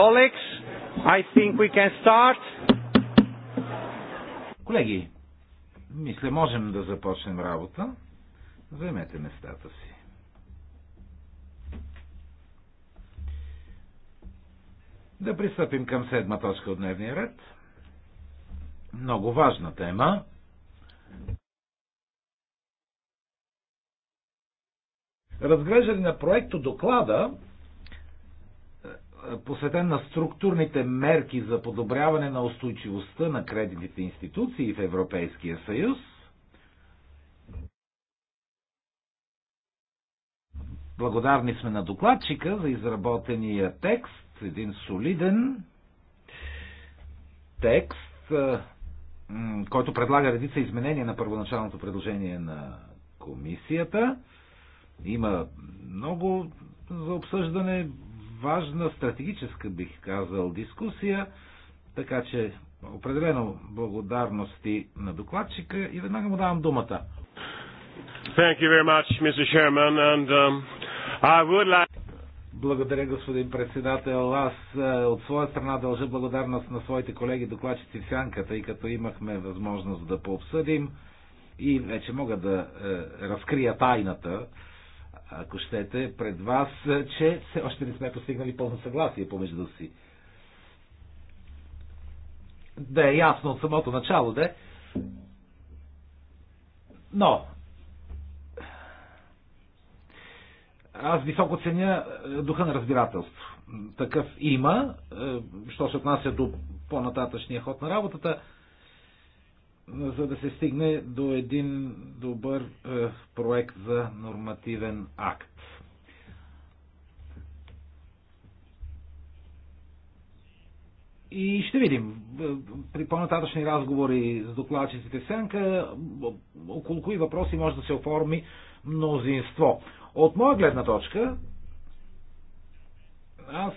Colleagues, I think we can start. Колеги, мисля, можем да започнем работа. Займете местата си. Да пристъпим към седма точка от дневния ред. Много важна тема. Разглеждане на проекто доклада посветен на структурните мерки за подобряване на устойчивостта на кредитните институции в Европейския съюз. Благодарни сме на докладчика за изработения текст, един солиден текст, който предлага редица изменения на първоначалното предложение на комисията. Има много за обсъждане, важна стратегическа, бих казал, дискусия, така че определено благодарности на докладчика и веднага му давам думата. Thank you very much, Mr. and um, I would like... Благодаря, господин председател. Аз е, от своя страна дължа благодарност на своите колеги докладчици в сянката, и като имахме възможност да пообсъдим и вече мога да е, разкрия тайната, ако щете, пред вас, е, че все още не сме постигнали пълно съгласие помежду си. Да е ясно от самото начало, да е. Но, аз високо ценя е, духа на разбирателство. Такъв има, що се отнася до по-нататъчния ход на работата за да се стигне до един добър е, проект за нормативен акт. И ще видим е, при по-нататъчни разговори с докладчиците Сенка около кои въпроси може да се оформи мнозинство. От моя гледна точка, аз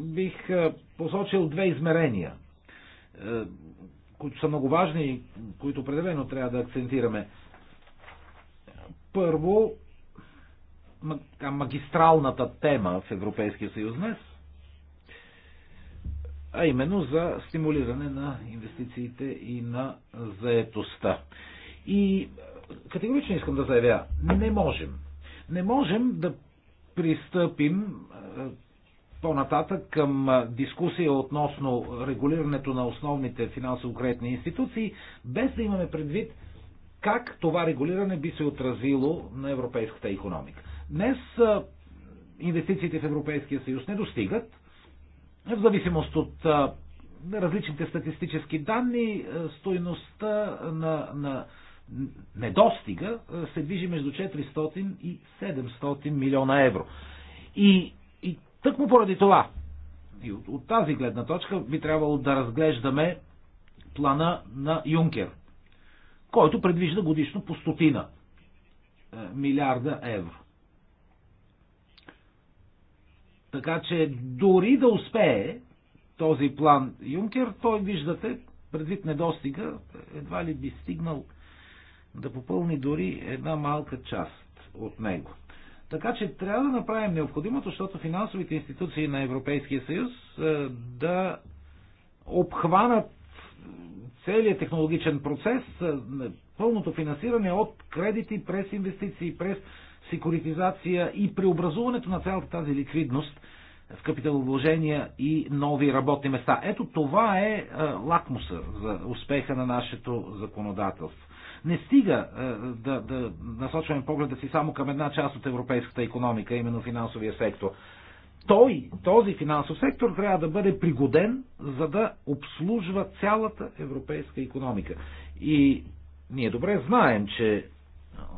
бих е, посочил две измерения е, които са много важни и които определено трябва да акцентираме. Първо, магистралната тема в Европейския съюз днес, а именно за стимулиране на инвестициите и на заетостта. И е, категорично искам да заявя, не можем. Не можем да пристъпим е, по-нататък към дискусия относно регулирането на основните финансово-кредитни институции, без да имаме предвид как това регулиране би се отразило на европейската економика. Днес инвестициите в Европейския съюз не достигат, в зависимост от различните статистически данни, стоеността на, на недостига се движи между 400 и 700 милиона евро. И Тъкмо поради това, и от, от тази гледна точка би трябвало да разглеждаме плана на Юнкер, който предвижда годишно по стотина е, милиарда евро. Така че дори да успее този план Юнкер, той виждате, предвид недостига, едва ли би стигнал да попълни дори една малка част от него. Така че трябва да направим необходимото, защото финансовите институции на Европейския съюз е, да обхванат целият технологичен процес, е, пълното финансиране от кредити през инвестиции, през секуритизация и преобразуването на цялата тази ликвидност в капиталовложения и нови работни места. Ето това е, е лакмуса за успеха на нашето законодателство. Не стига е, да, да насочваме погледа си само към една част от европейската економика, именно финансовия сектор. Той, този финансов сектор, трябва да бъде пригоден, за да обслужва цялата европейска економика. И ние добре знаем, че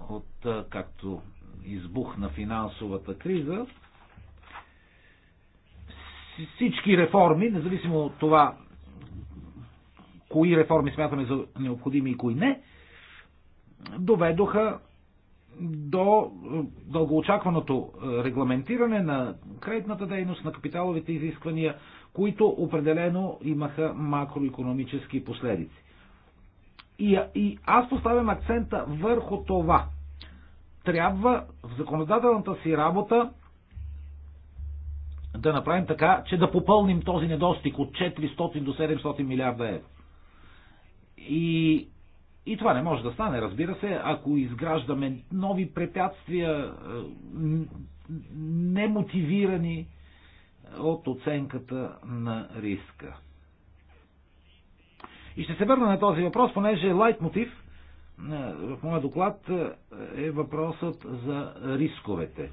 от е, както избухна финансовата криза, всички реформи, независимо от това кои реформи смятаме за необходими и кои не, доведоха до е, дългоочакваното е, регламентиране на кредитната дейност, на капиталовите изисквания, които определено имаха макроекономически последици. И, и аз поставям акцента върху това. Трябва в законодателната си работа да направим така, че да попълним този недостиг от 400 до 700 милиарда евро. И и това не може да стане, разбира се, ако изграждаме нови препятствия, е, немотивирани от оценката на риска. И ще се върна на този въпрос, понеже лайт мотив е, в моя доклад е, е въпросът за рисковете.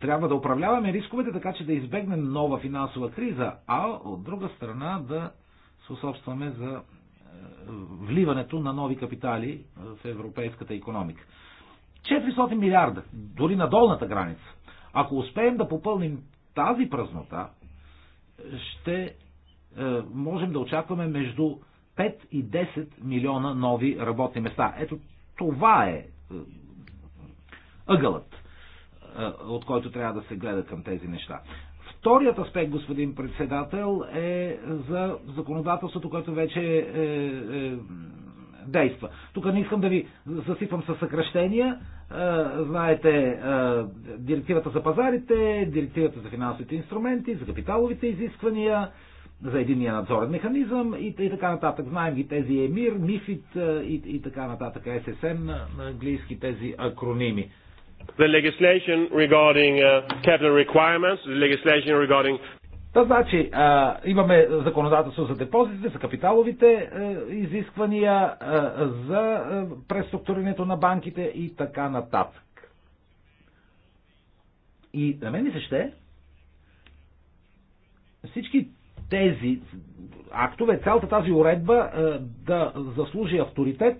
Трябва да управляваме рисковете, така че да избегнем нова финансова криза, а от друга страна да се за вливането на нови капитали в европейската економика. 400 милиарда, дори на долната граница. Ако успеем да попълним тази празнота, ще е, можем да очакваме между 5 и 10 милиона нови работни места. Ето това е, е ъгълът, е, от който трябва да се гледа към тези неща. Вторият аспект, господин председател, е за законодателството, което вече е, е, действа. Тук не искам да ви засипвам със съкръщения. Е, знаете, е, директивата за пазарите, директивата за финансовите инструменти, за капиталовите изисквания, за единия надзорен механизъм и, и така нататък. Знаем ги тези ЕМИР, МИФИТ е, и, и така нататък, ССН, на английски тези акроними. The legislation regarding uh, capital requirements, the legislation regarding Та значи, а, имаме законодателство за депозитите, за капиталовите а, е, изисквания, а, е, за а, е, преструктурирането на банките и така нататък. И на мен ми се ще всички тези актове, цялата тази уредба а, да заслужи авторитет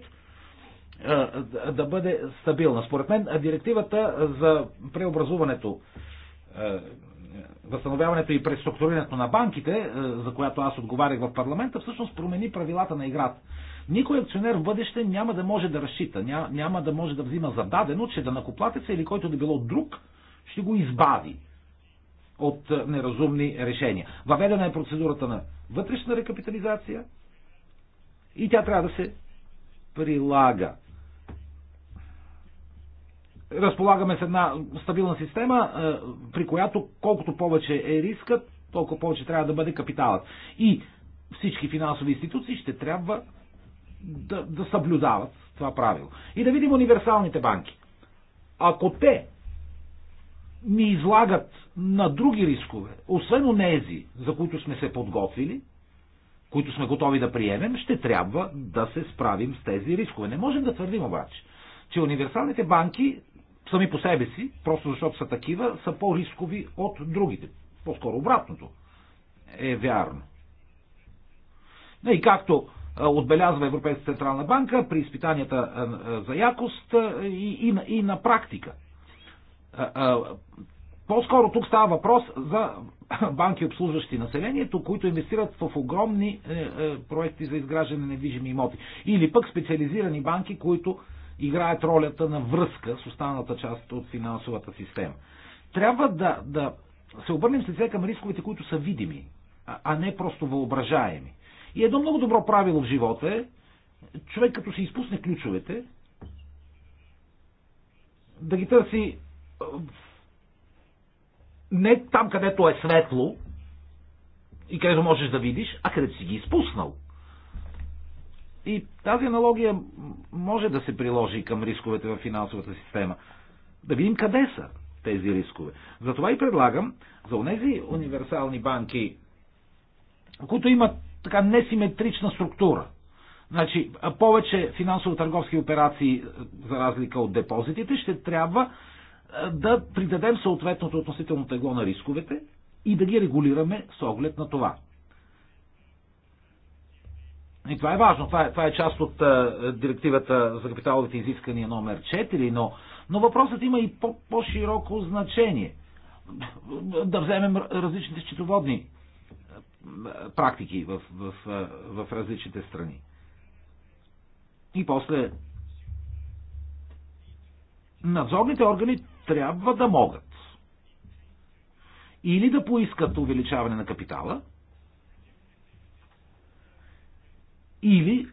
да бъде стабилна. Според мен директивата за преобразуването, възстановяването и преструктурирането на банките, за която аз отговарях в парламента, всъщност промени правилата на играта. Никой акционер в бъдеще няма да може да разчита, няма, да може да взима зададено, че да накоплатеца или който да било друг ще го избави от неразумни решения. Въведена е процедурата на вътрешна рекапитализация и тя трябва да се прилага разполагаме с една стабилна система, е, при която колкото повече е рискът, толкова повече трябва да бъде капиталът. И всички финансови институции ще трябва да, да съблюдават това правило. И да видим универсалните банки. Ако те ни излагат на други рискове, освен онези, за които сме се подготвили, които сме готови да приемем, ще трябва да се справим с тези рискове. Не можем да твърдим обаче, че универсалните банки сами по себе си, просто защото са такива, са по-рискови от другите. По-скоро обратното е вярно. И както отбелязва Европейската централна банка при изпитанията за якост и, и, на, и на практика. По-скоро тук става въпрос за банки, обслужващи населението, които инвестират в огромни е, е, проекти за изграждане на недвижими имоти. Или пък специализирани банки, които играят ролята на връзка с останалата част от финансовата система. Трябва да, да се обърнем с лице към рисковете, които са видими, а не просто въображаеми. И едно много добро правило в живота е, човек като се изпусне ключовете, да ги търси не там, където е светло и където можеш да видиш, а където си ги изпуснал. И тази аналогия може да се приложи към рисковете в финансовата система. Да видим къде са тези рискове. Затова и предлагам за тези универсални банки, които имат така несиметрична структура. Значи, повече финансово-търговски операции, е, за разлика от депозитите, ще трябва е, да придадем съответното относително тегло на рисковете и да ги регулираме с оглед на това. И това е важно. Това е, това е част от а, директивата за капиталовите изискания номер 4, но, но въпросът има и по, по-широко значение. Да вземем различните счетоводни практики в, в, в, в различните страни. И после надзорните органи трябва да могат или да поискат увеличаване на капитала, или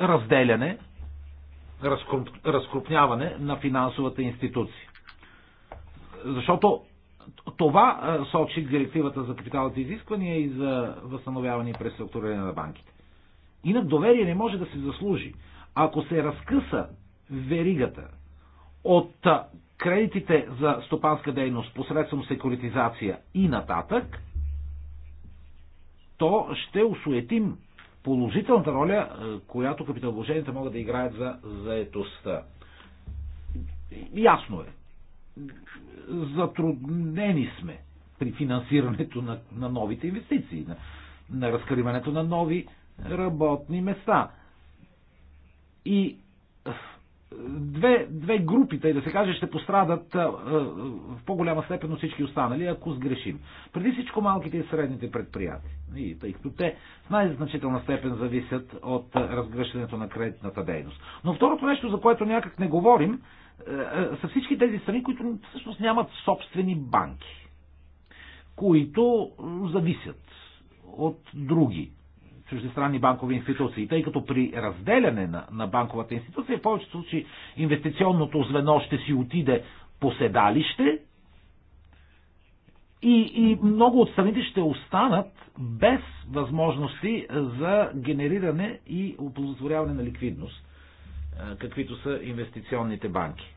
разделяне, разкруп, разкрупняване на финансовата институция. Защото това сочи директивата за капиталните изисквания и за възстановяване и преструктуриране на банките. Инак доверие не може да се заслужи. Ако се разкъса веригата от кредитите за стопанска дейност посредством секуритизация и нататък, то ще осуетим положителната роля, е, която капиталовложенията могат да играят за заетостта. Ясно е. Затруднени сме при финансирането на, на новите инвестиции, на, на разкриването на нови работни места. И две, две групи, тъй да се каже, ще пострадат в по-голяма степен от всички останали, ако сгрешим. Преди всичко малките и средните предприятия, и, тъй като те в най-значителна степен зависят от разгръщането на кредитната дейност. Но второто нещо, за което някак не говорим, са всички тези страни, които всъщност нямат собствени банки, които зависят от други чуждестранни банкови институции, тъй като при разделяне на, на банковата институция в повечето случаи инвестиционното звено ще си отиде по седалище и, и много от страните ще останат без възможности за генериране и оползотворяване на ликвидност, каквито са инвестиционните банки.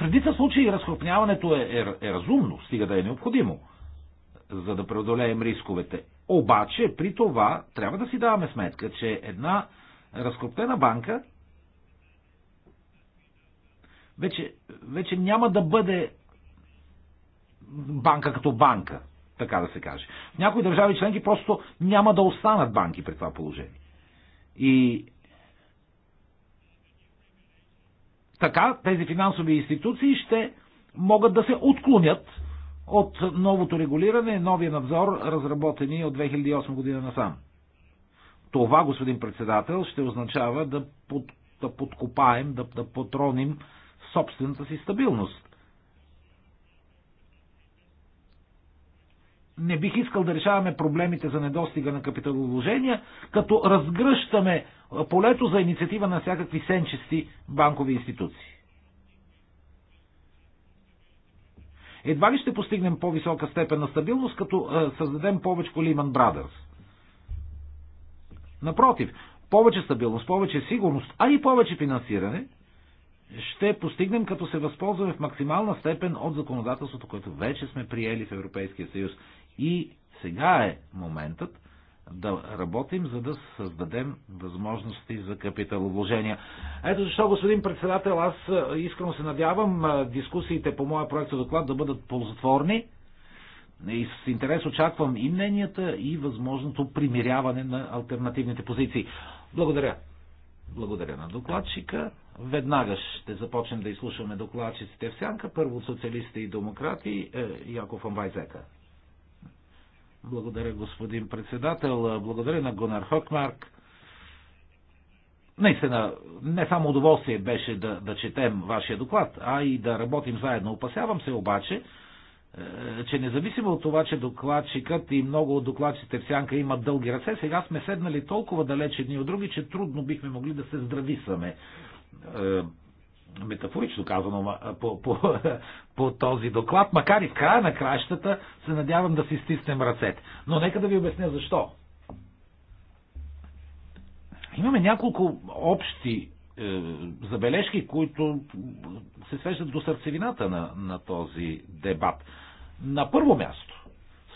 в редица случаи разкрупняването е, е, е разумно, стига да е необходимо, за да преодолеем рисковете. Обаче, при това, трябва да си даваме сметка, че една разкруптена банка вече, вече няма да бъде банка като банка, така да се каже. В някои държави членки просто няма да останат банки при това положение. И Така тези финансови институции ще могат да се отклонят от новото регулиране, новия надзор, разработени от 2008 година насам. Това, господин председател, ще означава да, под, да подкопаем, да, да потроним собствената си стабилност. не бих искал да решаваме проблемите за недостига на капиталовложения, като разгръщаме полето за инициатива на всякакви сенчести банкови институции. Едва ли ще постигнем по-висока степен на стабилност, като е, създадем повече Lehman Brothers. Напротив, повече стабилност, повече сигурност, а и повече финансиране ще постигнем, като се възползваме в максимална степен от законодателството, което вече сме приели в Европейския съюз и сега е моментът да работим, за да създадем възможности за капиталовложения. Ето защо, господин председател, аз искрено се надявам дискусиите по моя проект доклад да бъдат ползотворни и с интерес очаквам и мненията, и възможното примиряване на альтернативните позиции. Благодаря. Благодаря на докладчика. Веднага ще започнем да изслушваме докладчиците в сянка. Първо социалисти и демократи, е, Яков Амбайзека. Благодаря, господин председател. Благодаря на Гонар Хокмарк. Наистина, не само удоволствие беше да, да четем вашия доклад, а и да работим заедно. Опасявам се обаче, е, че независимо от това, че докладчикът и много от докладчите в сянка имат дълги ръце, сега сме седнали толкова далеч едни от други, че трудно бихме могли да се здрависаме е, метафорично казано, по, по, по този доклад, макар и в края на кращата се надявам да си стиснем ръцете. Но нека да ви обясня защо. Имаме няколко общи е, забележки, които се свеждат до сърцевината на, на този дебат. На първо място,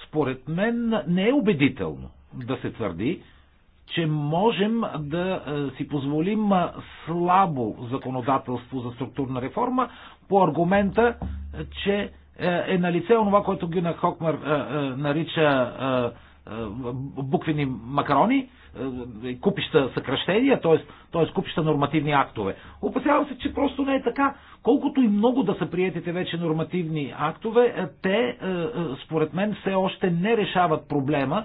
според мен не е убедително да се твърди, че можем да е, си позволим е, слабо законодателство за структурна реформа по аргумента, е, че е на лице онова, което Гюна Хокмар нарича буквени макарони, купища съкръщения, т.е. купища нормативни актове. Опасявам се, че просто не е така. Колкото и много да са приятите вече нормативни актове, те, според мен, все още не решават проблема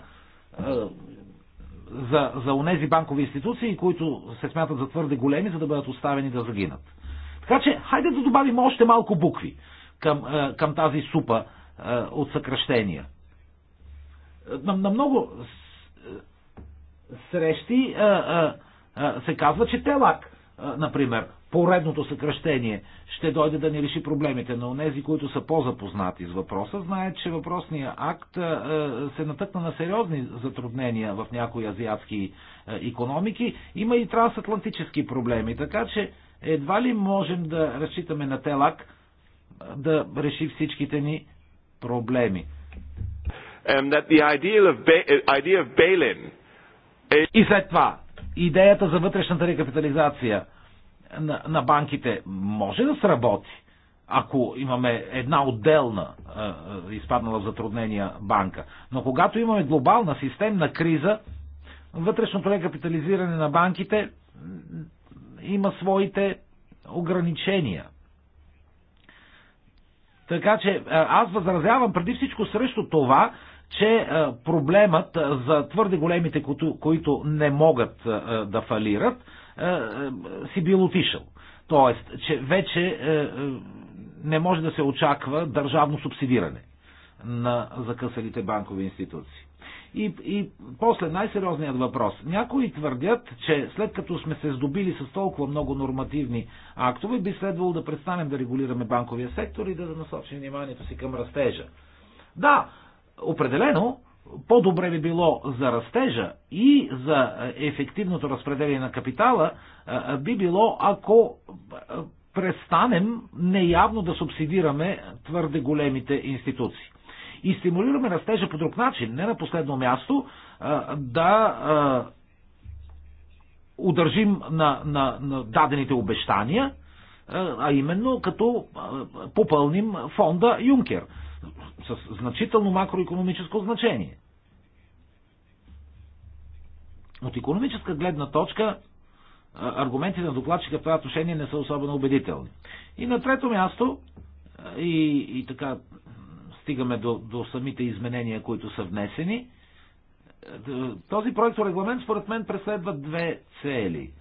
за, за унези банкови институции, които се смятат за твърде големи, за да бъдат оставени да загинат. Така че, хайде да добавим още малко букви към, е, към тази супа е, от съкръщения. На, на много е, срещи се казва, че телак, например, поредното съкръщение ще дойде да ни реши проблемите. Но тези, които са по-запознати с въпроса, знаят, че въпросния акт е, се натъкна на сериозни затруднения в някои азиатски економики. Има и трансатлантически проблеми, така че едва ли можем да разчитаме на ТЕЛАК е, да реши всичките ни проблеми. Um, и след това, идеята за вътрешната рекапитализация – на, на банките може да сработи, ако имаме една отделна е, е, изпаднала в затруднения банка. Но когато имаме глобална системна криза, вътрешното рекапитализиране на банките има своите ограничения. Така че е, аз възразявам преди всичко срещу това, че е, проблемът за твърде големите, които не могат да фалират, е, е, си бил отишъл. Тоест, че вече е, не може да се очаква държавно субсидиране на закъсалите банкови институции. И, и после най-сериозният въпрос. Някои твърдят, че след като сме се здобили с толкова много нормативни актове, би следвало да престанем да регулираме банковия сектор и да насочим вниманието си към растежа. Да, определено, по-добре би било за растежа и за ефективното разпределение на капитала, би било ако престанем неявно да субсидираме твърде големите институции. И стимулираме растежа по друг начин, не на последно място, да удържим на, на, на дадените обещания, а именно като попълним фонда Юнкер с значително макроекономическо значение. От економическа гледна точка аргументите на докладчика в това отношение не са особено убедителни. И на трето място, и, и така стигаме до, до самите изменения, които са внесени, този проект регламент според мен преследва две цели.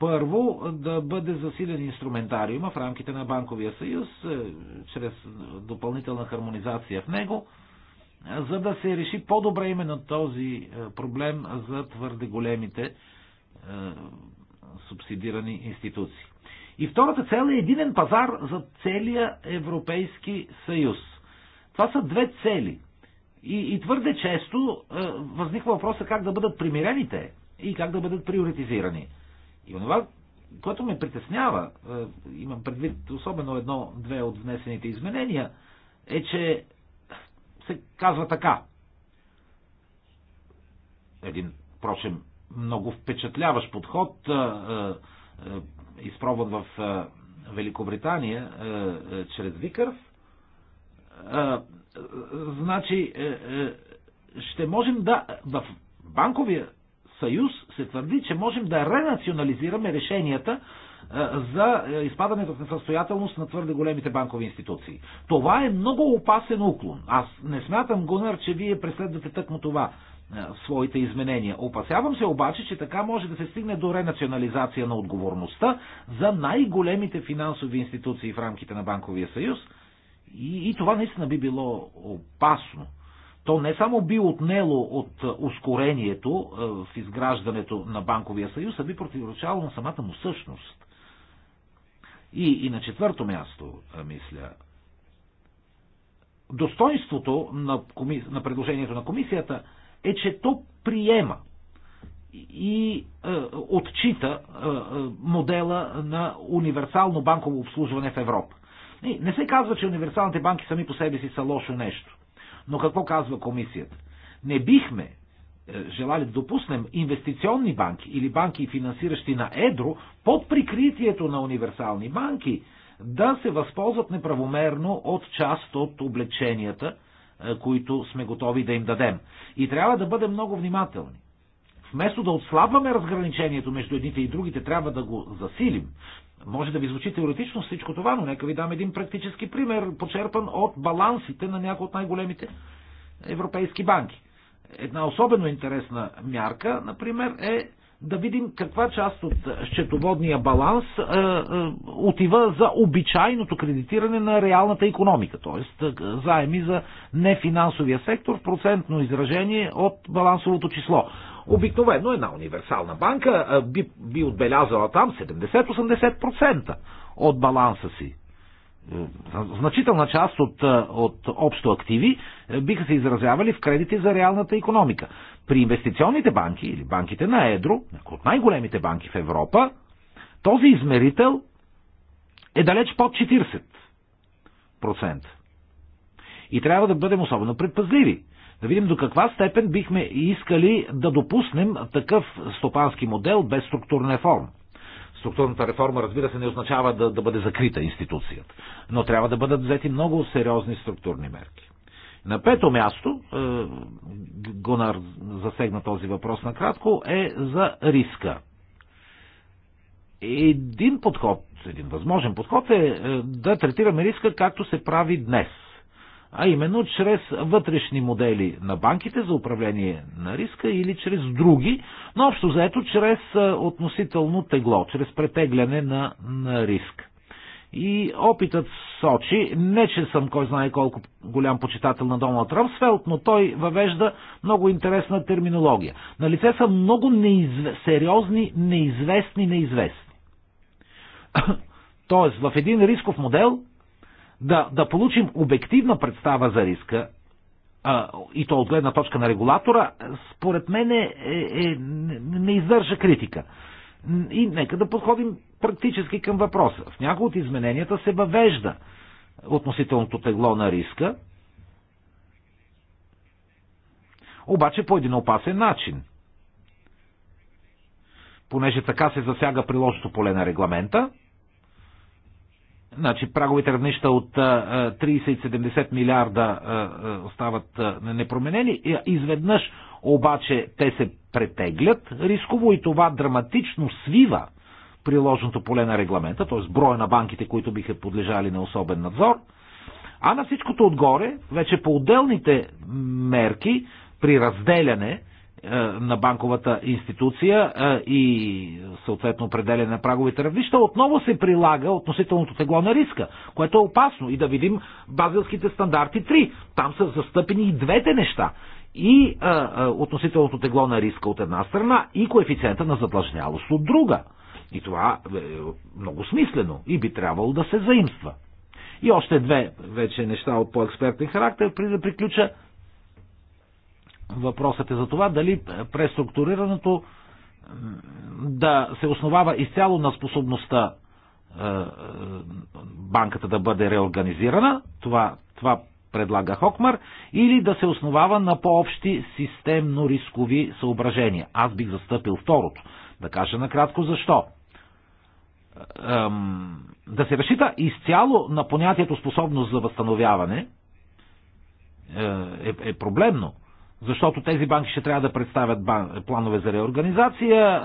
Първо, да бъде засилен инструментариума в рамките на Банковия съюз, е, чрез допълнителна хармонизация в него, за да се реши по-добре именно този е, проблем за твърде големите е, субсидирани институции. И втората цел е единен пазар за целия Европейски съюз. Това са две цели. И, и твърде често е, възниква въпроса как да бъдат примирените и как да бъдат приоритизирани. И онова, което ме притеснява, е, имам предвид особено едно-две от внесените изменения, е, че се казва така. Един, впрочем, много впечатляващ подход, е, е, изпробван в Великобритания чрез Викърс. Значи, ще можем да, в банковия съюз се твърди, че можем да ренационализираме решенията за изпадането в несъстоятелност на твърде големите банкови институции. Това е много опасен уклон. Аз не смятам, Гунър, че вие преследвате тъкмо това в своите изменения. Опасявам се обаче, че така може да се стигне до ренационализация на отговорността за най-големите финансови институции в рамките на Банковия съюз и, и това наистина би било опасно то не само би отнело от е, ускорението е, в изграждането на банковия съюз, а би противоречало на самата му същност. И, и на четвърто място, е, мисля, достоинството на, коми... на предложението на комисията е, че то приема и е, отчита е, модела на универсално банково обслужване в Европа. не се казва, че универсалните банки сами по себе си са лошо нещо. Но какво казва комисията? Не бихме е, желали да допуснем инвестиционни банки или банки финансиращи на едро под прикритието на универсални банки да се възползват неправомерно от част от облеченията, е, които сме готови да им дадем. И трябва да бъдем много внимателни. Вместо да отслабваме разграничението между едните и другите, трябва да го засилим. Може да ви звучи теоретично всичко това, но нека ви дам един практически пример, почерпан от балансите на някои от най-големите европейски банки. Една особено интересна мярка, например, е да видим каква част от счетоводния баланс е, е, отива за обичайното кредитиране на реалната економика, т.е. заеми за нефинансовия сектор в процентно изражение от балансовото число. Обикновено една универсална банка би, би отбелязала там 70-80% от баланса си. Е, значителна част от, е, от общо активи е, биха се изразявали в кредити за реалната економика. При инвестиционните банки или банките на Едро, от най-големите банки в Европа, този измерител е далеч под 40%. И трябва да бъдем особено предпазливи да видим до каква степен бихме искали да допуснем такъв стопански модел без структурна реформа. Структурната реформа, разбира се, не означава да, да бъде закрита институцията, но трябва да бъдат взети много сериозни структурни мерки. На пето място, е, Гонар засегна този въпрос накратко, е за риска. Един подход, един възможен подход е, е да третираме риска както се прави днес – а именно чрез вътрешни модели на банките за управление на риска или чрез други, но общо заето чрез относително тегло, чрез претегляне на, на риск. И опитът сочи, не че съм кой знае колко голям почитател на Доналд Ръмсфелд, но той въвежда много интересна терминология. На лице са много неизв... сериозни, неизвестни, неизвестни. Тоест, в един рисков модел да, да получим обективна представа за риска, а, и то от гледна точка на регулатора, според мен е, е, е, не издържа критика. И нека да подходим практически към въпроса. В някои от измененията се въвежда относителното тегло на риска, обаче по един опасен начин. Понеже така се засяга приложното поле на регламента, Значи праговите равнища от 30 70 милиарда остават непроменени. Изведнъж обаче те се претеглят рисково и това драматично свива приложното поле на регламента, т.е. броя на банките, които биха подлежали на особен надзор. А на всичкото отгоре, вече по отделните мерки при разделяне е, на банковата институция е, и съответно определяне на праговите равнища, отново се прилага относителното тегло на риска, което е опасно. И да видим базилските стандарти 3. Там са застъпени и двете неща. И а, е, а, относителното тегло на риска от една страна и коефициента на задлъжнялост от друга. И това е много смислено и би трябвало да се заимства. И още две вече неща от по-експертен характер, преди да приключа Въпросът е за това дали преструктурирането да се основава изцяло на способността е, е, банката да бъде реорганизирана, това, това предлага Хокмар, или да се основава на по-общи системно-рискови съображения. Аз бих застъпил второто. Да кажа накратко защо. да се разчита изцяло на понятието способност за възстановяване е, е, е проблемно защото тези банки ще трябва да представят бан... планове за реорганизация,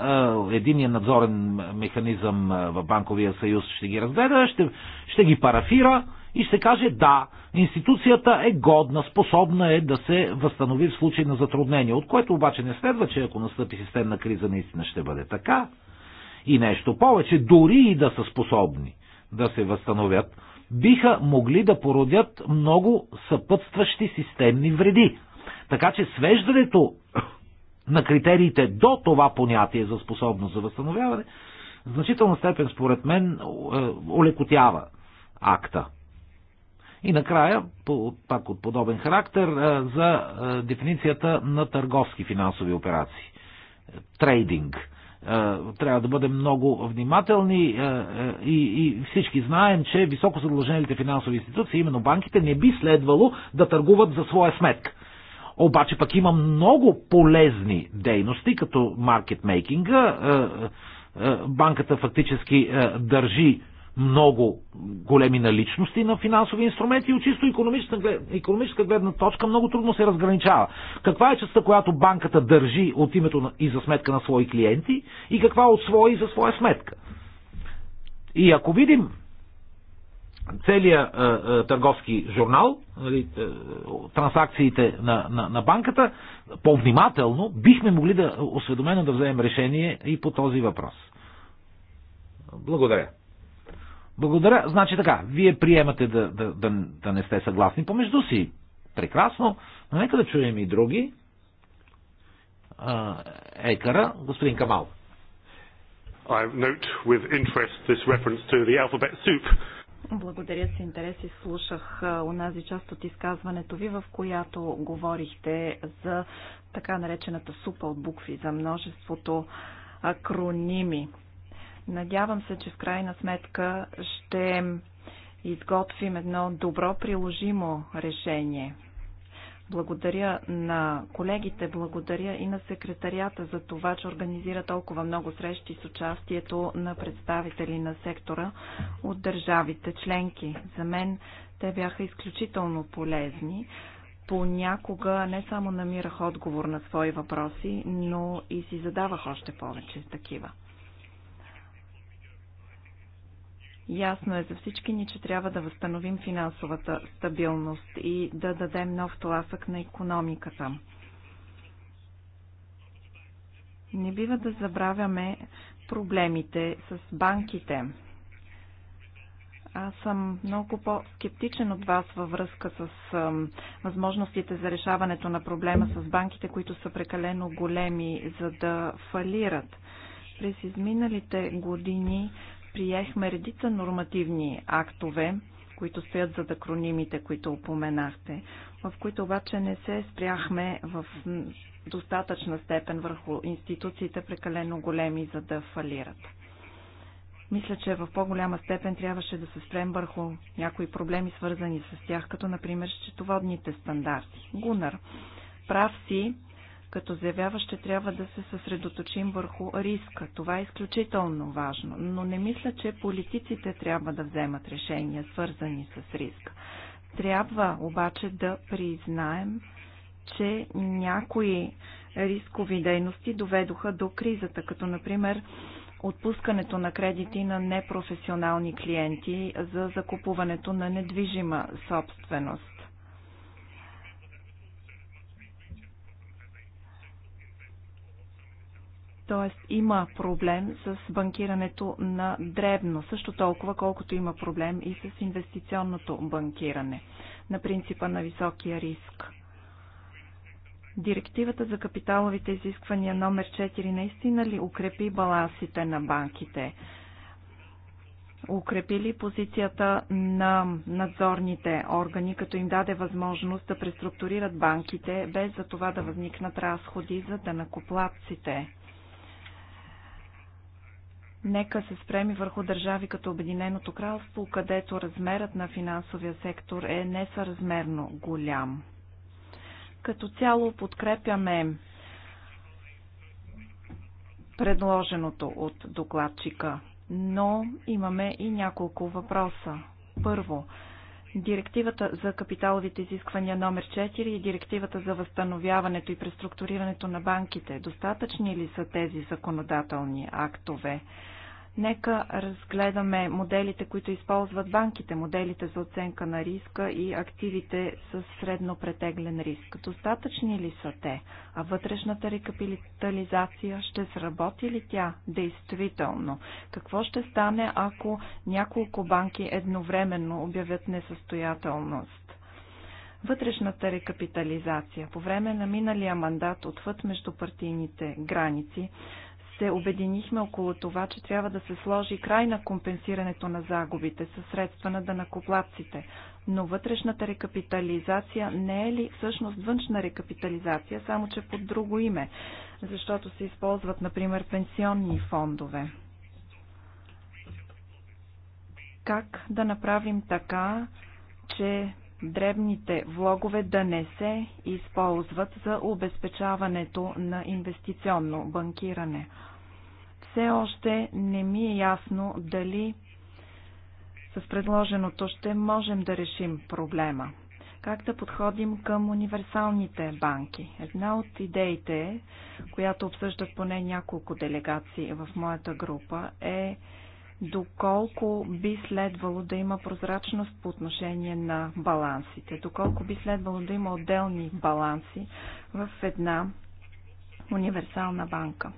единия надзорен механизъм в Банковия съюз ще ги разгледа, ще, ще ги парафира и ще каже да, институцията е годна, способна е да се възстанови в случай на затруднение, от което обаче не следва, че ако настъпи системна криза, наистина ще бъде така. И нещо повече, дори и да са способни да се възстановят, биха могли да породят много съпътстващи системни вреди така че свеждането на критериите до това понятие за способност за възстановяване, в значителна степен, според мен, олекотява е, акта. И накрая, пак от подобен характер, е, за е, дефиницията на търговски финансови операции. Трейдинг. Трябва да бъдем много внимателни и, всички знаем, че високо задължените финансови институции, именно банките, не би следвало да търгуват за своя сметка. Обаче пък има много полезни дейности, като маркетмейкинга. Е, е, е, банката фактически държи много големи наличности на финансови инструменти и от чисто економическа, гледна точка много трудно се разграничава. Каква е частта, която банката държи от името на, и за сметка на свои клиенти и каква от своя и за своя сметка? И ако видим целият търговски журнал, нали, трансакциите на, на, на банката, по-внимателно бихме могли да осведомено да вземем решение и по този въпрос. Благодаря. Благодаря. Значи така, вие приемате да, да, да, да не сте съгласни помежду си. Прекрасно. Но нека да чуем и други. Екара, господин Камал. I note with interest this reference to the alphabet soup благодаря с интерес и слушах унази част от изказването ви, в която говорихте за така наречената супа от букви, за множеството акроними. Надявам се, че в крайна сметка ще изготвим едно добро приложимо решение. Благодаря на колегите, благодаря и на секретарията за това, че организира толкова много срещи с участието на представители на сектора от държавите членки. За мен те бяха изключително полезни. Понякога не само намирах отговор на свои въпроси, но и си задавах още повече такива. Ясно е за всички ни, че трябва да възстановим финансовата стабилност и да дадем нов тласък на економиката. Не бива да забравяме проблемите с банките. Аз съм много по-скептичен от вас във връзка с възможностите за решаването на проблема с банките, които са прекалено големи, за да фалират. През изминалите години приехме редица нормативни актове, които стоят за акронимите, които упоменахте, в които обаче не се спряхме в достатъчна степен върху институциите, прекалено големи, за да фалират. Мисля, че в по-голяма степен трябваше да се спрем върху някои проблеми, свързани с тях, като например счетоводните стандарти. Гунар, прав си, като заявяващи трябва да се съсредоточим върху риска. Това е изключително важно, но не мисля, че политиците трябва да вземат решения, свързани с риска. Трябва обаче да признаем, че някои рискови дейности доведоха до кризата, като например отпускането на кредити на непрофесионални клиенти за закупуването на недвижима собственост. Т.е. има проблем с банкирането на дребно, също толкова колкото има проблем и с инвестиционното банкиране на принципа на високия риск. Директивата за капиталовите изисквания номер 4 наистина ли укрепи балансите на банките? укрепи ли позицията на надзорните органи, като им даде възможност да преструктурират банките, без за това да възникнат разходи за данакоплатците? Нека се спреми върху държави като Обединеното кралство, където размерът на финансовия сектор е несъразмерно голям. Като цяло подкрепяме предложеното от докладчика, но имаме и няколко въпроса. Първо, Директивата за капиталовите изисквания номер 4 и Директивата за възстановяването и преструктурирането на банките. Достатъчни ли са тези законодателни актове? Нека разгледаме моделите, които използват банките, моделите за оценка на риска и активите с средно претеглен риск. Достатъчни ли са те? А вътрешната рекапитализация ще сработи ли тя действително? Какво ще стане, ако няколко банки едновременно обявят несъстоятелност? вътрешната рекапитализация. По време на миналия мандат отвъд между партийните граници се обединихме около това, че трябва да се сложи край на компенсирането на загубите със средства на данакоплатците. Но вътрешната рекапитализация не е ли всъщност външна рекапитализация, само че под друго име, защото се използват, например, пенсионни фондове? Как да направим така, че дребните влогове да не се използват за обезпечаването на инвестиционно банкиране. Все още не ми е ясно дали с предложеното ще можем да решим проблема. Как да подходим към универсалните банки? Една от идеите, която обсъждат поне няколко делегации в моята група, е доколко би следвало да има прозрачност по отношение на балансите, доколко би следвало да има отделни баланси в една универсална банка.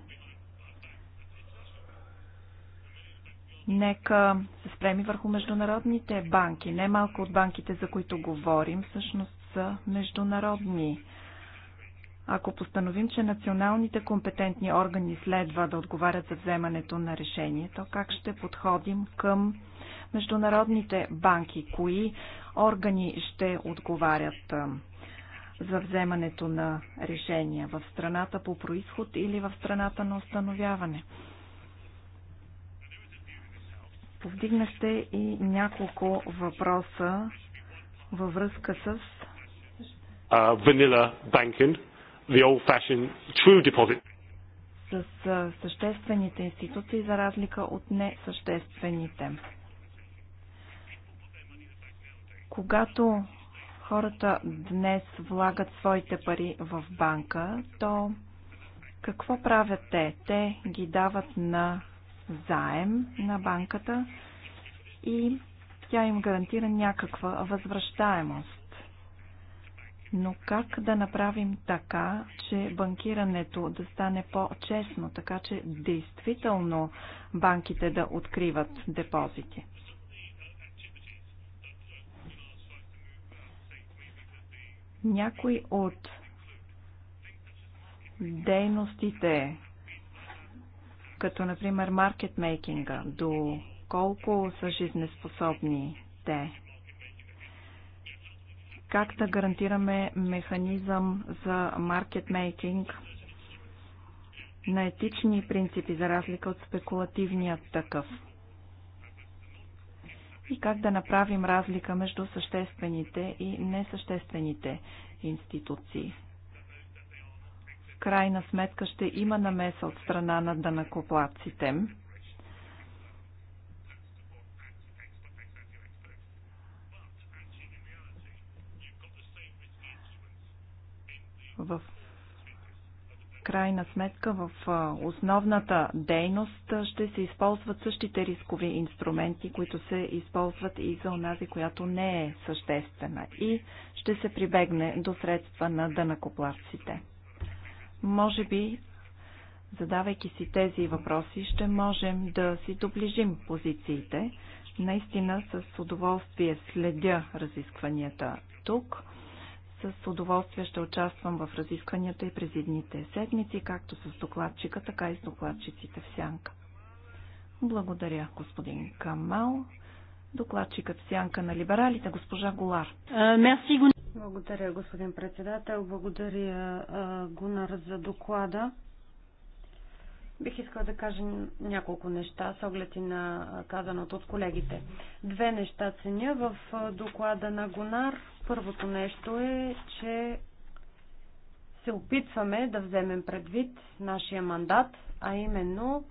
Нека се спреми върху международните банки. Немалко малко от банките, за които говорим, всъщност са международни банки ако постановим, че националните компетентни органи следва да отговарят за вземането на решение, то как ще подходим към международните банки? Кои органи ще отговарят за вземането на решения в страната по происход или в страната на установяване? Повдигнахте и няколко въпроса във връзка с uh, vanilla banking the old-fashioned true deposit. С съществените институции за разлика от несъществените. Когато хората днес влагат своите пари в банка, то какво правят те? Те ги дават на заем на банката и тя им гарантира някаква възвръщаемост. Но как да направим така, че банкирането да стане по-честно, така че действително банките да откриват депозити? Някои от дейностите, като например маркетмейкинга, до колко са жизнеспособни те? как да гарантираме механизъм за маркетмейкинг на етични принципи, за разлика от спекулативния такъв. И как да направим разлика между съществените и несъществените институции. Крайна сметка ще има намеса от страна на данакоплаците В крайна сметка в основната дейност ще се използват същите рискови инструменти, които се използват и за онази, която не е съществена и ще се прибегне до средства на дънакоплавците. Може би, задавайки си тези въпроси, ще можем да си доближим позициите. Наистина с удоволствие следя разискванията тук – с удоволствие ще участвам в разискванията и през едните седмици, както с докладчика, така и с докладчиците в сянка. Благодаря, господин Камал. Докладчикът в сянка на либералите, госпожа Голар. Благодаря, господин председател. Благодаря, Гунар, за доклада. Бих искала да кажа няколко неща с оглед и на казаното от колегите. Две неща ценя в доклада на Гонар. Първото нещо е, че се опитваме да вземем предвид нашия мандат, а именно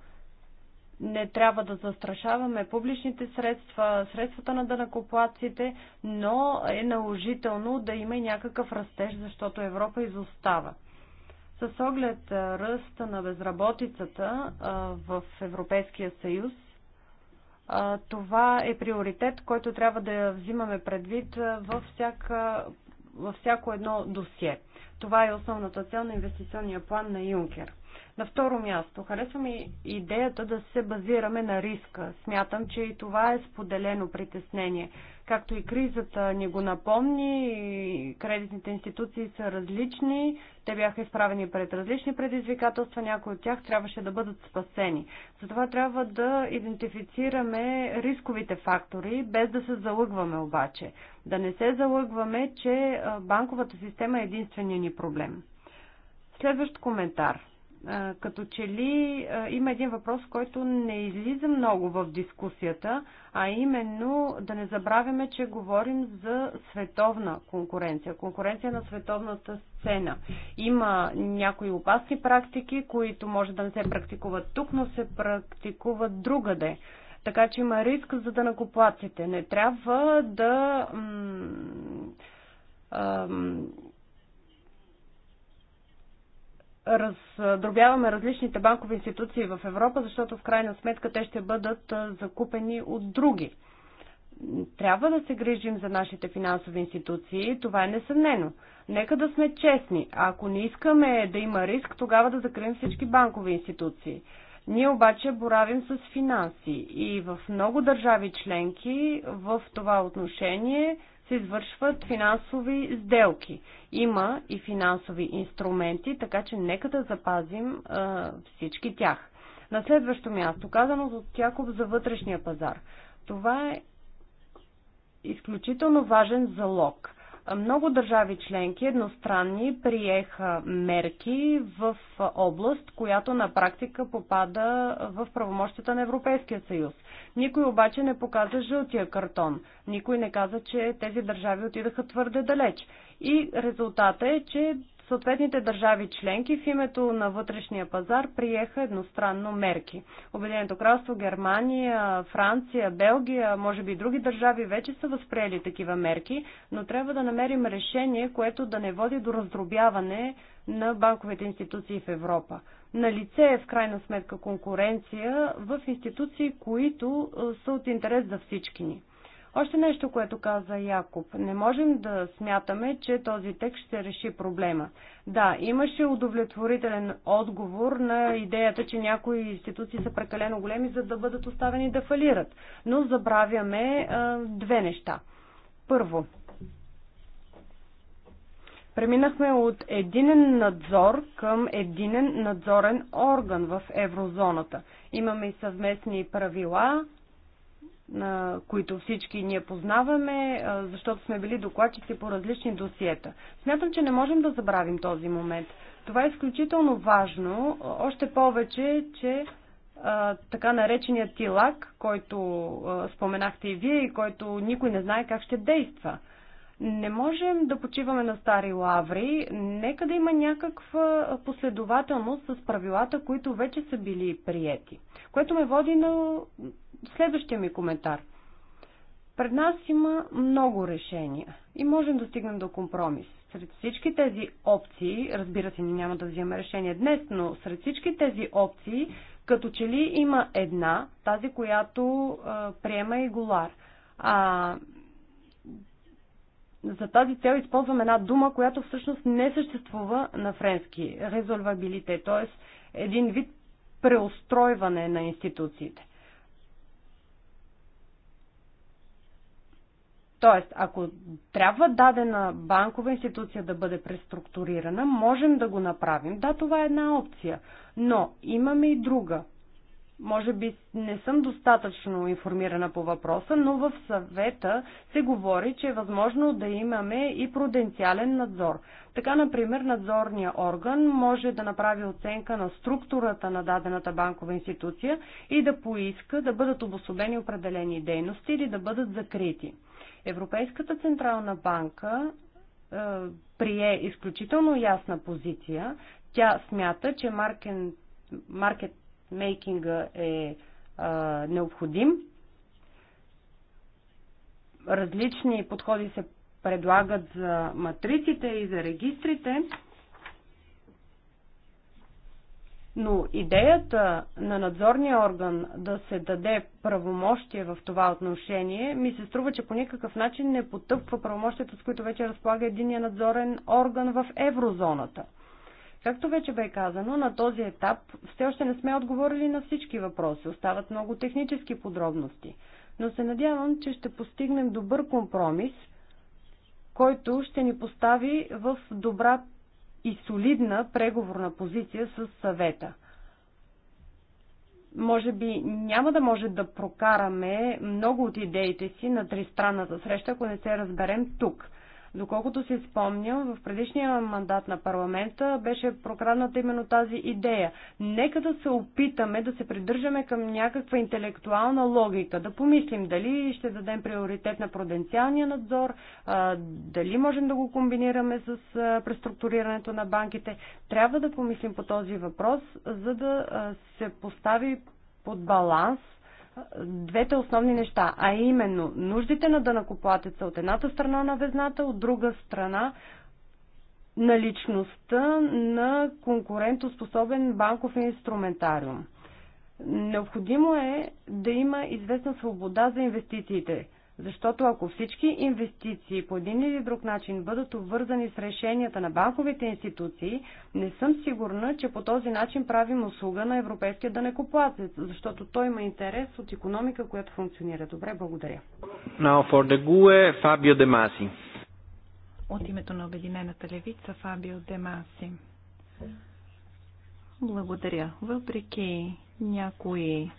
не трябва да застрашаваме публичните средства, средствата на дънакоплаците, но е наложително да има и някакъв растеж, защото Европа изостава. С оглед ръста на безработицата в Европейския съюз, това е приоритет, който трябва да взимаме предвид във, всяка, във всяко едно досие. Това е основната цел на инвестиционния план на Юнкер. На второ място, харесва ми идеята да се базираме на риска. Смятам, че и това е споделено притеснение. Както и кризата ни го напомни, кредитните институции са различни, те бяха изправени пред различни предизвикателства, някои от тях трябваше да бъдат спасени. Затова трябва да идентифицираме рисковите фактори, без да се залъгваме обаче. Да не се залъгваме, че банковата система е единствения ни проблем. Следващ коментар – като че ли има един въпрос, който не излиза много в дискусията, а именно да не забравяме, че говорим за световна конкуренция, конкуренция на световната сцена. Има някои опасни практики, които може да не се практикуват тук, но се практикуват другаде. Така че има риск за да накоплаците. Не трябва да раздробяваме различните банкови институции в Европа, защото в крайна сметка те ще бъдат закупени от други. Трябва да се грижим за нашите финансови институции, това е несъмнено. Нека да сме честни. А ако не искаме да има риск, тогава да закрием всички банкови институции. Ние обаче боравим с финанси и в много държави членки в това отношение се извършват финансови сделки. Има и финансови инструменти, така че нека да запазим а, всички тях. На следващо място, казано от Яков за вътрешния пазар. Това е изключително важен залог. Много държави членки едностранни приеха мерки в област, която на практика попада в правомощията на Европейския съюз. Никой обаче не показа жълтия картон. Никой не каза, че тези държави отидаха твърде далеч. И резултата е, че Съответните държави членки в името на вътрешния пазар приеха едностранно мерки. Обединеното кралство, Германия, Франция, Белгия, може би и други държави вече са възприели такива мерки, но трябва да намерим решение, което да не води до раздробяване на банковите институции в Европа. На лице е в крайна сметка конкуренция в институции, които са от интерес за всички ни. Още нещо, което каза Якоб. Не можем да смятаме, че този текст ще реши проблема. Да, имаше удовлетворителен отговор на идеята, че някои институции са прекалено големи, за да бъдат оставени да фалират. Но забравяме а, две неща. Първо, преминахме от единен надзор към единен надзорен орган в еврозоната. Имаме и съвместни правила, които всички ние познаваме, защото сме били докладчици по различни досиета. Смятам, че не можем да забравим този момент. Това е изключително важно, още повече, че така наречения тилак, който споменахте и вие и който никой не знае как ще действа. Не можем да почиваме на стари лаври. Нека да има някаква последователност с правилата, които вече са били приети. Което ме води на Следващия ми коментар. Пред нас има много решения и можем да стигнем до компромис. Сред всички тези опции, разбира се, ни няма да взимаме решение днес, но сред всички тези опции, като че ли има една, тази, която а, приема и голар. А, за тази цел използвам една дума, която всъщност не съществува на френски. Резолвабилите, т.е. един вид преустройване на институциите. Тоест, ако трябва дадена банкова институция да бъде преструктурирана, можем да го направим. Да, това е една опция, но имаме и друга. Може би не съм достатъчно информирана по въпроса, но в съвета се говори, че е възможно да имаме и пруденциален надзор. Така, например, надзорният орган може да направи оценка на структурата на дадената банкова институция и да поиска да бъдат обособени определени дейности или да бъдат закрити. Европейската централна банка е, прие изключително ясна позиция. Тя смята, че маркен, маркет мейкинга е, е необходим. Различни подходи се предлагат за матриците и за регистрите. Но идеята на надзорния орган да се даде правомощие в това отношение ми се струва, че по никакъв начин не потъпва правомощията, с които вече разполага единия надзорен орган в еврозоната. Както вече бе казано, на този етап все още не сме отговорили на всички въпроси. Остават много технически подробности. Но се надявам, че ще постигнем добър компромис, който ще ни постави в добра и солидна преговорна позиция с съвета. Може би няма да може да прокараме много от идеите си на тристранната среща, ако не се разберем тук – Доколкото си спомням, в предишния мандат на парламента беше прокрадната именно тази идея. Нека да се опитаме да се придържаме към някаква интелектуална логика, да помислим дали ще дадем приоритет на пруденциалния надзор, дали можем да го комбинираме с преструктурирането на банките. Трябва да помислим по този въпрос, за да се постави под баланс двете основни неща, а именно нуждите на дънакоплатеца от едната страна на везната, от друга страна наличността на конкурентоспособен банков инструментариум. Необходимо е да има известна свобода за инвестициите. Защото ако всички инвестиции по един или друг начин бъдат обвързани с решенията на банковите институции, не съм сигурна, че по този начин правим услуга на европейския данекоплатец, защото той има интерес от економика, която функционира. Добре, благодаря. Now for the GUE, Fabio De Masi. От името на Обединената левица, Фабио Демаси. Благодаря. Въпреки някои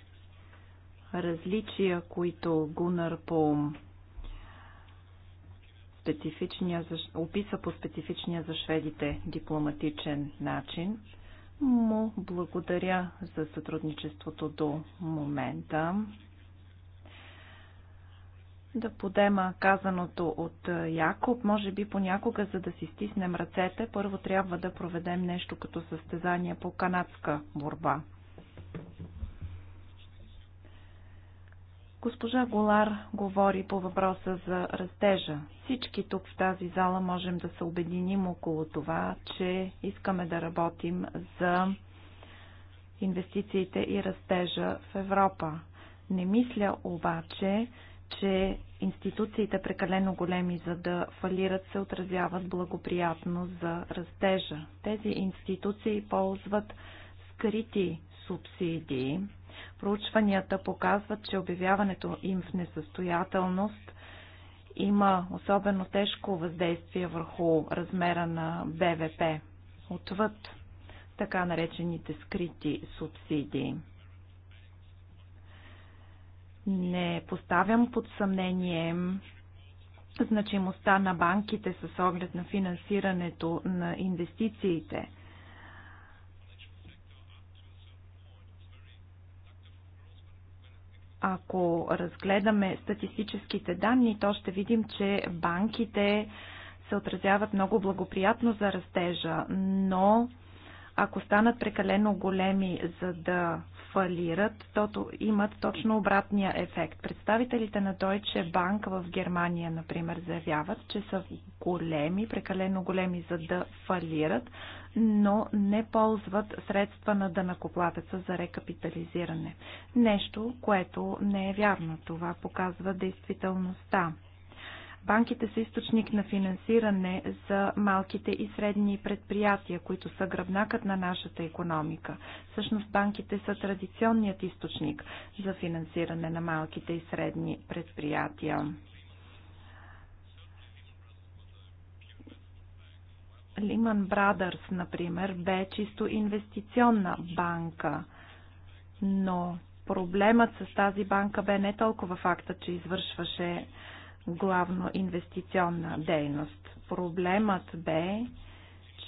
различия, които Гунар по специфичния, описа по специфичния за шведите дипломатичен начин. Му благодаря за сътрудничеството до момента. Да подема казаното от Якоб, може би понякога, за да си стиснем ръцете, първо трябва да проведем нещо като състезание по канадска борба. Госпожа Голар говори по въпроса за растежа. Всички тук в тази зала можем да се обединим около това, че искаме да работим за инвестициите и растежа в Европа. Не мисля обаче, че институциите прекалено големи за да фалират се отразяват благоприятно за растежа. Тези институции ползват скрити субсидии, Проучванията показват, че обявяването им в несъстоятелност има особено тежко въздействие върху размера на БВП, отвъд така наречените скрити субсидии. Не поставям под съмнение значимостта на банките с оглед на финансирането на инвестициите, Ако разгледаме статистическите данни, то ще видим, че банките се отразяват много благоприятно за растежа, но ако станат прекалено големи за да фалират, то имат точно обратния ефект. Представителите на Deutsche Bank в Германия, например, заявяват, че са големи, прекалено големи за да фалират, но не ползват средства на дънакоплатеца за рекапитализиране. Нещо, което не е вярно. Това показва действителността. Банките са източник на финансиране за малките и средни предприятия, които са гръбнакът на нашата економика. Всъщност банките са традиционният източник за финансиране на малките и средни предприятия. Lehman Brothers, например, бе чисто инвестиционна банка, но проблемът с тази банка бе не толкова факта, че извършваше главно инвестиционна дейност. Проблемът бе,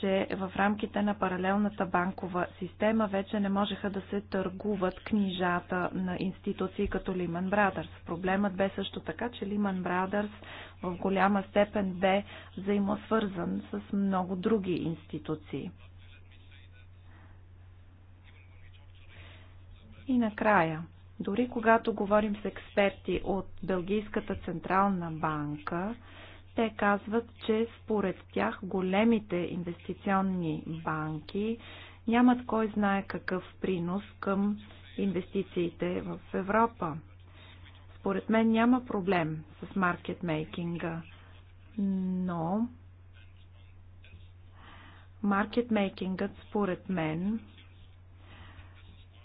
че в рамките на паралелната банкова система вече не можеха да се търгуват книжата на институции като Lehman Brothers. Проблемът бе също така, че Lehman Brothers в голяма степен бе взаимосвързан с много други институции. И накрая, дори когато говорим с експерти от Белгийската централна банка, те казват, че според тях големите инвестиционни банки нямат кой знае какъв принос към инвестициите в Европа. Според мен няма проблем с маркетмейкинга, но маркетмейкингът според мен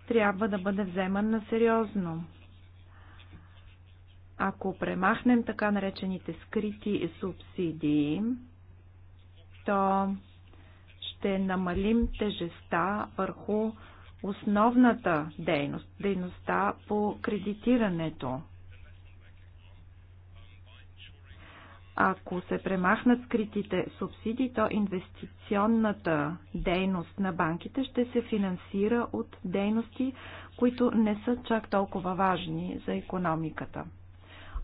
трябва да бъде вземан на сериозно. Ако премахнем така наречените скрити субсидии, то ще намалим тежеста върху основната дейност, дейността по кредитирането. Ако се премахнат скритите субсидии, то инвестиционната дейност на банките ще се финансира от дейности, които не са чак толкова важни за економиката.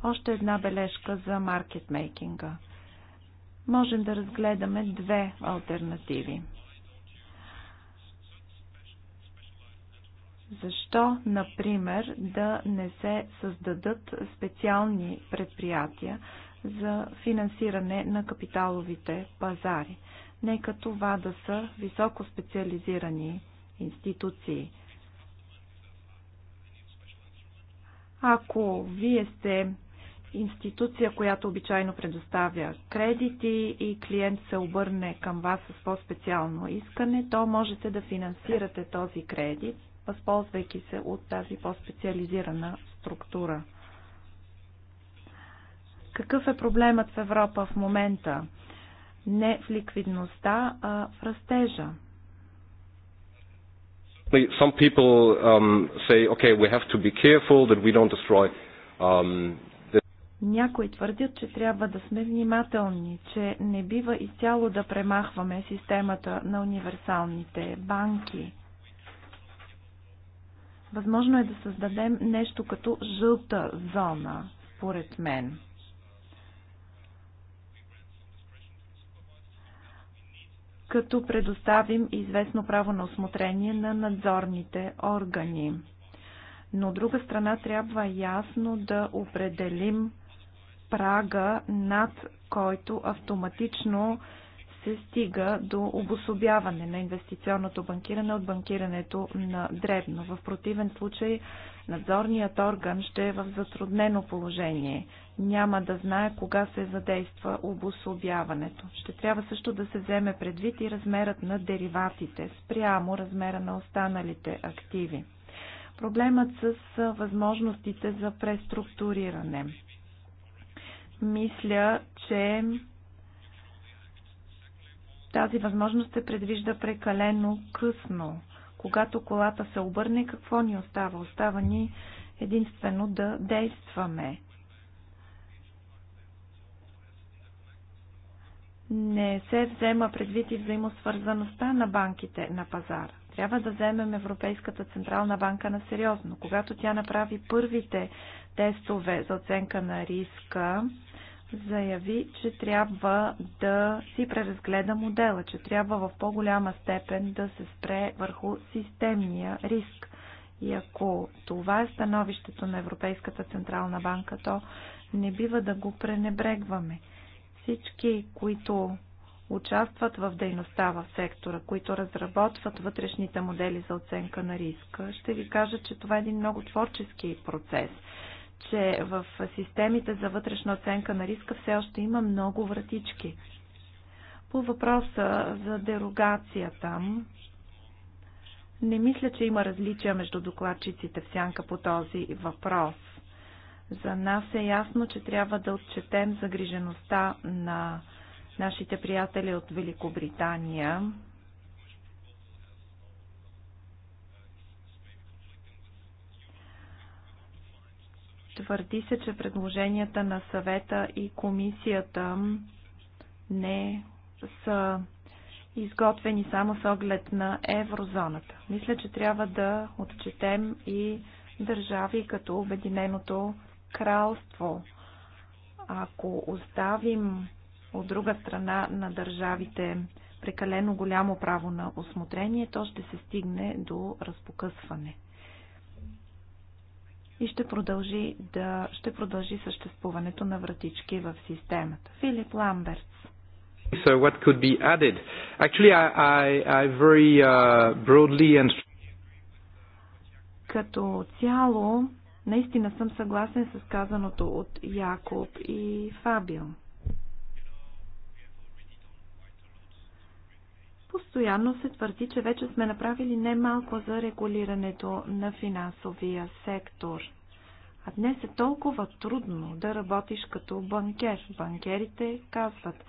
Още една бележка за маркетмейкинга. Можем да разгледаме две альтернативи. Защо, например, да не се създадат специални предприятия за финансиране на капиталовите пазари? Нека това да са високо специализирани институции. Ако вие сте институция, която обичайно предоставя кредити и клиент се обърне към вас с по-специално искане, то можете да финансирате този кредит, възползвайки се от тази по-специализирана структура. Какъв е проблемът в Европа в момента? Не в ликвидността, а в растежа. Some people um, say, okay, we have to be careful that we don't destroy um, някои твърдят, че трябва да сме внимателни, че не бива изцяло да премахваме системата на универсалните банки. Възможно е да създадем нещо като жълта зона, според мен. като предоставим известно право на осмотрение на надзорните органи. Но от друга страна трябва ясно да определим прага, над който автоматично се стига до обособяване на инвестиционното банкиране от банкирането на дребно. В противен случай надзорният орган ще е в затруднено положение. Няма да знае кога се задейства обособяването. Ще трябва също да се вземе предвид и размерът на дериватите спрямо размера на останалите активи. Проблемът с възможностите за преструктуриране. Мисля, че тази възможност се предвижда прекалено късно. Когато колата се обърне, какво ни остава? Остава ни единствено да действаме. Не се взема предвид и взаимосвързаността на банките на пазара. Трябва да вземем Европейската Централна банка на сериозно. Когато тя направи първите тестове за оценка на риска, заяви, че трябва да си преразгледа модела, че трябва в по-голяма степен да се спре върху системния риск. И ако това е становището на Европейската Централна банка, то не бива да го пренебрегваме. Всички, които участват в дейността в сектора, които разработват вътрешните модели за оценка на риска, ще ви кажа, че това е един много творчески процес че в системите за вътрешна оценка на риска все още има много вратички. По въпроса за дерогацията, не мисля, че има различия между докладчиците в сянка по този въпрос. За нас е ясно, че трябва да отчетем загрижеността на нашите приятели от Великобритания. Твърди се, че предложенията на съвета и комисията не са изготвени само с оглед на еврозоната. Мисля, че трябва да отчетем и държави като Обединеното кралство. Ако оставим от друга страна на държавите прекалено голямо право на осмотрение, то ще се стигне до разпокъсване и ще продължи, да, ще продължи съществуването на вратички в системата. Филип Ламбертс. So what could be added? Actually, I, I, I very uh, broadly and като цяло, наистина съм съгласен с казаното от Якоб и Фабио. Постоянно се твърди, че вече сме направили немалко за регулирането на финансовия сектор. А днес е толкова трудно да работиш като банкер. Банкерите казват,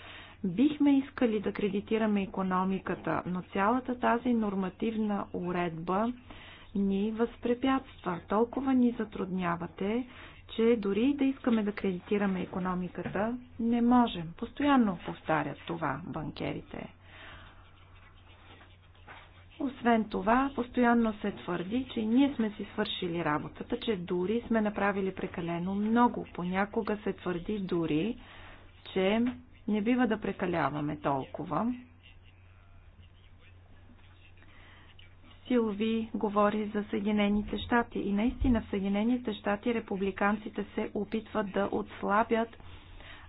бихме искали да кредитираме економиката, но цялата тази нормативна уредба ни възпрепятства. Толкова ни затруднявате, че дори да искаме да кредитираме економиката, не можем. Постоянно повтарят това банкерите. Освен това, постоянно се твърди, че ние сме си свършили работата, че дори сме направили прекалено много. Понякога се твърди дори, че не бива да прекаляваме толкова. Силви говори за Съединените щати и наистина в Съединените щати републиканците се опитват да отслабят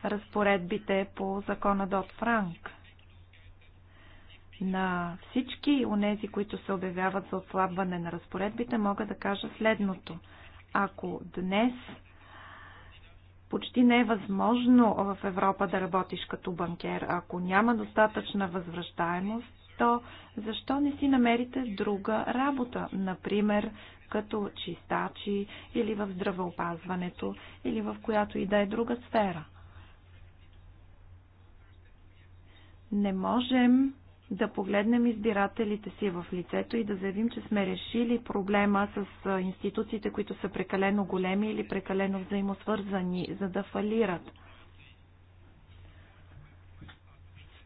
разпоредбите по закона Дот Франк на всички онези, които се обявяват за отслабване на разпоредбите, мога да кажа следното. Ако днес почти не е възможно в Европа да работиш като банкер, ако няма достатъчна възвръщаемост, то защо не си намерите друга работа, например като чистачи или в здравеопазването или в която и да е друга сфера? Не можем да погледнем избирателите си в лицето и да заявим, че сме решили проблема с институциите, които са прекалено големи или прекалено взаимосвързани, за да фалират.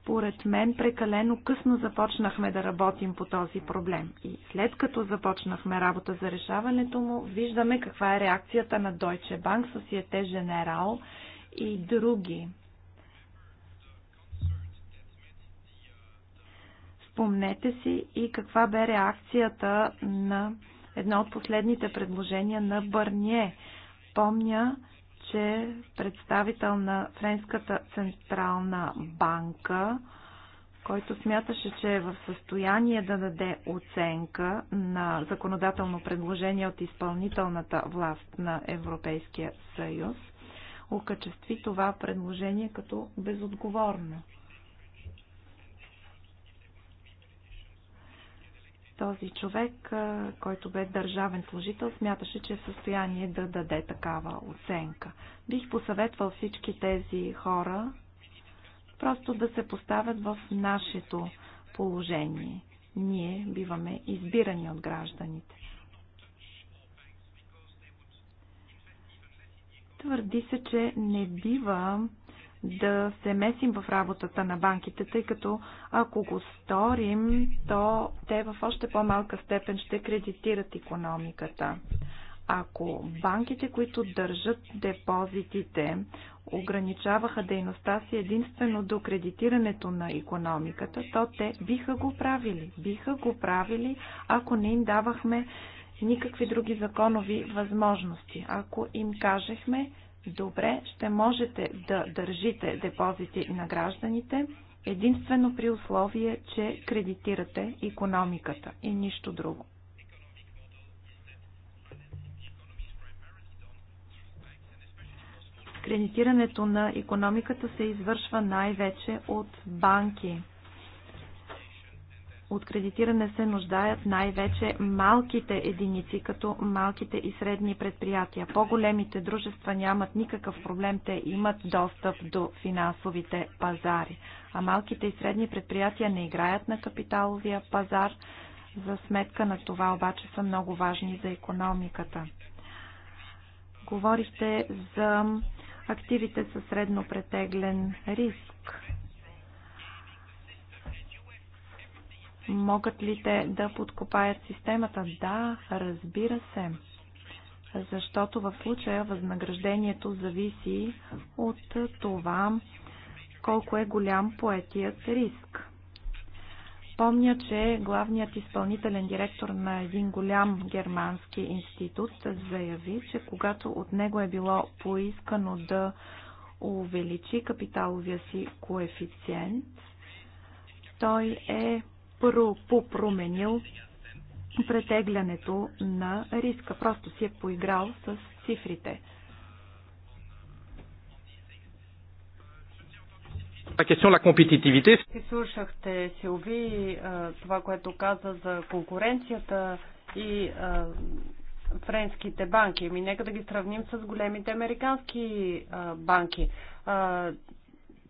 Според мен прекалено късно започнахме да работим по този проблем. И след като започнахме работа за решаването му, виждаме каква е реакцията на Deutsche Bank, Societe General и други. Спомнете си и каква бе реакцията на едно от последните предложения на Бърние. Помня, че представител на Френската централна банка, който смяташе, че е в състояние да даде оценка на законодателно предложение от изпълнителната власт на Европейския съюз, окачестви това предложение като безотговорно. Този човек, който бе държавен служител, смяташе, че е в състояние да даде такава оценка. Бих посъветвал всички тези хора просто да се поставят в нашето положение. Ние биваме избирани от гражданите. Твърди се, че не бива да се месим в работата на банките, тъй като ако го сторим, то те в още по-малка степен ще кредитират економиката. Ако банките, които държат депозитите, ограничаваха дейността си единствено до кредитирането на економиката, то те биха го правили. Биха го правили, ако не им давахме никакви други законови възможности. Ако им кажехме, добре ще можете да държите депозити на гражданите единствено при условие, че кредитирате економиката и нищо друго. Кредитирането на економиката се извършва най-вече от банки – от кредитиране се нуждаят най-вече малките единици, като малките и средни предприятия. По-големите дружества нямат никакъв проблем, те имат достъп до финансовите пазари. А малките и средни предприятия не играят на капиталовия пазар, за сметка на това обаче са много важни за економиката. Говорихте за активите със средно претеглен риск. Могат ли те да подкопаят системата? Да, разбира се. Защото в случая възнаграждението зависи от това колко е голям поетият риск. Помня, че главният изпълнителен директор на един голям германски институт заяви, че когато от него е било поискано да увеличи капиталовия си коефициент, той е попроменил претеглянето на риска. Просто си е поиграл с цифрите. Слушахте, Силви, това, което каза за конкуренцията и френските банки. Ми нека да ги сравним с големите американски банки.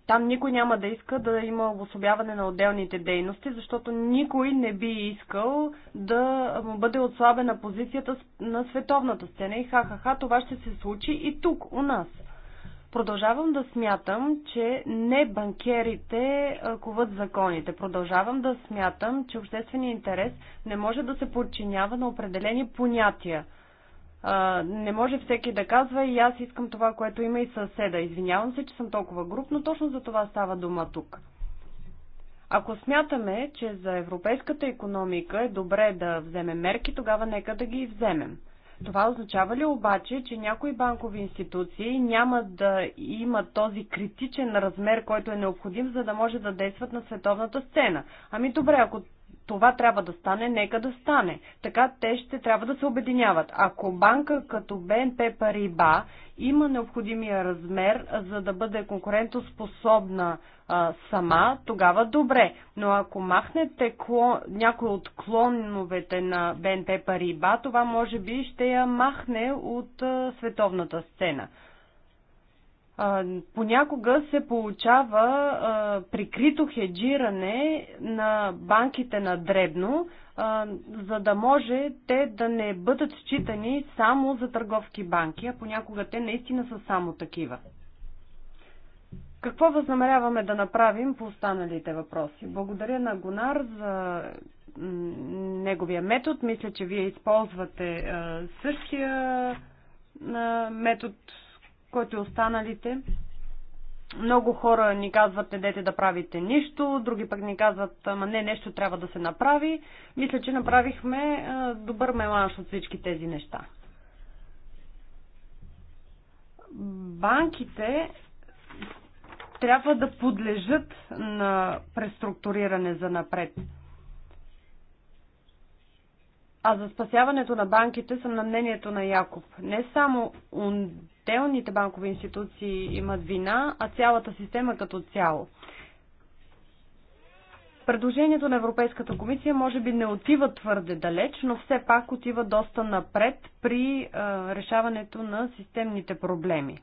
Там никой няма да иска да има обособяване на отделните дейности, защото никой не би искал да му бъде отслабена позицията на световната сцена и ха-ха-ха, това ще се случи и тук, у нас. Продължавам да смятам, че не банкерите куват законите. Продължавам да смятам, че общественият интерес не може да се подчинява на определени понятия – не може всеки да казва и аз искам това, което има и съседа. Извинявам се, че съм толкова груб, но точно за това става дума тук. Ако смятаме, че за европейската економика е добре да вземем мерки, тогава нека да ги вземем. Това означава ли обаче, че някои банкови институции няма да имат този критичен размер, който е необходим, за да може да действат на световната сцена? Ами добре, ако това трябва да стане, нека да стане. Така те ще трябва да се обединяват. Ако банка като БНП Париба има необходимия размер, за да бъде конкурентоспособна а, сама, тогава добре. Но ако махнете клон, някой от клоновете на БНП Париба, това може би ще я махне от а, световната сцена понякога се получава а, прикрито хеджиране на банките на дребно, а, за да може те да не бъдат считани само за търговски банки, а понякога те наистина са само такива. Какво възнамеряваме да направим по останалите въпроси? Благодаря на Гонар за неговия метод. Мисля, че вие използвате същия метод който и е останалите. Много хора ни казват, недете да правите нищо, други пък ни казват, ама не, нещо трябва да се направи. Мисля, че направихме добър меланш от всички тези неща. Банките трябва да подлежат на преструктуриране за напред. А за спасяването на банките съм на мнението на Якоб. Не само отделните банкови институции имат вина, а цялата система като цяло. Предложението на Европейската комисия може би не отива твърде далеч, но все пак отива доста напред при е, решаването на системните проблеми.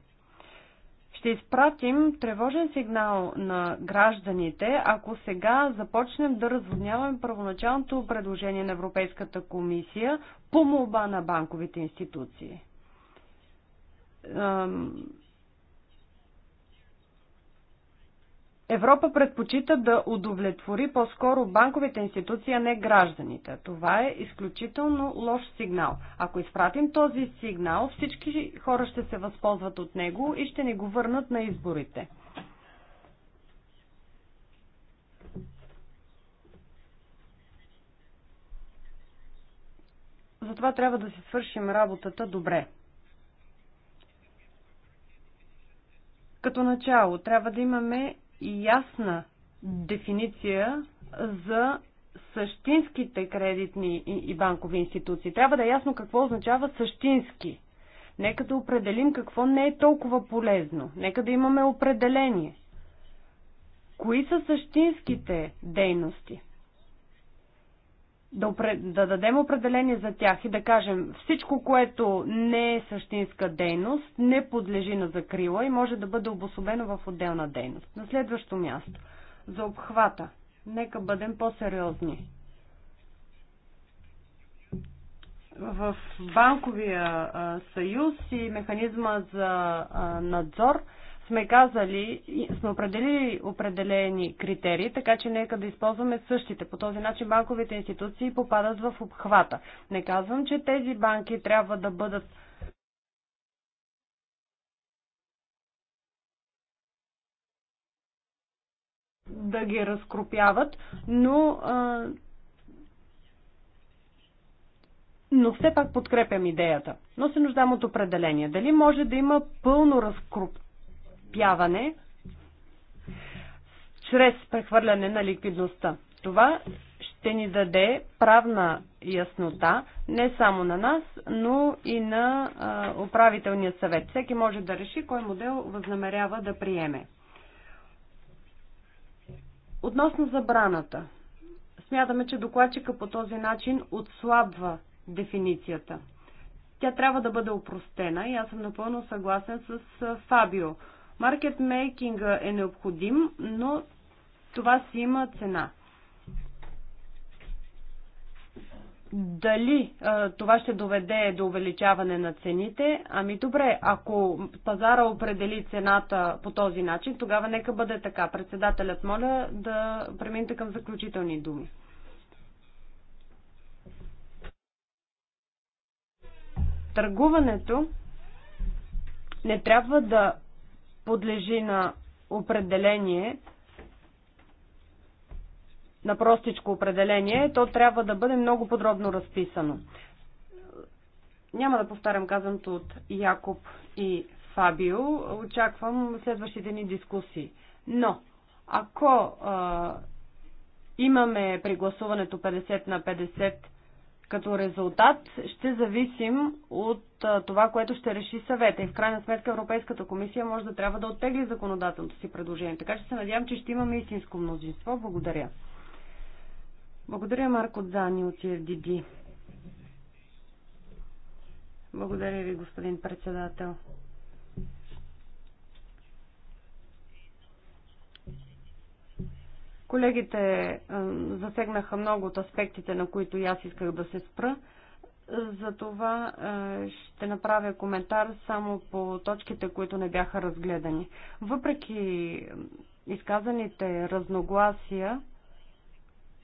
Ще изпратим тревожен сигнал на гражданите, ако сега започнем да разводняваме първоначалното предложение на Европейската комисия по молба на банковите институции. Европа предпочита да удовлетвори по-скоро банковите институции, а не гражданите. Това е изключително лош сигнал. Ако изпратим този сигнал, всички хора ще се възползват от него и ще ни го върнат на изборите. Затова трябва да си свършим работата добре. Като начало трябва да имаме ясна дефиниция за същинските кредитни и банкови институции. Трябва да е ясно какво означава същински. Нека да определим какво не е толкова полезно. Нека да имаме определение. Кои са същинските дейности? да, да дадем определение за тях и да кажем всичко, което не е същинска дейност, не подлежи на закрила и може да бъде обособено в отделна дейност. На следващо място, за обхвата. Нека бъдем по-сериозни. В Банковия съюз и механизма за надзор – сме казали, сме определили определени критерии, така че нека да използваме същите. По този начин банковите институции попадат в обхвата. Не казвам, че тези банки трябва да бъдат да ги разкрупяват, но но все пак подкрепям идеята. Но се нуждам от определение. Дали може да има пълно разкруп, изпяване чрез прехвърляне на ликвидността. Това ще ни даде правна яснота не само на нас, но и на а, управителния съвет. Всеки може да реши кой модел възнамерява да приеме. Относно забраната, смятаме, че докладчика по този начин отслабва дефиницията. Тя трябва да бъде опростена и аз съм напълно съгласен с Фабио. Маркетмейкинга е необходим, но това си има цена. дали а, това ще доведе до увеличаване на цените? Ами добре, ако пазара определи цената по този начин, тогава нека бъде така. Председателят моля да премините към заключителни думи. Търгуването не трябва да подлежи на определение, на простичко определение, то трябва да бъде много подробно разписано. Няма да повтарям казаното от Якоб и Фабио. Очаквам следващите ни дискусии. Но, ако а, имаме при гласуването 50 на 50 като резултат ще зависим от това, което ще реши съвета. И в крайна сметка Европейската комисия може да трябва да оттегли законодателното си предложение. Така че се надявам, че ще имаме истинско мнозинство. Благодаря. Благодаря, Марко Дзани от ЕДД. Благодаря ви, господин председател. Колегите засегнаха много от аспектите, на които и аз исках да се спра. Затова ще направя коментар само по точките, които не бяха разгледани. Въпреки изказаните разногласия,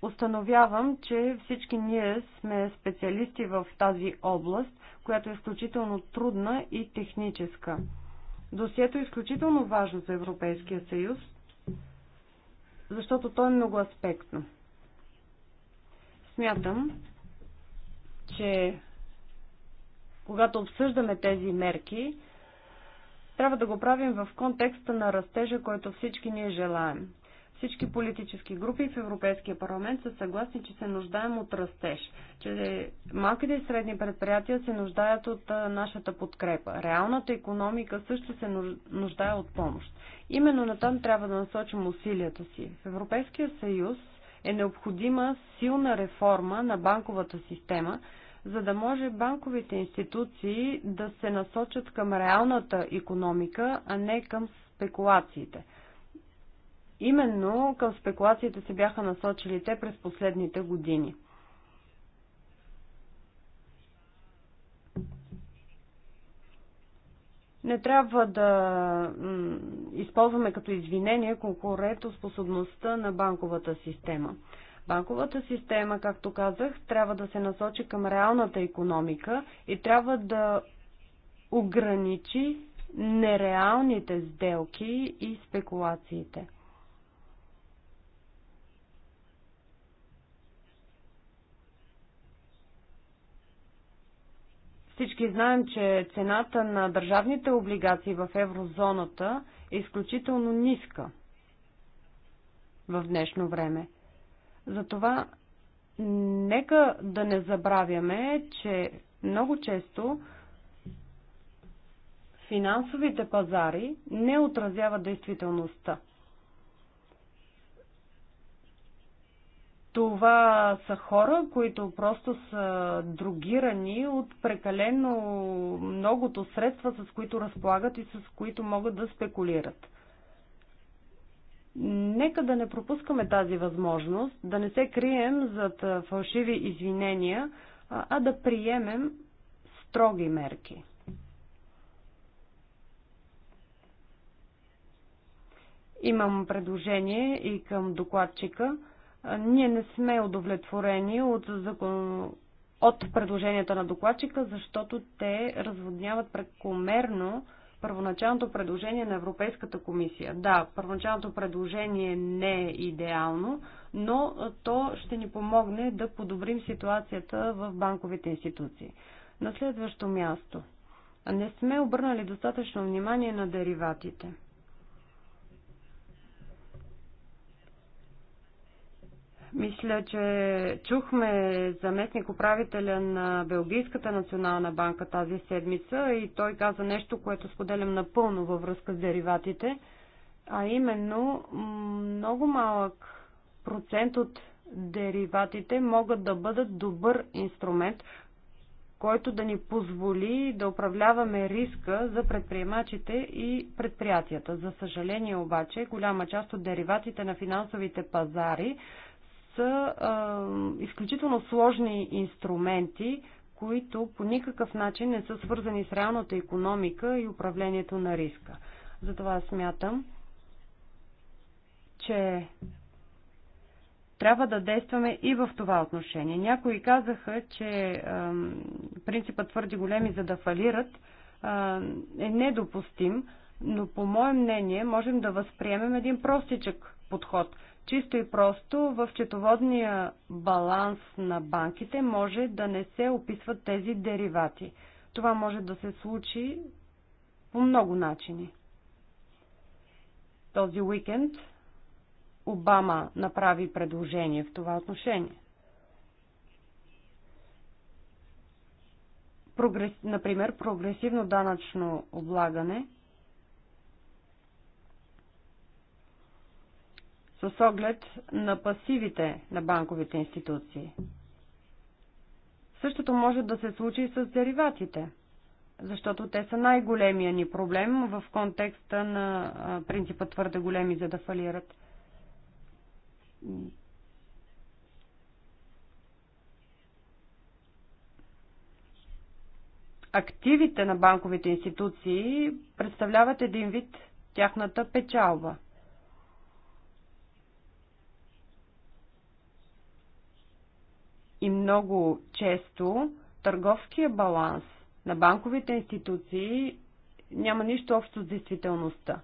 установявам, че всички ние сме специалисти в тази област, която е изключително трудна и техническа. Досието е изключително важно за Европейския съюз – защото то е многоаспектно. Смятам, че когато обсъждаме тези мерки, трябва да го правим в контекста на растежа, който всички ние желаем. Всички политически групи в Европейския парламент са съгласни, че се нуждаем от растеж, че малките и средни предприятия се нуждаят от нашата подкрепа. Реалната економика също се нуждае от помощ. Именно на там трябва да насочим усилията си. В Европейския съюз е необходима силна реформа на банковата система, за да може банковите институции да се насочат към реалната економика, а не към спекулациите – Именно към спекулациите се бяха насочили те през последните години. Не трябва да използваме като извинение конкурентоспособността на банковата система. Банковата система, както казах, трябва да се насочи към реалната економика и трябва да ограничи нереалните сделки и спекулациите. Всички знаем, че цената на държавните облигации в еврозоната е изключително ниска в днешно време. Затова нека да не забравяме, че много често финансовите пазари не отразяват действителността. Това са хора, които просто са другирани от прекалено многото средства, с които разполагат и с които могат да спекулират. Нека да не пропускаме тази възможност, да не се крием зад фалшиви извинения, а да приемем строги мерки. Имам предложение и към докладчика – ние не сме удовлетворени от, закон... от предложенията на докладчика, защото те разводняват прекомерно първоначалното предложение на Европейската комисия. Да, първоначалното предложение не е идеално, но то ще ни помогне да подобрим ситуацията в банковите институции. На следващо място. Не сме обърнали достатъчно внимание на дериватите. Мисля, че чухме заместник управителя на Белгийската национална банка тази седмица и той каза нещо, което споделям напълно във връзка с дериватите, а именно много малък процент от дериватите могат да бъдат добър инструмент, който да ни позволи да управляваме риска за предприемачите и предприятията. За съжаление обаче, голяма част от дериватите на финансовите пазари са а, изключително сложни инструменти, които по никакъв начин не са свързани с реалната економика и управлението на риска. Затова смятам, че трябва да действаме и в това отношение. Някои казаха, че а, принципът твърди големи за да фалират а, е недопустим, но по мое мнение можем да възприемем един простичък подход – Чисто и просто в четоводния баланс на банките може да не се описват тези деривати. Това може да се случи по много начини. Този уикенд Обама направи предложение в това отношение. Прогрес... Например, прогресивно данъчно облагане – с оглед на пасивите на банковите институции. Същото може да се случи и с дериватите, защото те са най-големия ни проблем в контекста на принципа твърде големи, за да фалират. Активите на банковите институции представляват един вид тяхната печалба – И много често търговския баланс на банковите институции няма нищо общо с действителността.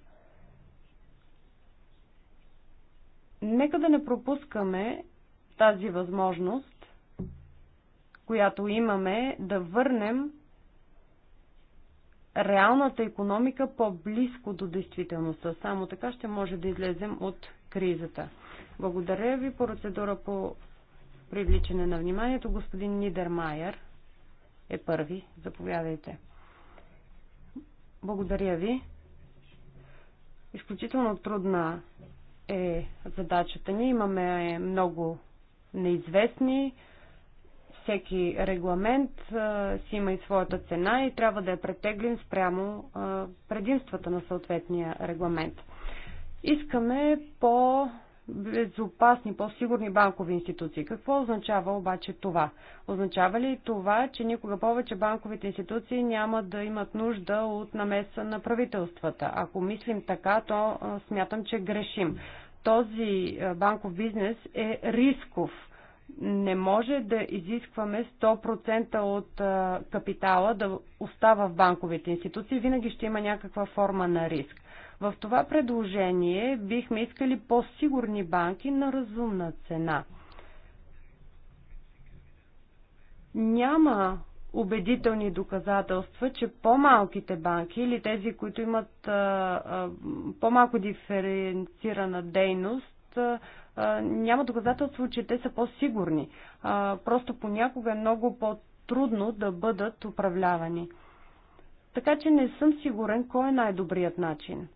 Нека да не пропускаме тази възможност, която имаме да върнем реалната економика по-близко до действителността. Само така ще може да излезем от кризата. Благодаря ви. Процедура по привличане на вниманието. Господин Нидермайер е първи. Заповядайте. Благодаря ви. Изключително трудна е задачата ни. Имаме много неизвестни. Всеки регламент си има и своята цена и трябва да я е претеглим спрямо предимствата на съответния регламент. Искаме по безопасни, по-сигурни банкови институции. Какво означава обаче това? Означава ли това, че никога повече банковите институции няма да имат нужда от намеса на правителствата? Ако мислим така, то смятам, че грешим. Този банков бизнес е рисков не може да изискваме 100% от капитала да остава в банковите институции. Винаги ще има някаква форма на риск. В това предложение бихме искали по-сигурни банки на разумна цена. Няма убедителни доказателства, че по-малките банки или тези, които имат по-малко диференцирана дейност, а, няма доказателство, че те са по-сигурни. просто понякога е много по-трудно да бъдат управлявани. Така че не съм сигурен кой е най-добрият начин.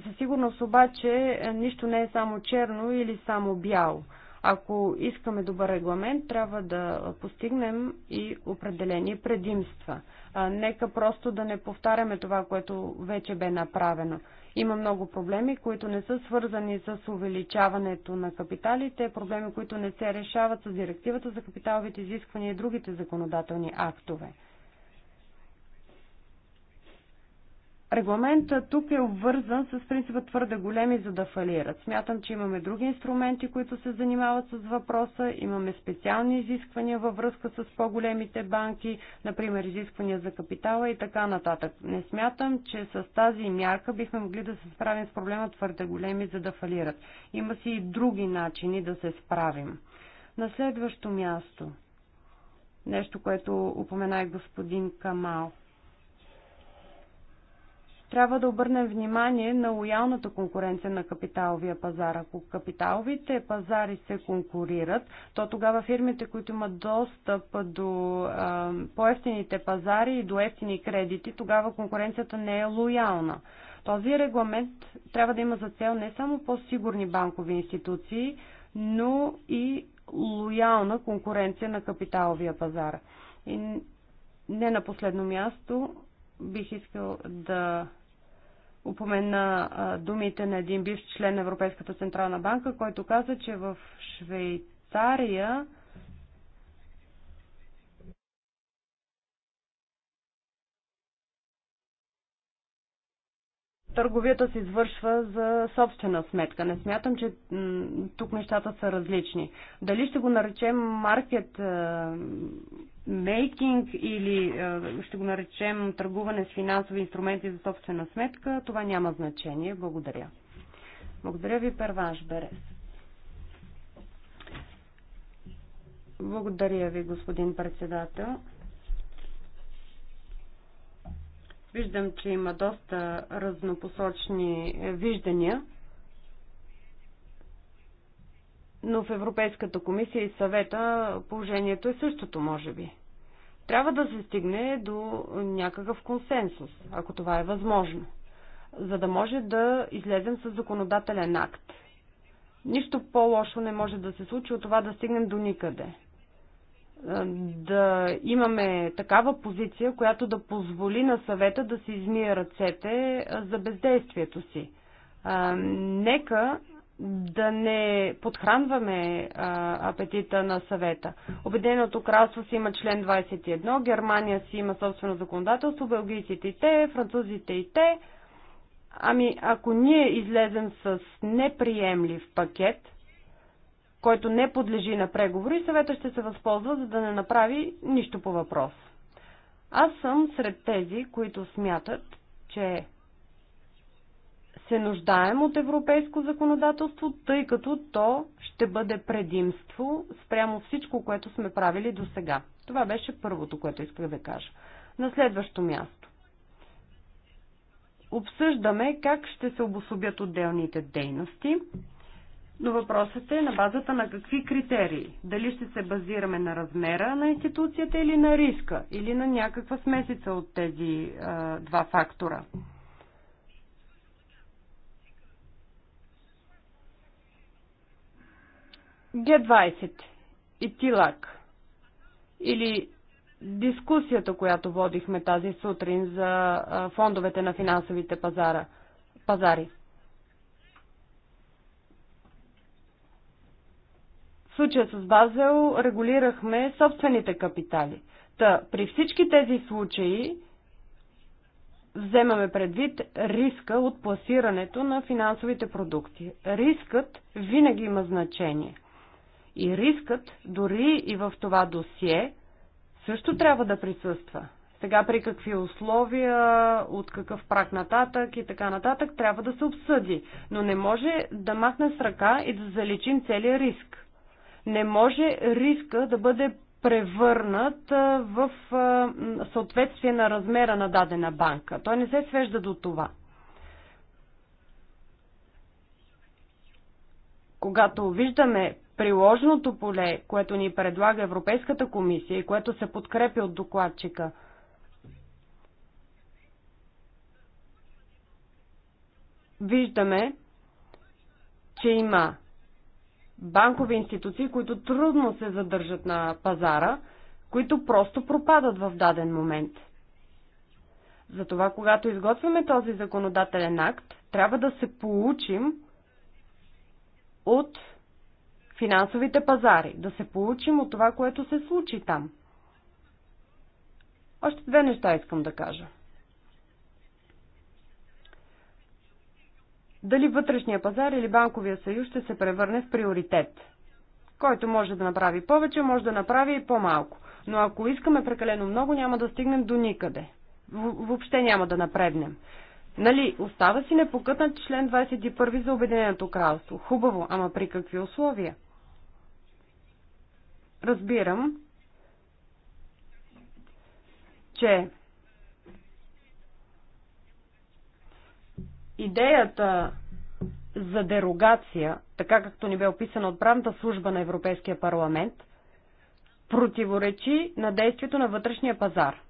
Със сигурност обаче е, нищо не е само черно или само бяло. Ако искаме добър регламент, трябва да постигнем и определени предимства. Нека просто да не повтаряме това, което вече бе направено. Има много проблеми, които не са свързани с увеличаването на капиталите, проблеми, които не се решават с директивата за капиталовите изисквания и другите законодателни актове. Регламентът тук е обвързан с принципа твърде големи, за да фалират. Смятам, че имаме други инструменти, които се занимават с въпроса. Имаме специални изисквания във връзка с по-големите банки, например изисквания за капитала и така нататък. Не смятам, че с тази мярка бихме могли да се справим с проблема твърде големи, за да фалират. Има си и други начини да се справим. На следващо място. Нещо, което упомена и господин Камал трябва да обърнем внимание на лоялната конкуренция на капиталовия пазар. Ако капиталовите пазари се конкурират, то тогава фирмите, които имат достъп до по-ефтините пазари и до ефтини кредити, тогава конкуренцията не е лоялна. Този регламент трябва да има за цел не само по-сигурни банкови институции, но и лоялна конкуренция на капиталовия пазар. И не на последно място бих искал да упомена думите на един бивш член на Европейската централна банка, който каза, че в Швейцария търговията се извършва за собствена сметка. Не смятам, че тук нещата са различни. Дали ще го наречем маркет мейкинг или ще го наречем търгуване с финансови инструменти за собствена сметка, това няма значение. Благодаря. Благодаря ви, Перванш Берес. Благодаря ви, господин председател. Виждам, че има доста разнопосочни виждания. Но в Европейската комисия и съвета положението е същото, може би. Трябва да се стигне до някакъв консенсус, ако това е възможно, за да може да излезем с законодателен акт. Нищо по-лошо не може да се случи от това да стигнем до никъде да имаме такава позиция, която да позволи на съвета да се измие ръцете за бездействието си. нека да не подхранваме а, апетита на съвета. Обединеното кралство си има член 21, Германия си има собствено законодателство, белгийците и те, французите и те. Ами, ако ние излезем с неприемлив пакет, който не подлежи на преговори, съвета ще се възползва, за да не направи нищо по въпрос. Аз съм сред тези, които смятат, че се нуждаем от европейско законодателство, тъй като то ще бъде предимство спрямо всичко, което сме правили до сега. Това беше първото, което исках да кажа. На следващо място. Обсъждаме как ще се обособят отделните дейности, но въпросът е на базата на какви критерии. Дали ще се базираме на размера на институцията или на риска, или на някаква смесица от тези а, два фактора. Г20 и ТИЛАК или дискусията, която водихме тази сутрин за фондовете на финансовите пазара, пазари. В случая с Базел регулирахме собствените капитали. Та, при всички тези случаи вземаме предвид риска от пласирането на финансовите продукти. Рискът винаги има значение. И рискът, дори и в това досие, също трябва да присъства. Сега при какви условия, от какъв прак нататък и така нататък трябва да се обсъди. Но не може да махне с ръка и да заличим целият риск. Не може риска да бъде превърнат в съответствие на размера на дадена банка. Той не се свежда до това. Когато виждаме приложното поле, което ни предлага Европейската комисия и което се подкрепи от докладчика, виждаме, че има банкови институции, които трудно се задържат на пазара, които просто пропадат в даден момент. Затова, когато изготвяме този законодателен акт, трябва да се получим от финансовите пазари, да се получим от това, което се случи там. Още две неща искам да кажа. Дали вътрешния пазар или банковия съюз ще се превърне в приоритет? Който може да направи повече, може да направи и по-малко. Но ако искаме прекалено много, няма да стигнем до никъде. Въобще няма да напреднем. Нали, остава си непокътнат член 21 за Обединеното кралство. Хубаво, ама при какви условия? Разбирам, че идеята за дерогация, така както ни бе описана от правната служба на Европейския парламент, противоречи на действието на вътрешния пазар.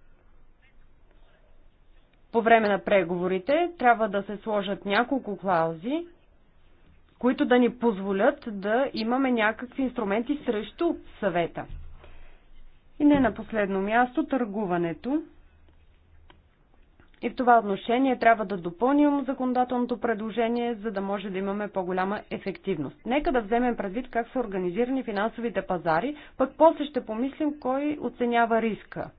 По време на преговорите трябва да се сложат няколко клаузи, които да ни позволят да имаме някакви инструменти срещу съвета. И не на последно място търгуването. И в това отношение трябва да допълним законодателното предложение, за да може да имаме по-голяма ефективност. Нека да вземем предвид как са организирани финансовите пазари, пък после ще помислим кой оценява риска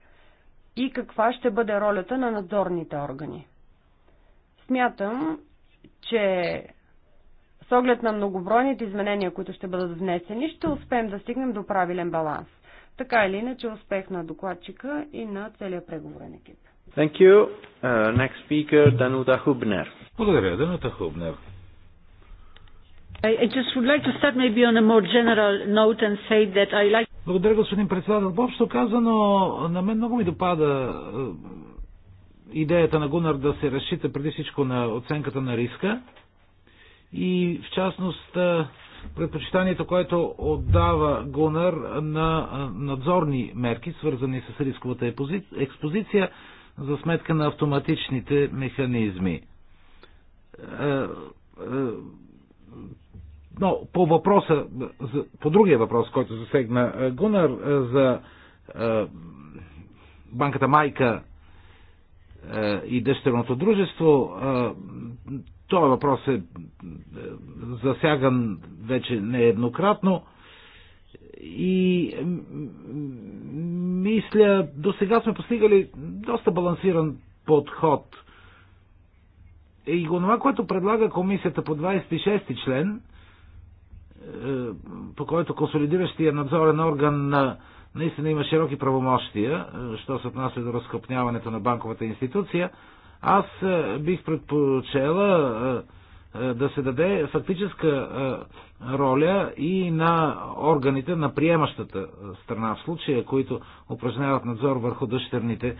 и каква ще бъде ролята на надзорните органи. Смятам, че с оглед на многобройните изменения, които ще бъдат внесени, ще успеем да стигнем до правилен баланс. Така или иначе, успех на докладчика и на целия преговорен екип. Thank you. Uh, next speaker, Danuta Hubner. Благодаря, Данута Хубнер. I just would like to start maybe on a more general note and say that I like... Благодаря, господин председател. Общо казано, на мен много ми допада е, идеята на Гунар да се разчита преди всичко на оценката на риска и в частност предпочитанието, което отдава Гонър на надзорни мерки, свързани с рисковата експозиция за сметка на автоматичните механизми. Но по въпроса, по другия въпрос, който засегна Гунар за банката Майка и дъщерното дружество, това въпрос е, е засяган вече нееднократно и мисля, до сега сме постигали доста балансиран подход. И това, което предлага комисията по 26 ти член, е, по който консолидиращия надзорен орган наистина има широки правомощия, е, що се отнася до разкъпняването на банковата институция, аз е, бих предпочела е, е, да се даде фактическа роля и на органите на приемащата страна в случая, които упражняват надзор върху дъщерните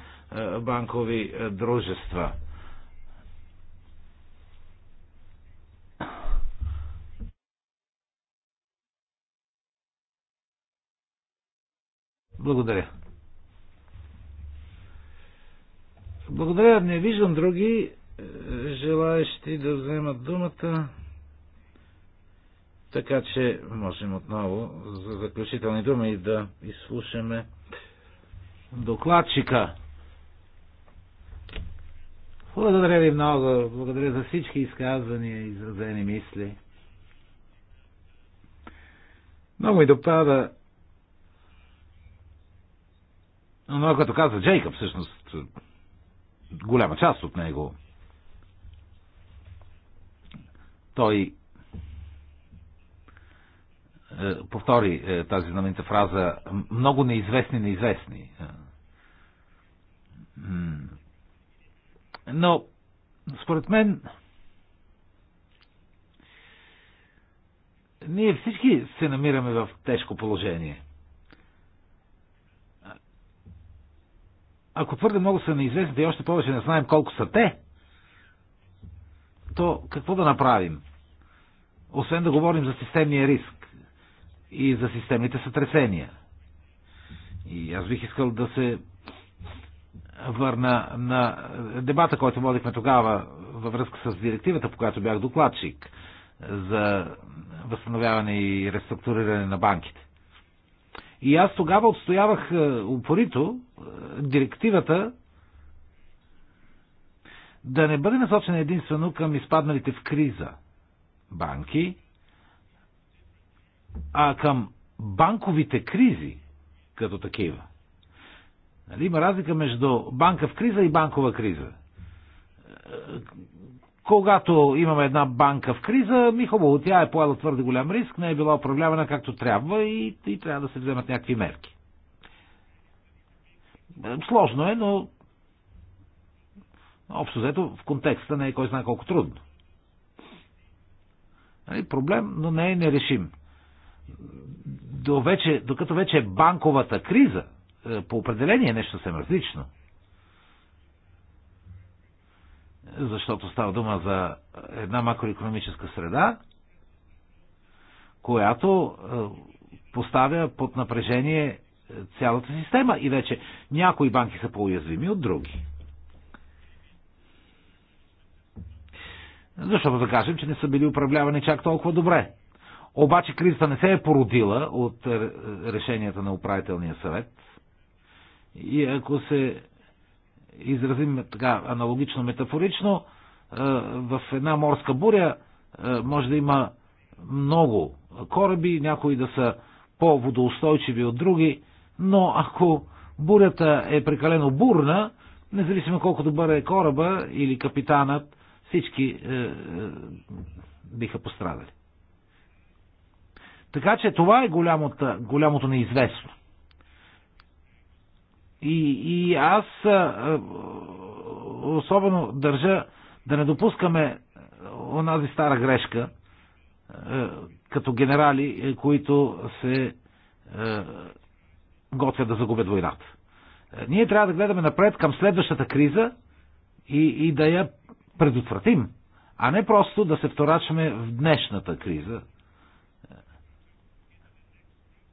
банкови дружества. Благодаря. Благодаря, не виждам други е, желаещи да вземат думата. Така че можем отново за заключителни думи да изслушаме докладчика. Благодаря ви много. Благодаря за всички изказвания и изразени мисли. Много ми допада но, като каза Джейкъб, всъщност голяма част от него. Той е, повтори е, тази знаменита фраза много неизвестни неизвестни. Е, Но, според мен, ние всички се намираме в тежко положение – ако твърде много са неизвестните и още повече не знаем колко са те, то какво да направим? Освен да говорим за системния риск и за системните сътресения. И аз бих искал да се върна на дебата, който водихме тогава във връзка с директивата, по която бях докладчик за възстановяване и реструктуриране на банките. И аз тогава отстоявах е, упорито директивата да не бъде насочена единствено към изпадналите в криза банки, а към банковите кризи като такива. Нали, има разлика между банка в криза и банкова криза. Когато имаме една банка в криза, ми хубаво, тя е поела твърде голям риск, не е била управлявана както трябва и, и трябва да се вземат някакви мерки. Е, сложно е, но общо взето в контекста не е кой знае колко трудно. Нали, проблем, но не е нерешим. До вече, докато вече е банковата криза, е, по определение е нещо съвсем различно. Защото става дума за една макроекономическа среда, която поставя под напрежение цялата система и вече някои банки са по-уязвими от други. Защото да кажем, че не са били управлявани чак толкова добре. Обаче кризата не се е породила от решенията на управителния съвет. И ако се изразим така аналогично, метафорично, е, в една морска буря е, може да има много кораби, някои да са по-водоустойчиви от други, но ако бурята е прекалено бурна, независимо колко добър е кораба или капитанът, всички е, е, биха пострадали. Така че това е голямото, голямото неизвестно. И, и аз е, е особено държа да не допускаме онази стара грешка, е, като генерали, е, които се е, готвят да загубят войната. Е, ние трябва да гледаме напред към следващата криза и, и да я предотвратим, а не просто да се вторачваме в днешната криза.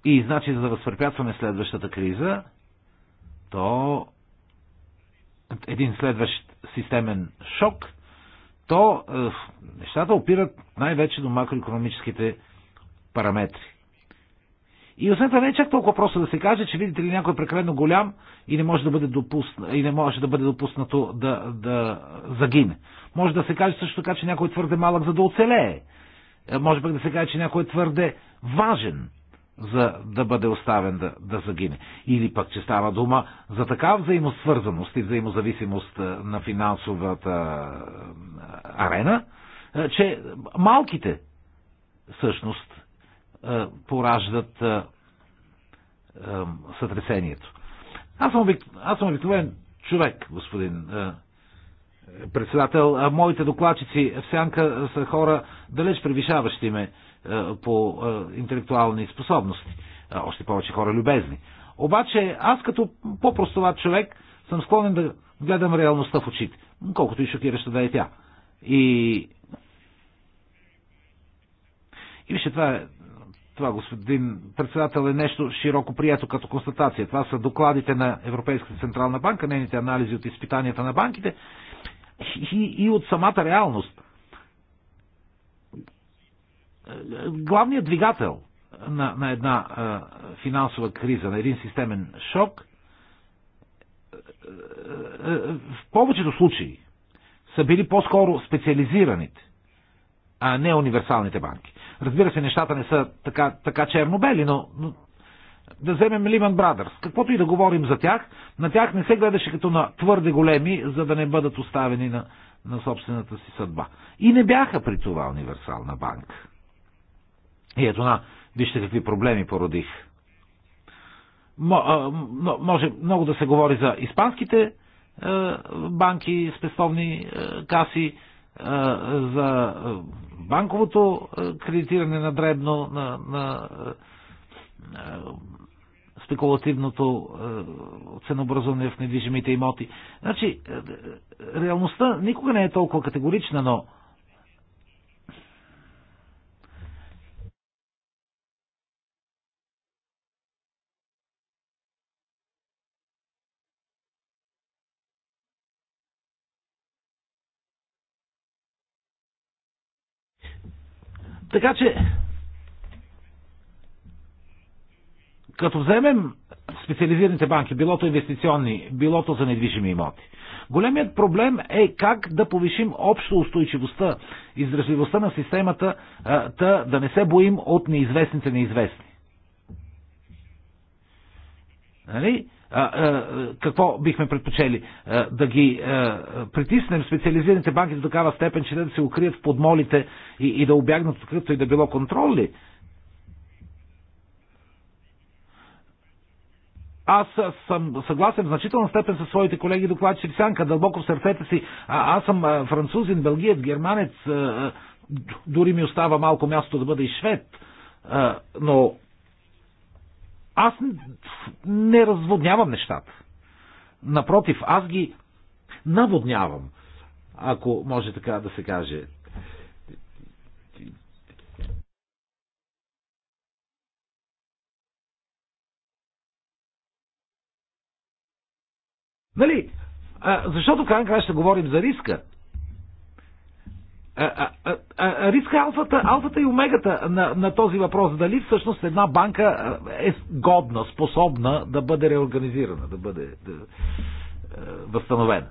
И значи, за да възпрепятстваме следващата криза, то един следващ системен шок, то е, нещата опират най-вече до макроекономическите параметри. И освен това не е чак толкова просто да се каже, че видите ли някой е прекалено голям и не може да бъде, допусна, и не може да бъде допуснато да, да загине. Може да се каже също така, че някой е твърде малък за да оцелее. Е, може пък да се каже, че някой е твърде важен за да бъде оставен да, да загине. Или пък, че става дума за такава взаимосвързаност и взаимозависимост е, на финансовата е, арена, че малките всъщност е, пораждат е, е, сътресението. Аз съм, Аз съм обикновен човек, господин председател. Моите докладчици в сянка са хора далеч превишаващи ме по интелектуални способности. Още повече хора любезни. Обаче аз като по-простоват човек съм склонен да гледам реалността в очите. Колкото и шокираща да е тя. И... И вижте, това е това, господин председател, е нещо широко прието като констатация. Това са докладите на Европейската централна банка, нейните анализи от изпитанията на банките и, и от самата реалност. Главният двигател на, на една а, финансова криза, на един системен шок, а, а, в повечето случаи са били по-скоро специализираните а не универсалните банки. Разбира се, нещата не са така, така черно-бели, но, но да вземем Лиман Брадърс. Каквото и да говорим за тях, на тях не се гледаше като на твърде големи, за да не бъдат оставени на, на собствената си съдба. И не бяха при това универсална банка. И ето на, вижте какви проблеми породих. Може много да се говори за испанските е, банки, спестовни е, каси, за банковото кредитиране на дребно, на, на спекулативното ценообразуване в недвижимите имоти. Значи, реалността никога не е толкова категорична, но Така че, като вземем специализираните банки, билото инвестиционни, билото за недвижими имоти, големият проблем е как да повишим общо устойчивостта, издръжливостта на системата, та да не се боим от неизвестните неизвестни. Нали? какво бихме предпочели? Да ги притиснем специализираните банки до такава степен, че да се укрият в подмолите и, и да обягнат от кръвто и да било контрол ли? Аз съм съгласен в значителна степен с своите колеги докладчици Сянка, дълбоко в сърцете си. А, аз съм французин, белгиец, германец, а, дори ми остава малко място да бъда и швед. А, но аз не разводнявам нещата. Напротив, аз ги наводнявам, ако може така да се каже. Нали? А, защото край края ще говорим за риска риска е алфата, алфата и омегата на, на този въпрос. Дали всъщност една банка е годна, способна да бъде реорганизирана, да бъде да, възстановена?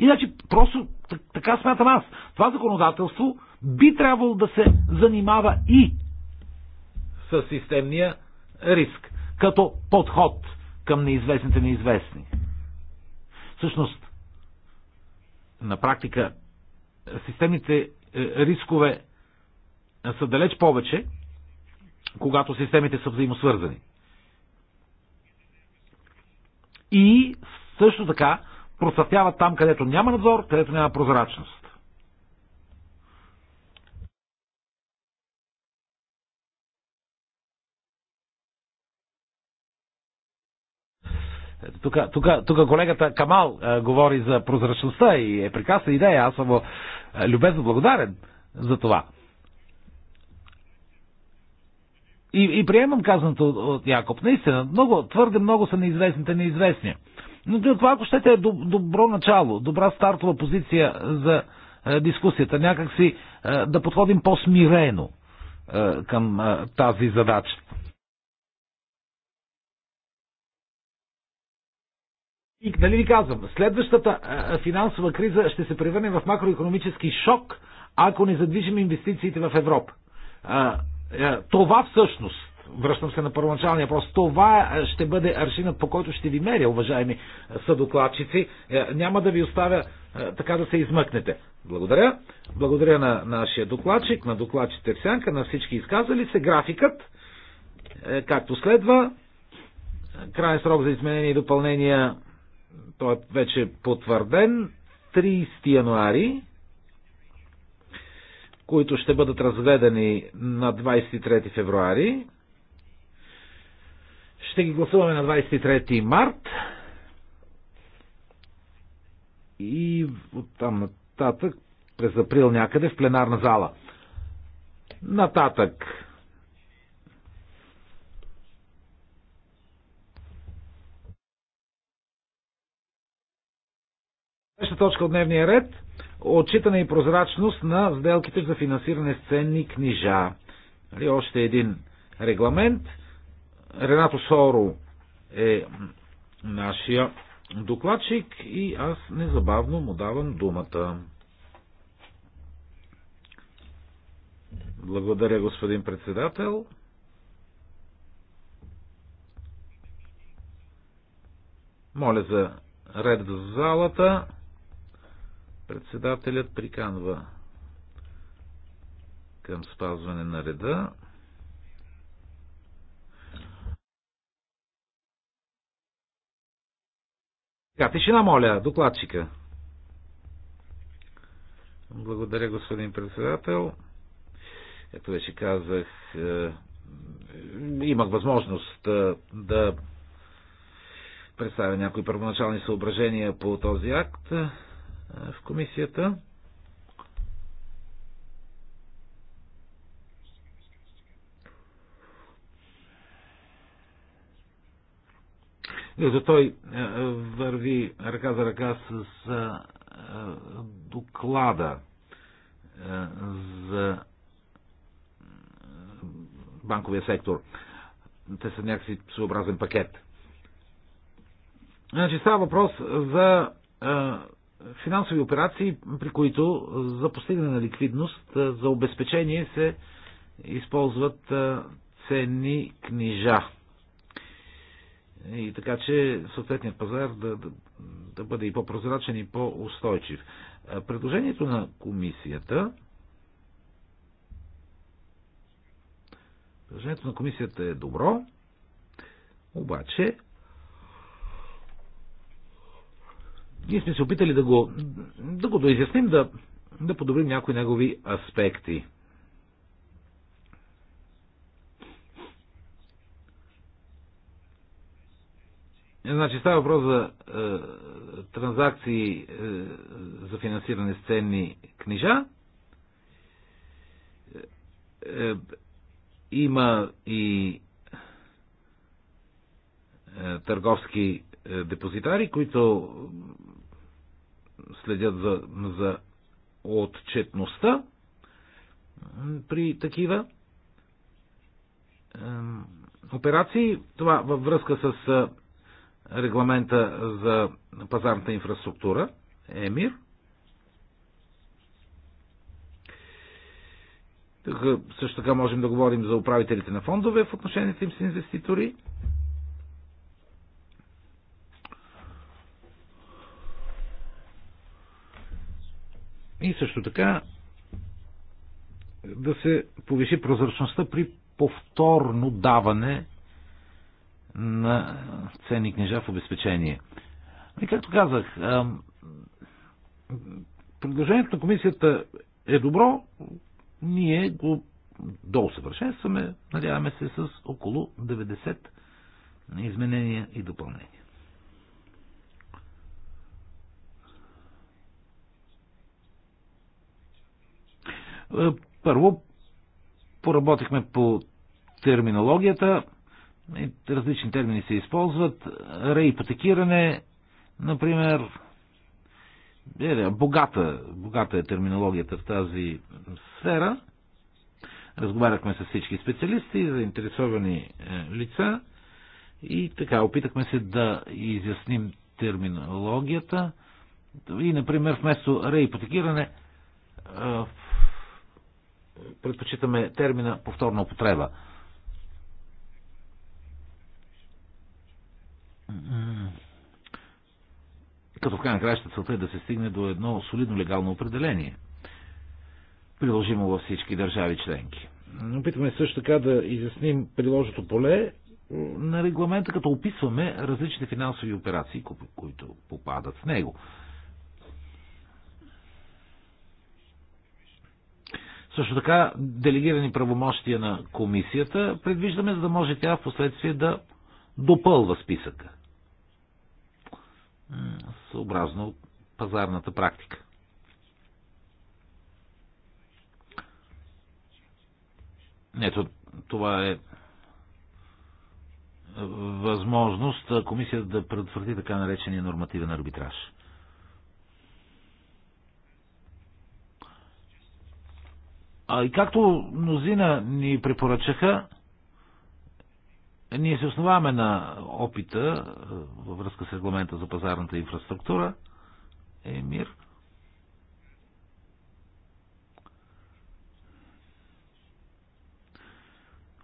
Иначе, просто така смятам аз. Това законодателство би трябвало да се занимава и с системния риск, като подход към неизвестните неизвестни. Всъщност, на практика, системните е, рискове е, са далеч повече, когато системите са взаимосвързани. И също така процъфтяват там, където няма надзор, където няма прозрачност. Тук, колегата Камал а, говори за прозрачността и е прекрасна идея. Аз съм любезно благодарен за това. И, и приемам казаното от, от Якоб. Наистина, много, твърде много са неизвестните неизвестни. Но това, ако щете, е добро начало, добра стартова позиция за е, дискусията. Някакси е, да подходим по-смирено е, към е, тази задача. И нали ви казвам, следващата финансова криза ще се превърне в макроекономически шок, ако не задвижим инвестициите в Европа. Това всъщност, връщам се на първоначалния въпрос, това ще бъде аршинът, по който ще ви меря, уважаеми съдокладчици. Няма да ви оставя така да се измъкнете. Благодаря. Благодаря на нашия докладчик, на докладчите в сянка, на всички изказали се. Графикът, е, както следва, крайен срок за изменение и допълнение той е вече потвърден, 30 януари, които ще бъдат разгледани на 23 февруари. Ще ги гласуваме на 23 март. И оттам нататък, през април някъде, в пленарна зала. Нататък, Следващата точка от дневния ред отчитане и прозрачност на сделките за финансиране с ценни книжа. Нали, още един регламент. Ренато Соро е нашия докладчик и аз незабавно му давам думата. Благодаря, господин председател. Моля за ред в залата. Председателят приканва към спазване на реда. Така, тишина, моля, докладчика. Благодаря, господин председател. Ето вече казах, е, имах възможност е, да представя някои първоначални съображения по този акт. Е, в комисията. Ето той е, е, върви ръка за ръка с доклада за банковия сектор. Те са някакси съобразен пакет. Значи става въпрос за финансови операции, при които за постигане на ликвидност, за обезпечение се използват ценни книжа. И така, че съответният пазар да, да, да бъде и по-прозрачен и по-устойчив. Предложението на комисията Предложението на комисията е добро, обаче ние сме се опитали да го, да го доизясним, да, да подобрим някои негови аспекти. Значи става въпрос за е, транзакции е, за финансиране с ценни книжа. Е, е, има и е, търговски е, депозитари, които следят за, за отчетността при такива операции. Това във връзка с е, регламента за пазарната инфраструктура, ЕМИР. Тук също така можем да говорим за управителите на фондове в отношенията им с инвеститори. И също така да се повиши прозрачността при повторно даване на ценни книжа в обезпечение. И както казах, предложението на комисията е добро, ние го доусъвършенстваме, надяваме се, с около 90 изменения и допълнения. Е, първо, поработихме по терминологията. Различни термини се използват. Реипотекиране, например, е, богата, богата е терминологията в тази сфера. Разговаряхме с всички специалисти, заинтересовани е, лица и така опитахме се да изясним терминологията. И, например, вместо реипотекиране е, предпочитаме термина повторна употреба. Като в крайна краща целта е да се стигне до едно солидно легално определение, приложимо във всички държави членки. Опитваме също така да изясним приложното поле на регламента, като описваме различните финансови операции, които попадат в него. Също така, делегирани правомощия на комисията предвиждаме, за да може тя в последствие да допълва списъка. Съобразно пазарната практика. Ето, това е възможност комисията да предотврати така наречения нормативен арбитраж. А и както мнозина ни препоръчаха, ние се основаваме на опита е, във връзка с регламента за пазарната инфраструктура. Емир.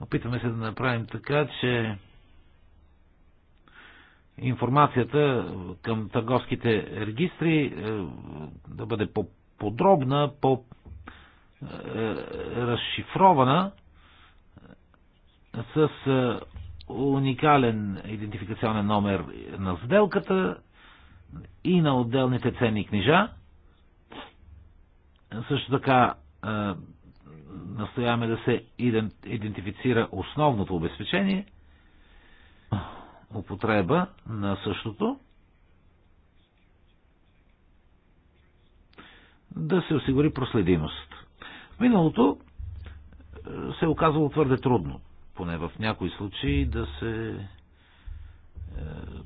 Опитваме се да направим така, че информацията към търговските регистри е, да бъде по-подробна, по-подробна е, разшифрована е, с е, уникален идентификационен номер на сделката и на отделните ценни книжа. Също така настояваме да се идентифицира основното обезпечение, употреба на същото, да се осигури проследимост. В миналото е, се е оказало твърде трудно, поне в някои случаи, да се е,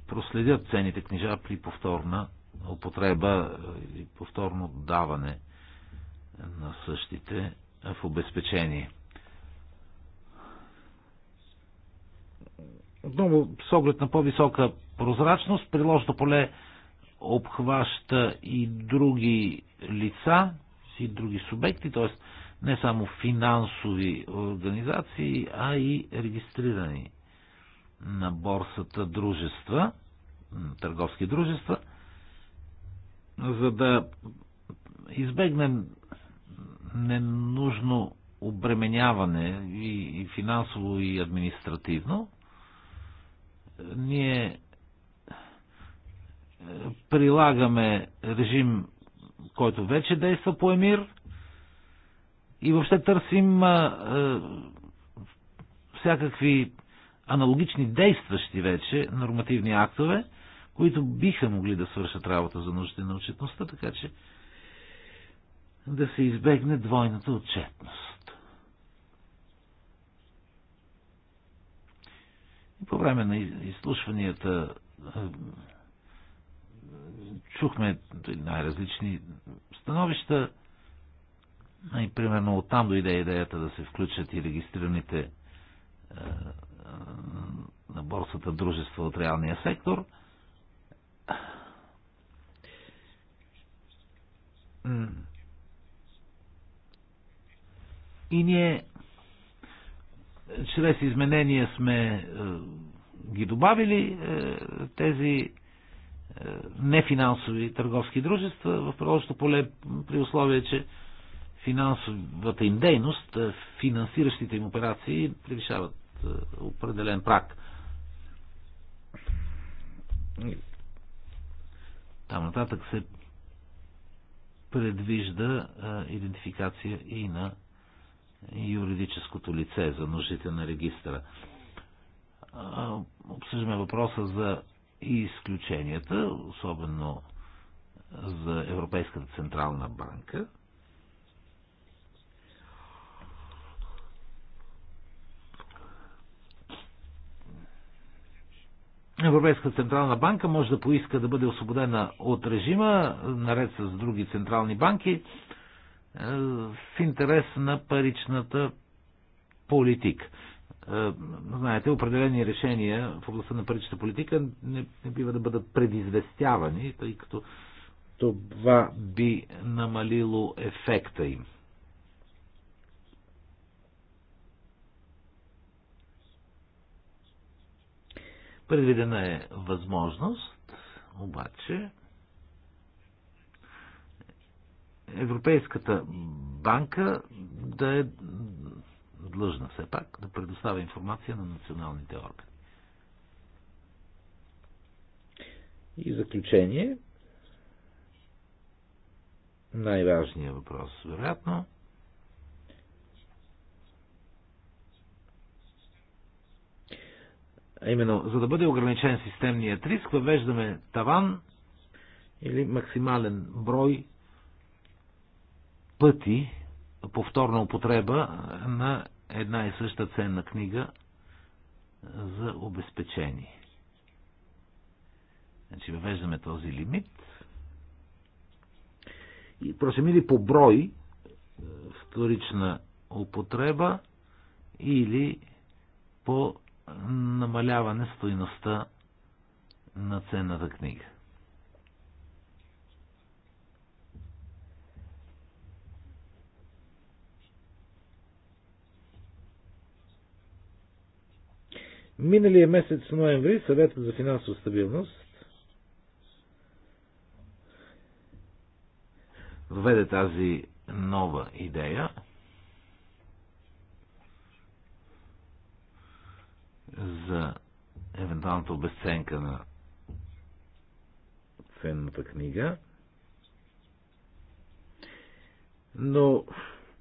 проследят ценните книжа при повторна употреба е, и повторно даване на същите в обезпечение. Отново, с оглед на по-висока прозрачност, приложното поле обхваща и други лица, и други субекти, т.е не само финансови организации, а и регистрирани на борсата дружества, търговски дружества, за да избегнем ненужно обременяване и финансово, и административно, ние е, прилагаме режим, който вече действа по ЕМИР, и въобще търсим всякакви аналогични действащи вече нормативни актове, които биха могли да свършат работа за нуждите на отчетността, така че да се избегне двойната отчетност. И по време на изслушванията чухме нали, най-различни становища. И примерно оттам дойде идеята да се включат и регистрираните е, е на борсата дружества от реалния сектор. И ние чрез изменения сме е, ги добавили е, тези е, нефинансови търговски дружества в приложното поле при условие, че финансовата им дейност, е, финансиращите им операции превишават е, определен прак. Там нататък се предвижда е, идентификация и на юридическото лице за нуждите на регистра. Обсъждаме въпроса за изключенията, особено за Европейската централна банка. Европейската централна банка може да поиска да бъде освободена от режима, наред с други централни банки, в е, интерес на паричната политика. Е, знаете, определени решения в областта на паричната политика не, не бива да бъдат предизвестявани, тъй като това би намалило ефекта им. Предвидена е възможност, обаче, Европейската банка да е длъжна все пак да предоставя информация на националните органи. И заключение, най-важният въпрос, вероятно, Именно, за да бъде ограничен системният риск, въвеждаме таван или максимален брой пъти повторна употреба на една и съща ценна книга за обезпечение. Значи въвеждаме този лимит. И просим или по брой е, вторична употреба или по намаляване стоиността на ценната книга. Миналия месец ноември съветът за финансова стабилност введе тази нова идея – за евентуалната обесценка на ценната книга. Но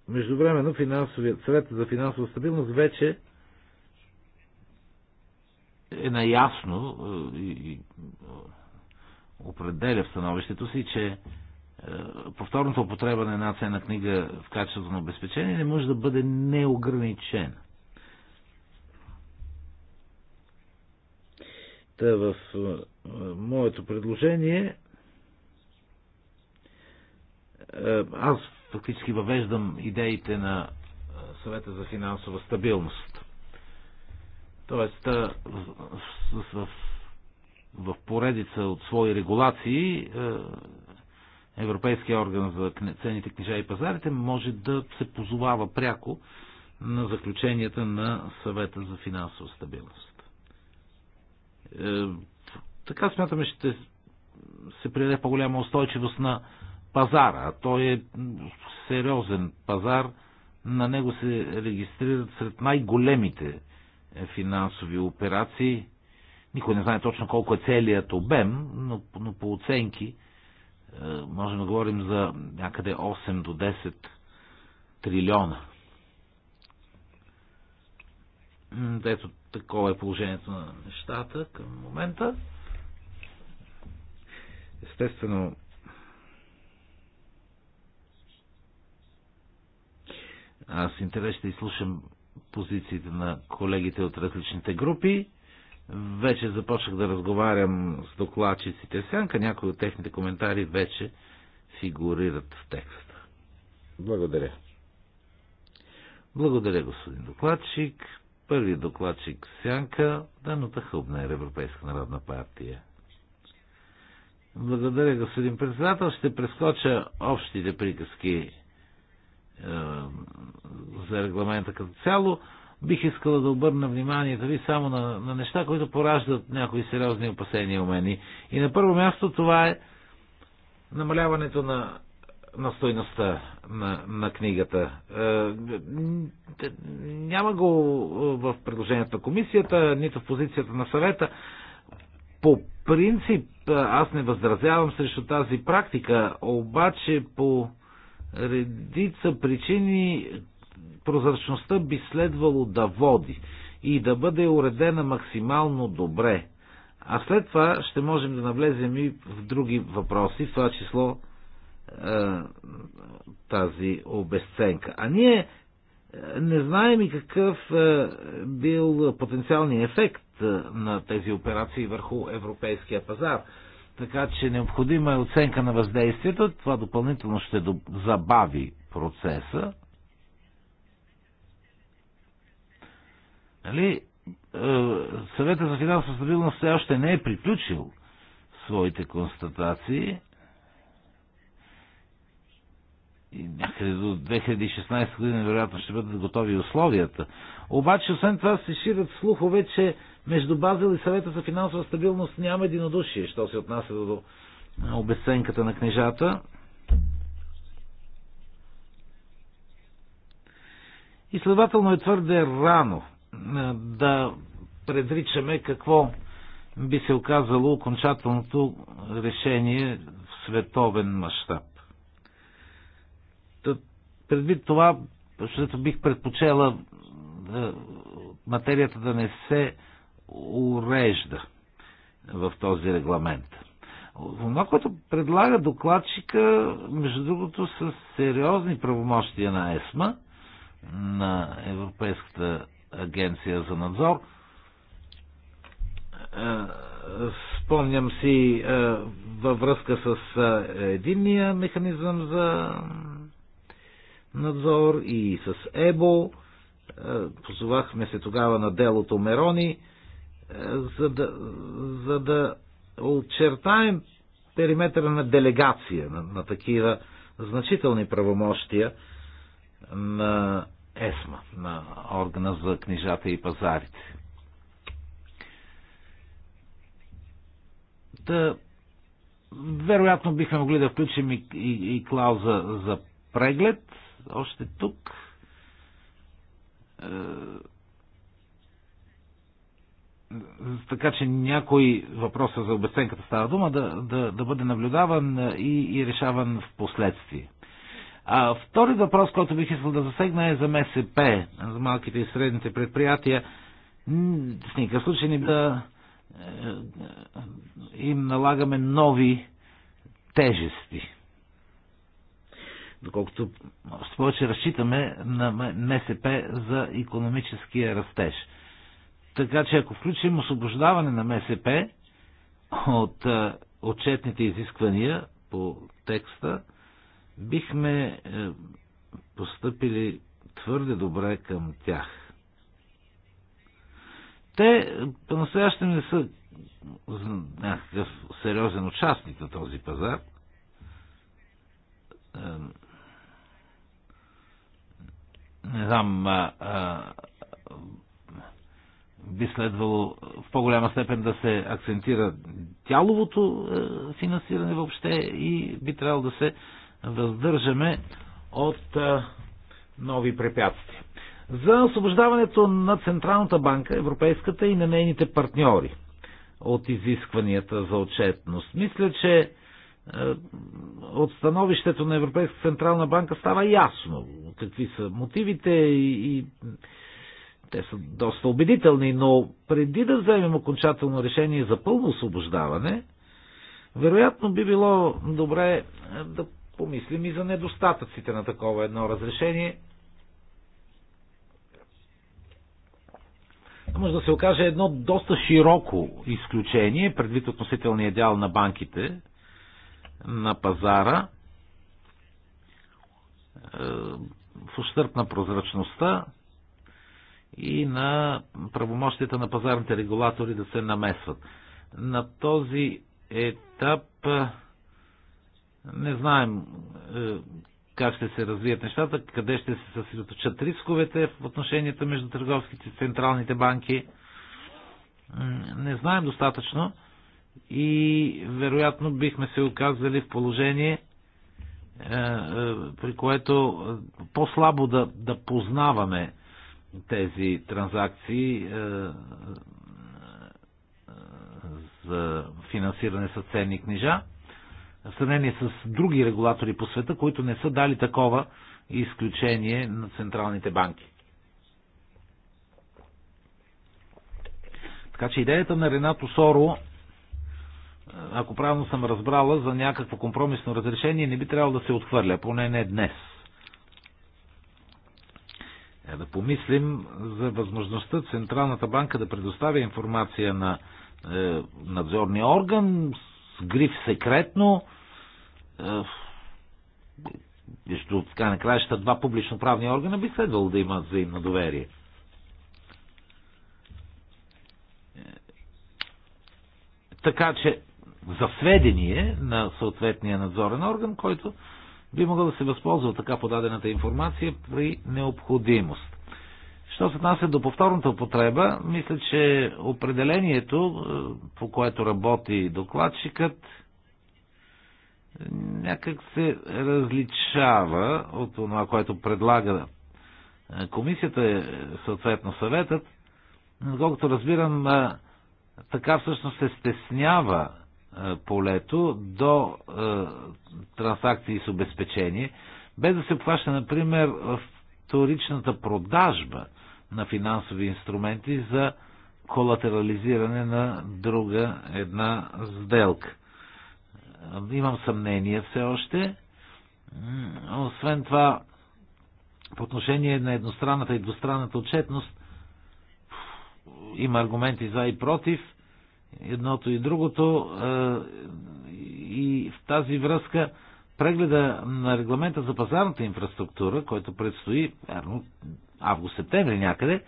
междувременно финансовият съвет за финансова стабилност вече е наясно е, и определя в становището си, че е, повторното употреба на една ценна книга в качеството на обезпечение не може да бъде неограничена. Та в моето предложение аз фактически въвеждам идеите на съвета за финансова стабилност. Тоест, в, в, в поредица от свои регулации Европейския орган за цените, книжа и пазарите може да се позовава пряко на заключенията на съвета за финансова стабилност. Е, така смятаме, ще се приеде по-голяма устойчивост на пазара. Той е сериозен пазар. На него се регистрират сред най-големите финансови операции. Никой не знае точно колко е целият обем, но, но по оценки е, можем да говорим за някъде 8 до 10 трилиона ето такова е положението на нещата към момента. Естествено, аз с интерес ще изслушам позициите на колегите от различните групи. Вече започнах да разговарям с докладчиците сянка. Някои от техните коментари вече фигурират в текста. Благодаря. Благодаря, господин докладчик. Първи докладчик Сянка, хубна е Европейска народна партия. Благодаря, господин председател. Ще прескоча общите приказки е, за регламента като цяло. Бих искала да обърна вниманието ви само на, на неща, които пораждат някои сериозни опасения у мен. И на първо място това е намаляването на на стойността на, на книгата. Е, няма го в предложението на комисията, нито в позицията на съвета. По принцип аз не възразявам срещу тази практика, обаче по редица причини прозрачността би следвало да води и да бъде уредена максимално добре. А след това ще можем да навлезем и в други въпроси, в това число е, тази обесценка. А ние е, не знаем и какъв е, бил потенциалният ефект на тези операции върху европейския пазар. Така че необходима е оценка на въздействието. Това допълнително ще забави процеса. Нали? Съвета за финансова стабилност все още не е приключил своите констатации и някъде до 2016 година вероятно ще бъдат готови условията. Обаче, освен това, се ширят слухове, че между Базел и съвета за финансова стабилност няма единодушие, що се отнася до обесценката на книжата. И следователно е твърде рано да предричаме какво би се оказало окончателното решение в световен мащаб. Предвид това, защото бих предпочела е, материята да не се урежда в този регламент. Това, което предлага докладчика, между другото, с сериозни правомощия на ЕСМА, на Европейската агенция за надзор. Е, спомням си е, във връзка с единния механизъм за надзор и с ЕБО. Е, позовахме се тогава на делото Мерони, е, за да, за да очертаем периметъра на делегация на, на такива значителни правомощия на ЕСМА, на органа за книжата и пазарите. Да, вероятно бихме могли да включим и, и, и клауза за преглед още тук. Е, така че някой въпроса за обесценката става дума да, да, да бъде наблюдаван е, и, и решаван в последствие. А втори въпрос, който бих искал да засегна е за МСП, за малките и средните предприятия. В никакъв случай не да е, им налагаме нови тежести доколкото още повече разчитаме на МСП за економическия растеж. Така че ако включим освобождаване на МСП от отчетните изисквания по текста, бихме е, постъпили твърде добре към тях. Те е, по-настоящем не са някакъв сериозен участник на този пазар не знам, а, а, би следвало в по-голяма степен да се акцентира тяловото а, е, финансиране въобще и би трябвало да се въздържаме от а, е, нови препятствия. За освобождаването на Централната банка, Европейската и на нейните партньори от изискванията за отчетност. Мисля, че е, от становището на Европейска централна банка става ясно какви са мотивите и, и те са доста убедителни, но преди да вземем окончателно решение за пълно освобождаване, вероятно би било добре е, да помислим и за недостатъците на такова едно разрешение. Може да се окаже едно доста широко изключение, предвид относителния дял на банките, на пазара е, в ущърп на прозрачността и на правомощията на пазарните регулатори да се намесват. На този етап е, не знаем е, как ще се развият нещата, къде ще се съсредоточат рисковете в отношенията между търговските и централните банки. Не знаем достатъчно и вероятно бихме се оказали в положение, е, е, при което по-слабо да, да познаваме тези транзакции е, за финансиране с ценни книжа, в сравнение с други регулатори по света, които не са дали такова изключение на централните банки. Така че идеята на Ренато Соро ако правилно съм разбрала, за някакво компромисно разрешение не би трябвало да се отхвърля, поне не днес. Е, да помислим за възможността Централната банка да предоставя информация на е, надзорния орган с гриф секретно е, между така на краища два публично-правни органа би следвало да имат взаимно доверие. Е, така че за сведение на съответния надзорен орган, който би могъл да се възползва от така подадената информация при необходимост. Що се отнася до повторната употреба, мисля, че определението, е, по което работи докладчикът, някак се различава от това, което предлага е, комисията, е, съответно съветът. Колкото разбирам, така всъщност се стеснява е, полето до е, транзакции с обезпечение, без да се обхваща, например, вторичната продажба на финансови инструменти за колатерализиране на друга една сделка. Имам съмнение все още. Освен това, по отношение на едностранната и двустранната отчетност, има аргументи за и против – едното и другото. Е, и в тази връзка прегледа на регламента за пазарната инфраструктура, който предстои, верно, август-септември някъде,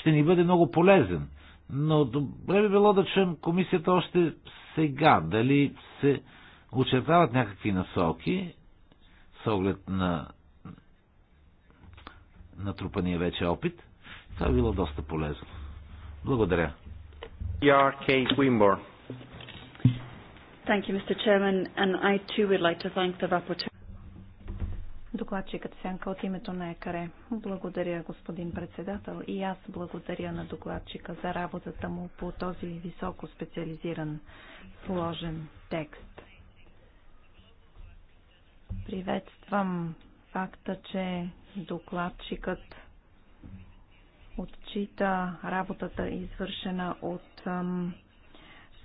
ще ни бъде много полезен. Но добре би било да чуем комисията още сега, дали се очертават някакви насоки с оглед на натрупания вече опит. Това е било доста полезно. Благодаря. ERK Wimborne. Thank you, Mr. Chairman, and I too would like to thank the rapporteur. Докладчикът Сянка от името на ЕКАРЕ. Благодаря, господин председател. И аз благодаря на докладчика за работата му по този високо специализиран сложен текст. Приветствам факта, че докладчикът отчита работата, извършена от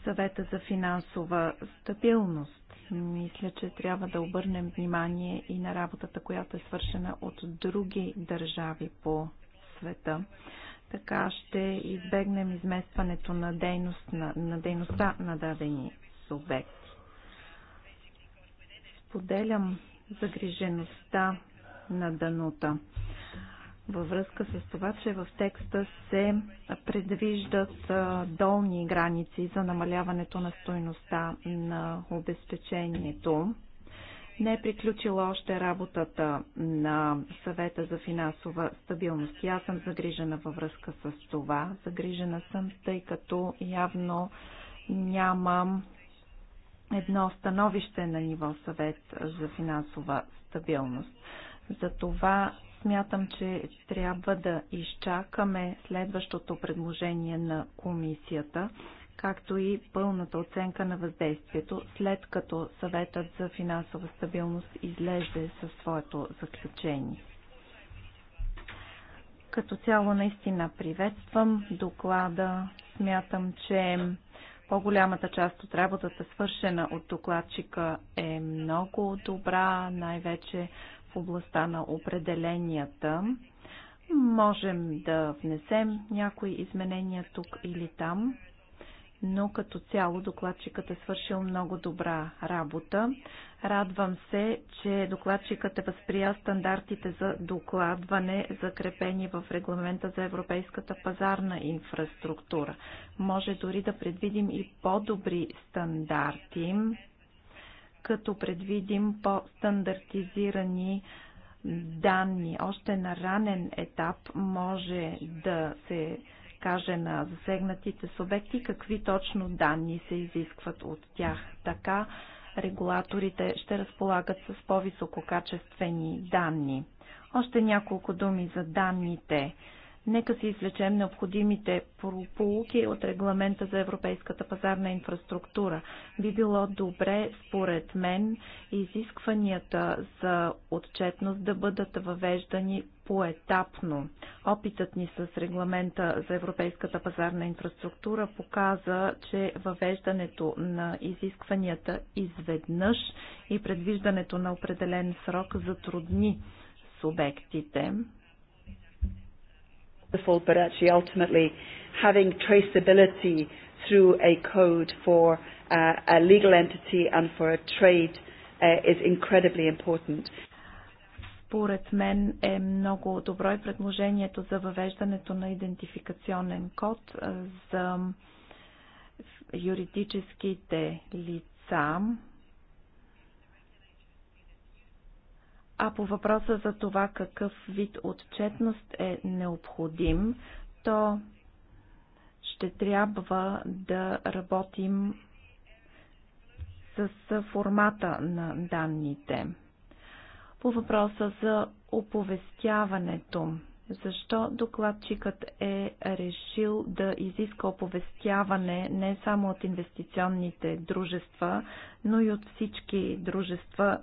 съвета за финансова стабилност. Мисля, че трябва да обърнем внимание и на работата, която е свършена от други държави по света. Така ще избегнем изместването на, дейност, на, на дейността на дадени субекти. Споделям загрижеността на Данута във връзка с това, че в текста се предвиждат долни граници за намаляването на стойността на обезпечението. Не е приключила още работата на съвета за финансова стабилност. И аз съм загрижена във връзка с това. Загрижена съм, тъй като явно нямам едно становище на ниво съвет за финансова стабилност. Затова Смятам, че трябва да изчакаме следващото предложение на комисията, както и пълната оценка на въздействието, след като съветът за финансова стабилност излезе със своето заключение. Като цяло наистина приветствам доклада. Смятам, че по-голямата част от работата, свършена от докладчика, е много добра, най-вече в областта на определенията. Можем да внесем някои изменения тук или там, но като цяло докладчикът е свършил много добра работа. Радвам се, че докладчикът е възприял стандартите за докладване, закрепени в регламента за европейската пазарна инфраструктура. Може дори да предвидим и по-добри стандарти като предвидим по-стандартизирани данни. Още на ранен етап може да се каже на засегнатите субекти какви точно данни се изискват от тях. Така регулаторите ще разполагат с по-висококачествени данни. Още няколко думи за данните. Нека си извлечем необходимите полуки от регламента за европейската пазарна инфраструктура. Би било добре, според мен, изискванията за отчетност да бъдат въвеждани поетапно. Опитът ни с регламента за европейската пазарна инфраструктура показа, че въвеждането на изискванията изведнъж и предвиждането на определен срок затрудни субектите but actually ultimately having traceability through a code for uh, a legal entity and for a trade uh, is incredibly important. Според мен е много добро и предложението за въвеждането на идентификационен код за юридическите лица, А по въпроса за това какъв вид отчетност е необходим, то ще трябва да работим с формата на данните. По въпроса за оповестяването. Защо докладчикът е решил да изиска оповестяване не само от инвестиционните дружества, но и от всички дружества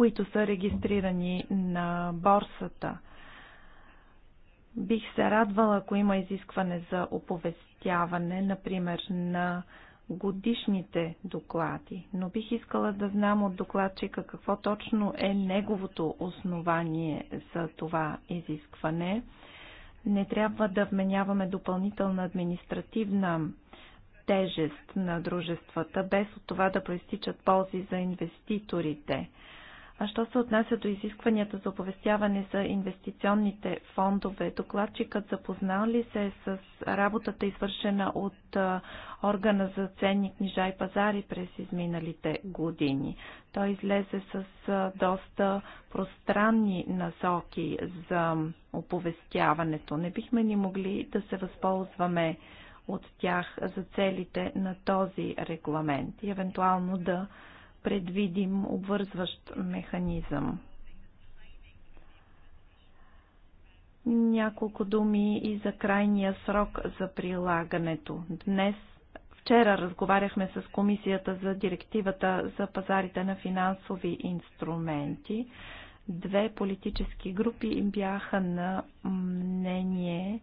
които са регистрирани на борсата. Бих се радвала, ако има изискване за оповестяване, например, на годишните доклади, но бих искала да знам от докладчика какво точно е неговото основание за това изискване. Не трябва да вменяваме допълнителна административна тежест на дружествата, без от това да проистичат ползи за инвеститорите. А що се отнася до изискванията за оповестяване за инвестиционните фондове, докладчикът запознал ли се с работата извършена от органа за ценни книжа и пазари през изминалите години? Той излезе с доста пространни насоки за оповестяването. Не бихме ни могли да се възползваме от тях за целите на този регламент и евентуално да предвидим обвързващ механизъм. Няколко думи и за крайния срок за прилагането. Днес, вчера разговаряхме с Комисията за директивата за пазарите на финансови инструменти. Две политически групи бяха на мнение,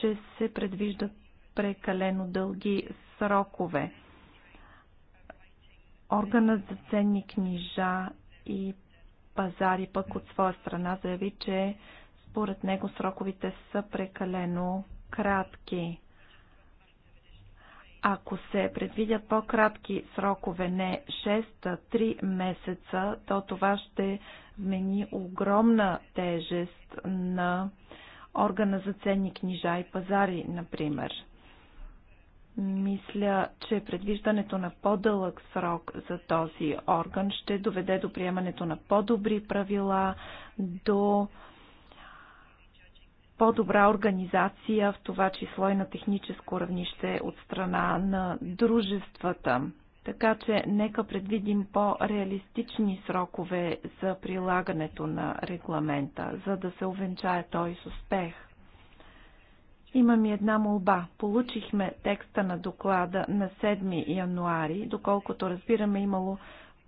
че се предвиждат прекалено дълги срокове Органът за ценни книжа и пазари пък от своя страна заяви, че според него сроковите са прекалено кратки. Ако се предвидят по-кратки срокове, не 6-3 месеца, то това ще вмени огромна тежест на органа за ценни книжа и пазари, например. Мисля, че предвиждането на по-дълъг срок за този орган ще доведе до приемането на по-добри правила, до по-добра организация, в това число и на техническо равнище от страна на дружествата. Така че нека предвидим по-реалистични срокове за прилагането на регламента, за да се увенчае той с успех. Имам и една молба. Получихме текста на доклада на 7 януари. Доколкото разбираме, имало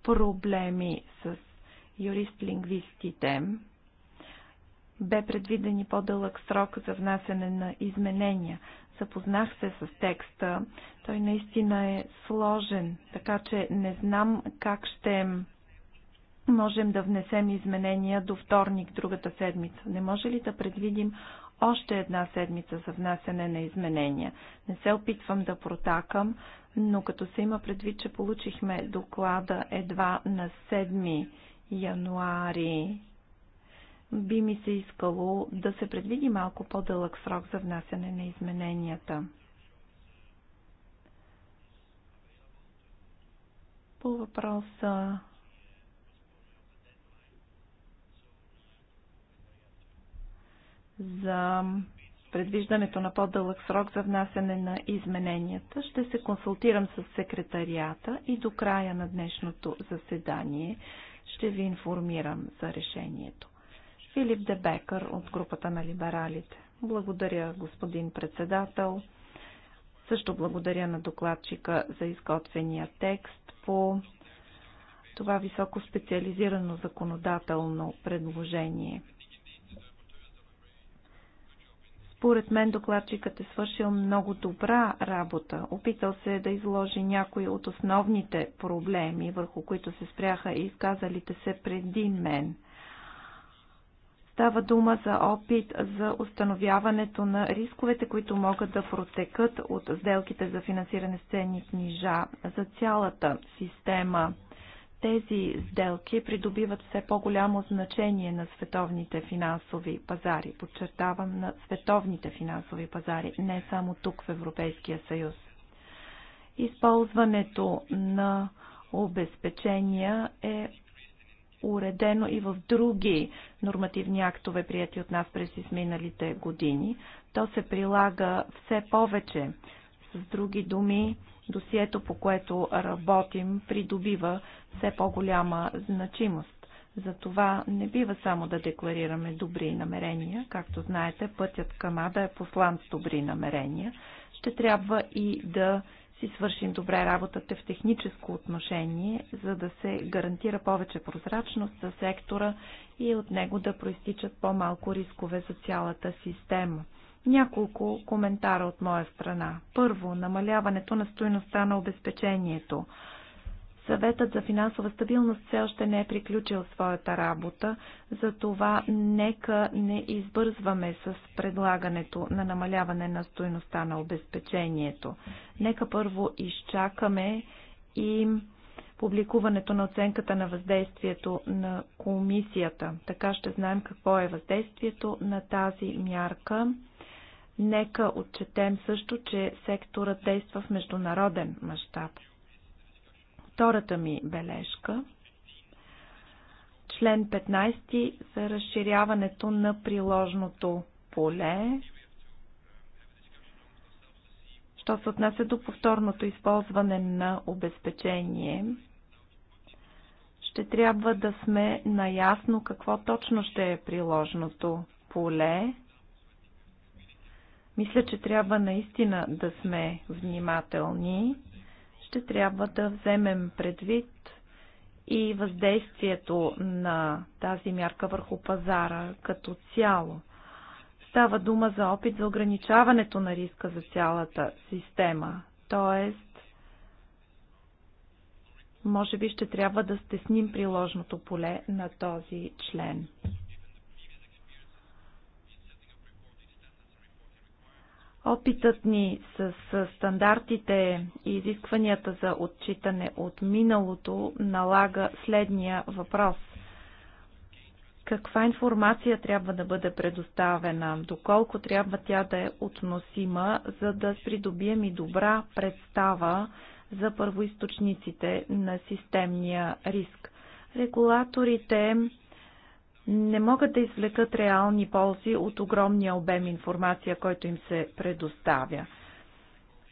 проблеми с юрист-лингвистите. Бе предвиден и по-дълъг срок за внасене на изменения. Запознах се с текста. Той наистина е сложен, така че не знам как ще можем да внесем изменения до вторник, другата седмица. Не може ли да предвидим още една седмица за внасяне на изменения. Не се опитвам да протакам, но като се има предвид, че получихме доклада едва на 7 януари, би ми се искало да се предвиди малко по-дълъг срок за внасяне на измененията. По въпроса за предвиждането на по-дълъг срок за внасяне на измененията. Ще се консултирам с секретарията и до края на днешното заседание ще ви информирам за решението. Филип Дебекър от групата на либералите. Благодаря, господин председател. Също благодаря на докладчика за изготвения текст по това високо специализирано законодателно предложение. Според мен докладчикът е свършил много добра работа. Опитал се да изложи някои от основните проблеми, върху които се спряха и изказалите се преди мен. Става дума за опит за установяването на рисковете, които могат да протекат от сделките за финансиране с ценни книжа за цялата система тези сделки придобиват все по-голямо значение на световните финансови пазари. Подчертавам на световните финансови пазари, не само тук в Европейския съюз. Използването на обезпечения е уредено и в други нормативни актове, прияти от нас през изминалите години. То се прилага все повече. С други думи, досието, по което работим, придобива все по-голяма значимост. Затова не бива само да декларираме добри намерения. Както знаете, пътят към Ада е послан с добри намерения. Ще трябва и да си свършим добре работата в техническо отношение, за да се гарантира повече прозрачност за сектора и от него да проистичат по-малко рискове за цялата система. Няколко коментара от моя страна. Първо, намаляването на стоеността на обезпечението. Съветът за финансова стабилност все още не е приключил своята работа, затова нека не избързваме с предлагането на намаляване на стоеността на обезпечението. Нека първо изчакаме и публикуването на оценката на въздействието на комисията. Така ще знаем какво е въздействието на тази мярка Нека отчетем също, че секторът действа в международен мащаб. Втората ми бележка член 15 за разширяването на приложното поле. Що се отнася до повторното използване на обезпечение, ще трябва да сме наясно какво точно ще е приложното поле. Мисля, че трябва наистина да сме внимателни. Ще трябва да вземем предвид и въздействието на тази мярка върху пазара като цяло. Става дума за опит за ограничаването на риска за цялата система. Тоест, може би ще трябва да стесним приложното поле на този член. Опитът ни с, с стандартите и изискванията за отчитане от миналото налага следния въпрос. Каква информация трябва да бъде предоставена? Доколко трябва тя да е относима, за да придобием и добра представа за първоисточниците на системния риск? Регулаторите не могат да извлекат реални ползи от огромния обем информация, който им се предоставя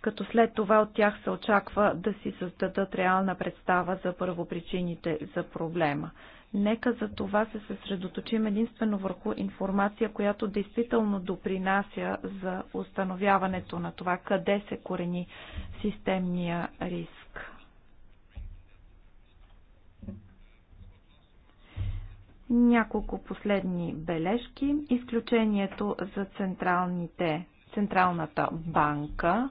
като след това от тях се очаква да си създадат реална представа за първопричините за проблема. Нека за това се съсредоточим единствено върху информация, която действително допринася за установяването на това къде се корени системния риск. Няколко последни бележки. Изключението за централните, Централната банка.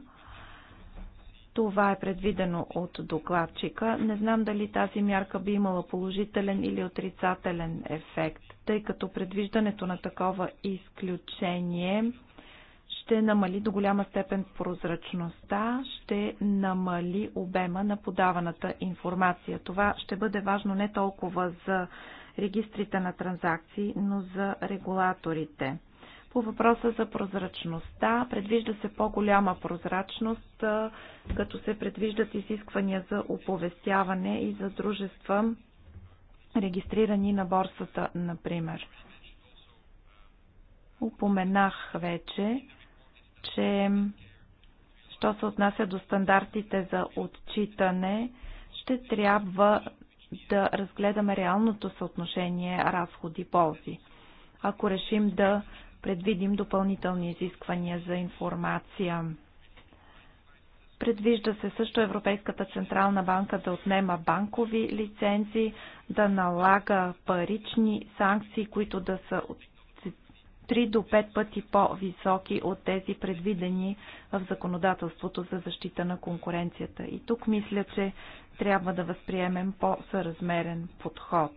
Това е предвидено от докладчика. Не знам дали тази мярка би имала положителен или отрицателен ефект, тъй като предвиждането на такова изключение ще намали до голяма степен прозрачността, ще намали обема на подаваната информация. Това ще бъде важно не толкова за регистрите на транзакции, но за регулаторите. По въпроса за прозрачността, предвижда се по-голяма прозрачност, като се предвиждат изисквания за оповестяване и за дружества, регистрирани на борсата, например. Упоменах вече, че що се отнася до стандартите за отчитане, ще трябва да разгледаме реалното съотношение разходи-ползи. Ако решим да предвидим допълнителни изисквания за информация. Предвижда се също Европейската Централна банка да отнема банкови лицензи, да налага парични санкции, които да са от 3 до 5 пъти по-високи от тези предвидени в законодателството за защита на конкуренцията. И тук мисля, че трябва да възприемем по-съразмерен подход.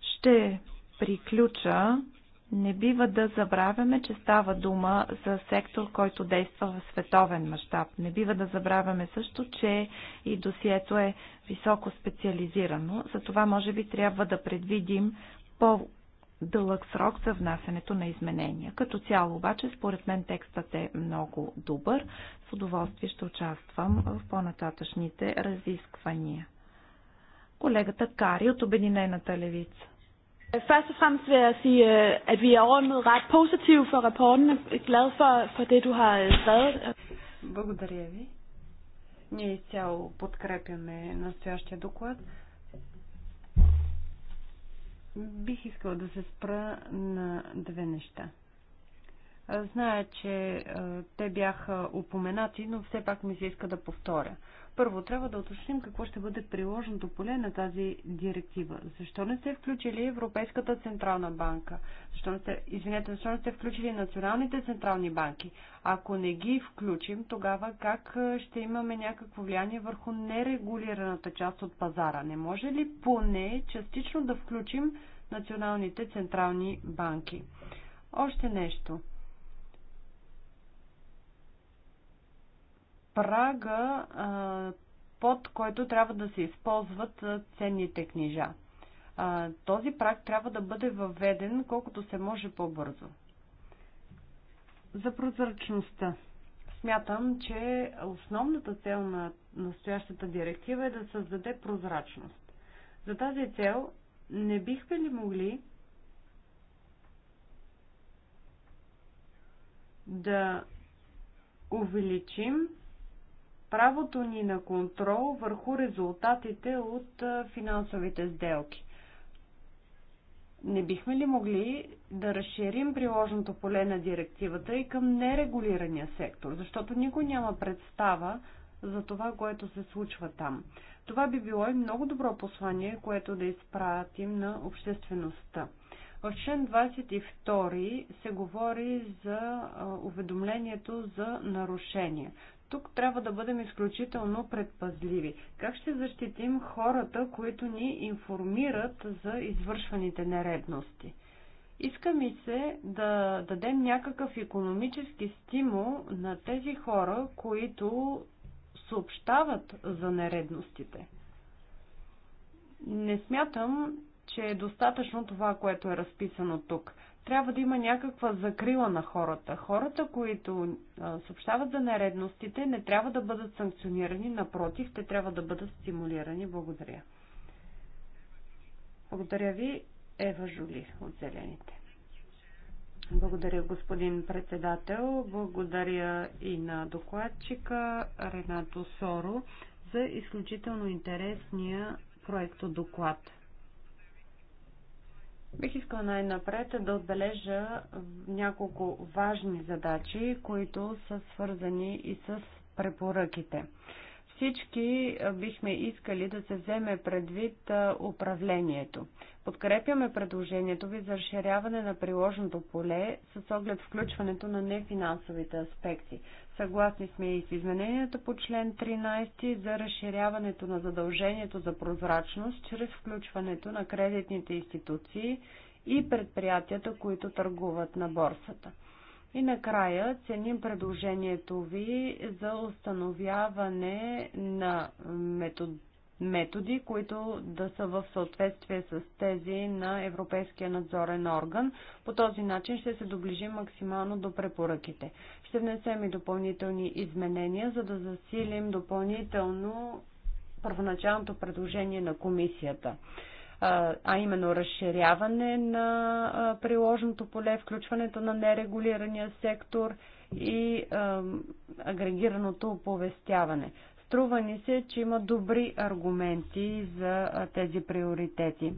Ще приключа. Не бива да забравяме, че става дума за сектор, който действа в световен мащаб. Не бива да забравяме също, че и досието е високо специализирано. Затова може би трябва да предвидим по дълъг срок за внасянето на изменения. Като цяло обаче, според мен текстът е много добър. С удоволствие ще участвам в по-нататъчните разисквания. Колегата Кари от Обединената левица. Først og fremmest vil jeg sige, øh, at vi er overordnet ret positive for rapporten. Jeg er glad for, for det, du har øh, skrevet. Благодаря ви. Ние изцяло подкрепяме настоящия доклад. Бих искала да се спра на две неща. Зная, че те бяха упоменати, но все пак ми се иска да повторя. Първо, трябва да уточним какво ще бъде приложното поле на тази директива. Защо не сте включили Европейската централна банка? Защо не сте, извинете, защо не сте включили националните централни банки? Ако не ги включим, тогава как ще имаме някакво влияние върху нерегулираната част от пазара? Не може ли поне частично да включим националните централни банки? Още нещо – прага, под който трябва да се използват ценните книжа. Този праг трябва да бъде въведен колкото се може по-бързо. За прозрачността. Смятам, че основната цел на настоящата директива е да създаде прозрачност. За тази цел не бихме ли могли да увеличим правото ни на контрол върху резултатите от финансовите сделки. Не бихме ли могли да разширим приложното поле на директивата и към нерегулирания сектор, защото никой няма представа за това, което се случва там. Това би било и много добро послание, което да изпратим на обществеността. В член 22 се говори за уведомлението за нарушение. Тук трябва да бъдем изключително предпазливи. Как ще защитим хората, които ни информират за извършваните нередности? Иска ми се да дадем някакъв економически стимул на тези хора, които съобщават за нередностите. Не смятам, че е достатъчно това, което е разписано тук трябва да има някаква закрила на хората. Хората, които съобщават за нередностите, не трябва да бъдат санкционирани, напротив, те трябва да бъдат стимулирани. Благодаря. Благодаря ви, Ева Жули от Зелените. Благодаря, господин председател. Благодаря и на докладчика Ренато Соро за изключително интересния проект доклад. Бих искала най-напред да отбележа няколко важни задачи, които са свързани и с препоръките всички бихме искали да се вземе предвид управлението. Подкрепяме предложението ви за разширяване на приложното поле с оглед включването на нефинансовите аспекти. Съгласни сме и с измененията по член 13 за разширяването на задължението за прозрачност чрез включването на кредитните институции и предприятията, които търгуват на борсата. И накрая ценим предложението ви за установяване на метод, методи, които да са в съответствие с тези на Европейския надзорен орган. По този начин ще се доближим максимално до препоръките. Ще внесем и допълнителни изменения, за да засилим допълнително първоначалното предложение на комисията а именно разширяване на приложното поле, включването на нерегулирания сектор и агрегираното оповестяване. Струва ни се, че има добри аргументи за тези приоритети.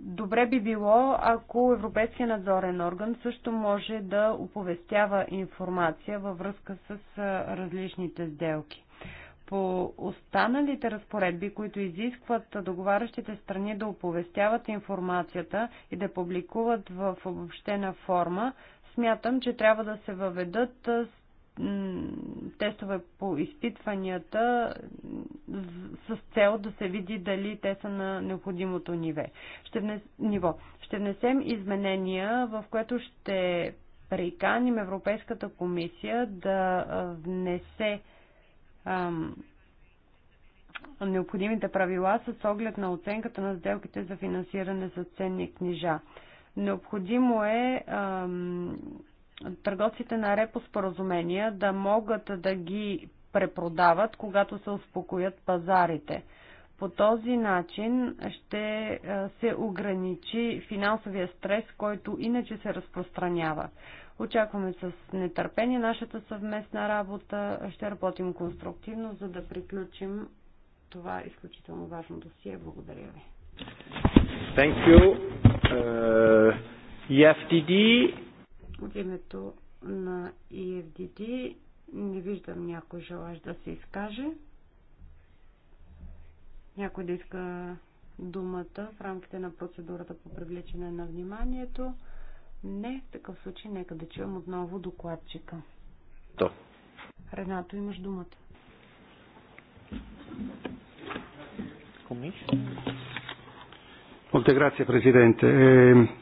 Добре би било, ако Европейския надзорен орган също може да оповестява информация във връзка с различните сделки. По останалите разпоредби, които изискват договарящите страни да оповестяват информацията и да публикуват в обобщена форма, смятам, че трябва да се въведат тестове по изпитванията с цел да се види дали те са на необходимото ниве. Ще внес... ниво. Ще внесем изменения, в което ще приканим Европейската комисия да внесе необходимите правила с оглед на оценката на сделките за финансиране за ценни книжа. Необходимо е търговците на репо споразумения да могат да ги препродават, когато се успокоят пазарите. По този начин ще се ограничи финансовия стрес, който иначе се разпространява. Очакваме с нетърпение нашата съвместна работа. Ще работим конструктивно, за да приключим това изключително важно досие. Благодаря ви. Thank you. Uh, EFDD. От името на EFDD не виждам някой желаж да се изкаже. Някой да иска думата в рамките на процедурата по привличане на вниманието. Не, в такъв случай нека да чуем отново докладчика. То. Ренато, имаш думата. Molte президент. Е...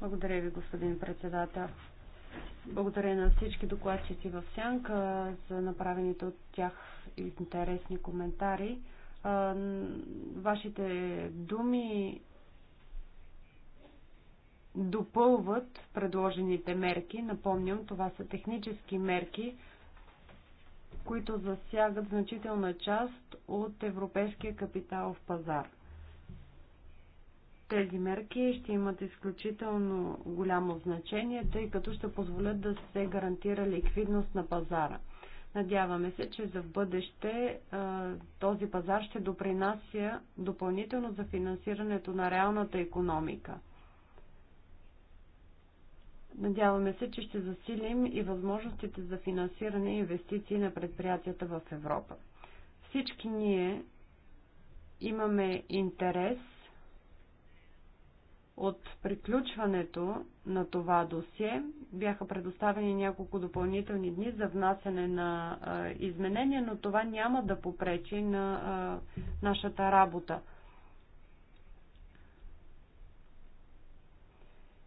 Благодаря ви, господин председател. Благодаря на всички докладчици в Сянка за направените от тях интересни коментари. Вашите думи допълват предложените мерки. Напомням, това са технически мерки, които засягат значителна част от европейския капитал в пазар. Тези мерки ще имат изключително голямо значение, тъй като ще позволят да се гарантира ликвидност на пазара. Надяваме се, че за в бъдеще този пазар ще допринася допълнително за финансирането на реалната економика – Надяваме се, че ще засилим и възможностите за финансиране и инвестиции на предприятията в Европа. Всички ние имаме интерес от приключването на това досие бяха предоставени няколко допълнителни дни за внасяне на изменения, но това няма да попречи на нашата работа.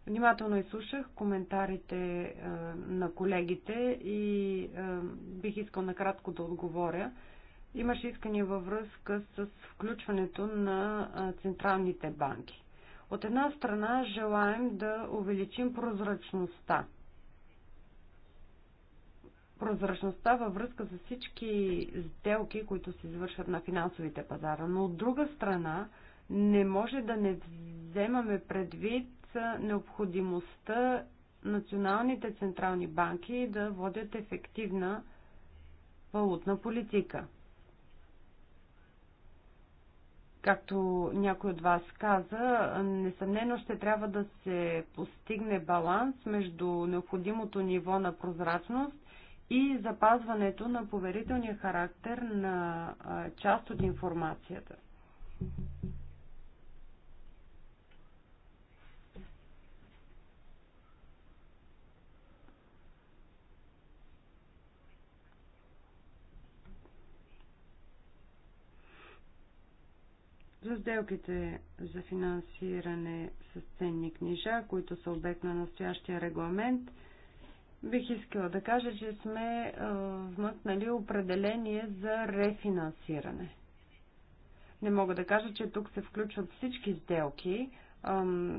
Внимателно изслушах коментарите е, на колегите и е, бих искал накратко да отговоря. Имаше искания във връзка с включването на е, централните банки. От една страна желаем да увеличим прозрачността. Прозрачността във връзка с всички сделки, които се извършват на финансовите пазара. Но от друга страна не може да не вземаме предвид необходимостта националните централни банки да водят ефективна валутна политика. Както някой от вас каза, несъмнено ще трябва да се постигне баланс между необходимото ниво на прозрачност и запазването на поверителния характер на част от информацията. За сделките за финансиране с ценни книжа, които са обект на настоящия регламент, бих искала да кажа, че сме е, вмъкнали определение за рефинансиране. Не мога да кажа, че тук се включват всички сделки.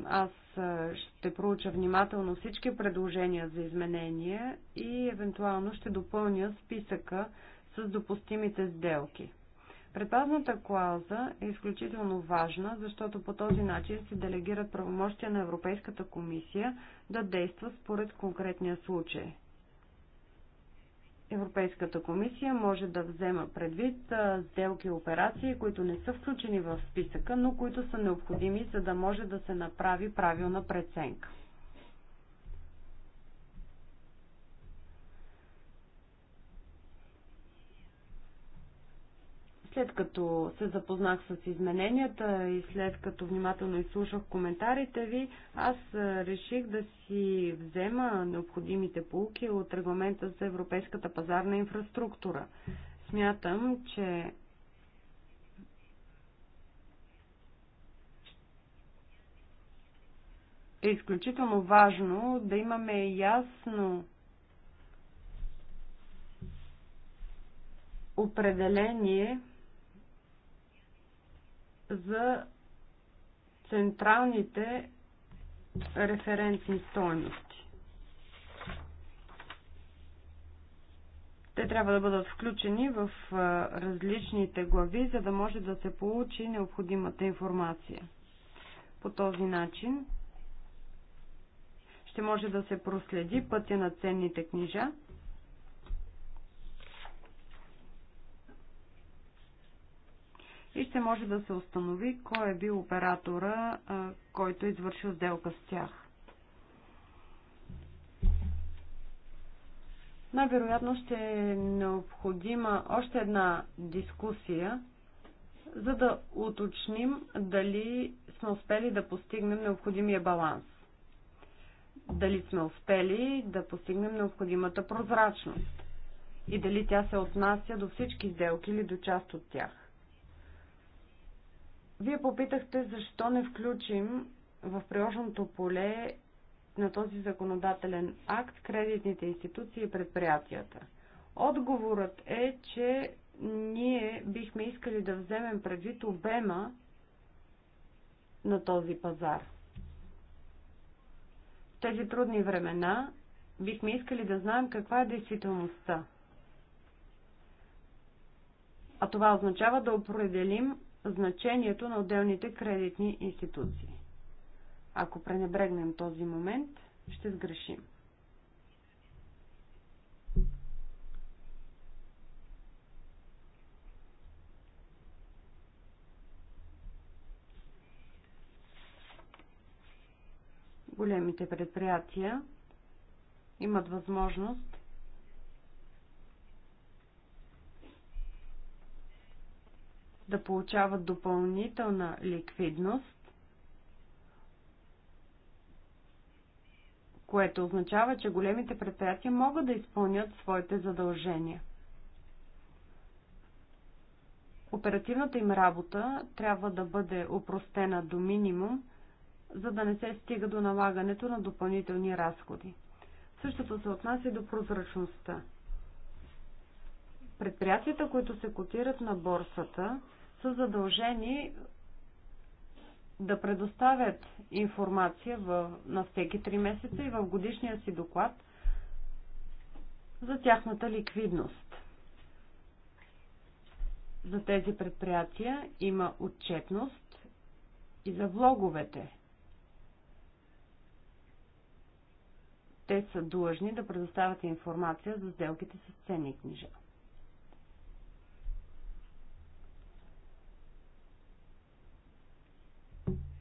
Аз е, ще проуча внимателно всички предложения за изменения и евентуално ще допълня списъка с допустимите сделки. Предпазната клауза е изключително важна, защото по този начин се делегират правомощия на Европейската комисия да действа според конкретния случай. Европейската комисия може да взема предвид сделки и операции, които не са включени в списъка, но които са необходими, за да може да се направи правилна преценка. След като се запознах с измененията и след като внимателно изслушах коментарите ви, аз реших да си взема необходимите полуки от регламента за европейската пазарна инфраструктура. Смятам, че е изключително важно да имаме ясно определение за централните референтни стоености. Те трябва да бъдат включени в различните глави, за да може да се получи необходимата информация. По този начин ще може да се проследи пътя на ценните книжа и ще може да се установи кой е бил оператора, който е извършил сделка с тях. Най-вероятно ще е необходима още една дискусия, за да уточним дали сме успели да постигнем необходимия баланс. Дали сме успели да постигнем необходимата прозрачност и дали тя се отнася до всички сделки или до част от тях. Вие попитахте защо не включим в приложното поле на този законодателен акт кредитните институции и предприятията. Отговорът е, че ние бихме искали да вземем предвид обема на този пазар. В тези трудни времена бихме искали да знаем каква е действителността. А това означава да определим значението на отделните кредитни институции. Ако пренебрегнем този момент, ще сгрешим. Големите предприятия имат възможност да получават допълнителна ликвидност, което означава, че големите предприятия могат да изпълнят своите задължения. Оперативната им работа трябва да бъде упростена до минимум, за да не се стига до налагането на допълнителни разходи. Същото се отнася до прозрачността. Предприятията, които се котират на борсата, са задължени да предоставят информация в, на всеки 3 месеца и в годишния си доклад за тяхната ликвидност. За тези предприятия има отчетност и за влоговете. Те са длъжни да предоставят информация за сделките с ценни книжа.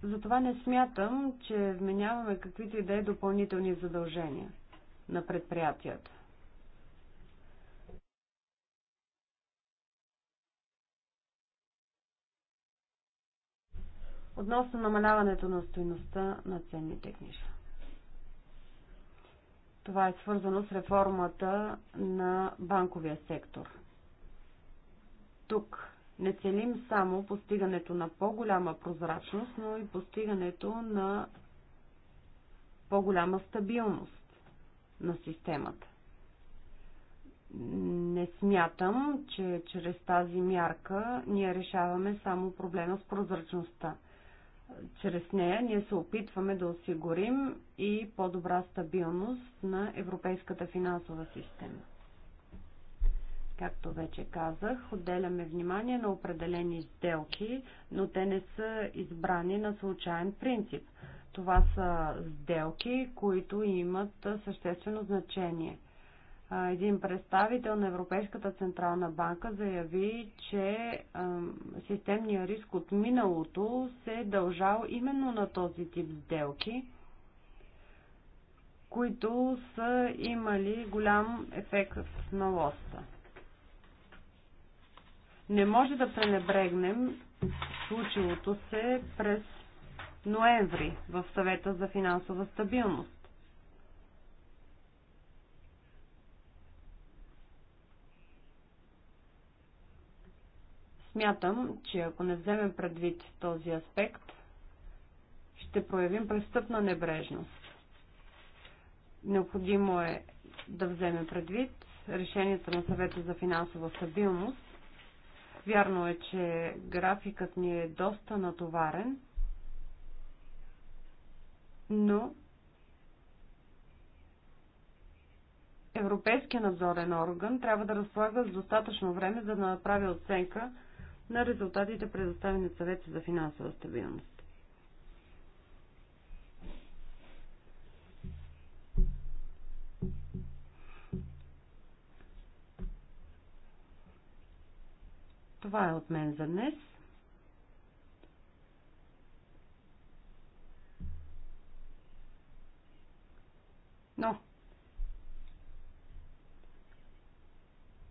Затова не смятам, че вменяваме каквито и да е допълнителни задължения на предприятията. Относно намаляването на стоеността на ценните книжа. Това е свързано с реформата на банковия сектор. Тук не целим само постигането на по-голяма прозрачност, но и постигането на по-голяма стабилност на системата. Не смятам, че чрез тази мярка ние решаваме само проблема с прозрачността чрез нея ние се опитваме да осигурим и по-добра стабилност на европейската финансова система. Както вече казах, отделяме внимание на определени сделки, но те не са избрани на случайен принцип. Това са сделки, които имат съществено значение – един представител на Европейската Централна банка заяви, че системният риск от миналото се е дължал именно на този тип сделки, които са имали голям ефект на лоста. Не може да пренебрегнем случилото се през ноември в съвета за финансова стабилност. Смятам, че ако не вземем предвид този аспект, ще проявим престъпна небрежност. Необходимо е да вземем предвид решенията на съвета за финансова стабилност Вярно е, че графикът ни е доста натоварен, но Европейския надзорен орган трябва да разполага с достатъчно време за да направи оценка на резултатите, предоставени от съвети за финансова стабилност. Това е от мен за днес. Но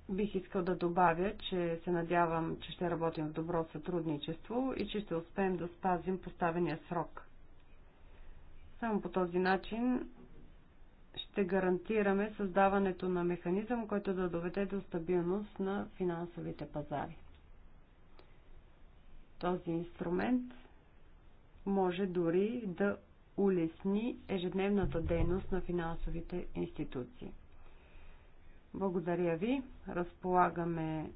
бих искал да добавя, че се надявам, че ще работим в добро сътрудничество и че ще успеем да спазим поставения срок. Само по този начин ще гарантираме създаването на механизъм, който да доведе до стабилност на финансовите пазари. Този инструмент може дори да улесни ежедневната дейност на финансовите институции. Благодаря ви. Разполагаме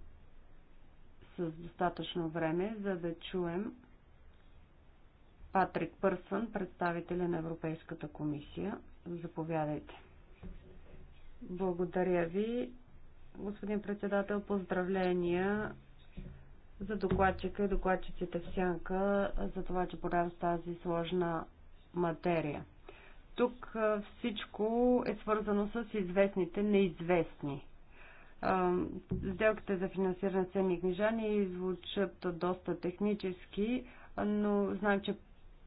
с достатъчно време, за да чуем Патрик Пърсън, представителя на Европейската комисия. Заповядайте. Благодаря ви. Господин председател, поздравления за докладчика и докладчиците в сянка за това, че боравя с тази сложна материя. Тук всичко е свързано с известните неизвестни. Сделките за финансиране ценни книжа ни звучат доста технически, но знам, че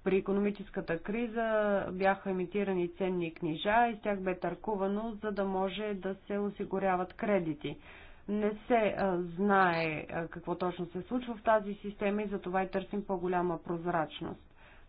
при економическата криза бяха имитирани ценни книжа и с тях бе търкувано, за да може да се осигуряват кредити. Не се знае какво точно се случва в тази система и затова и търсим по-голяма прозрачност.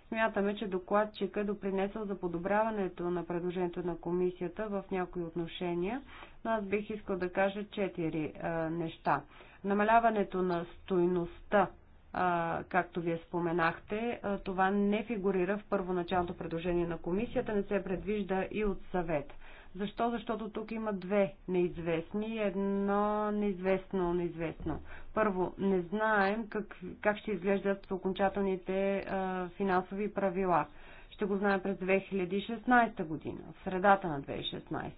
Смятаме, че докладчика е допринесъл за подобряването на предложението на комисията в някои отношения, но аз бих искал да кажа четири а, неща. Намаляването на стойността, а, както вие споменахте, а, това не фигурира в първоначалното предложение на комисията, не се предвижда и от съвет. Защо? Защото тук има две неизвестни и едно неизвестно неизвестно. Първо, не знаем как, как ще изглеждат окончателните а, финансови правила. Ще го знаем през 2016 година, в средата на 2016.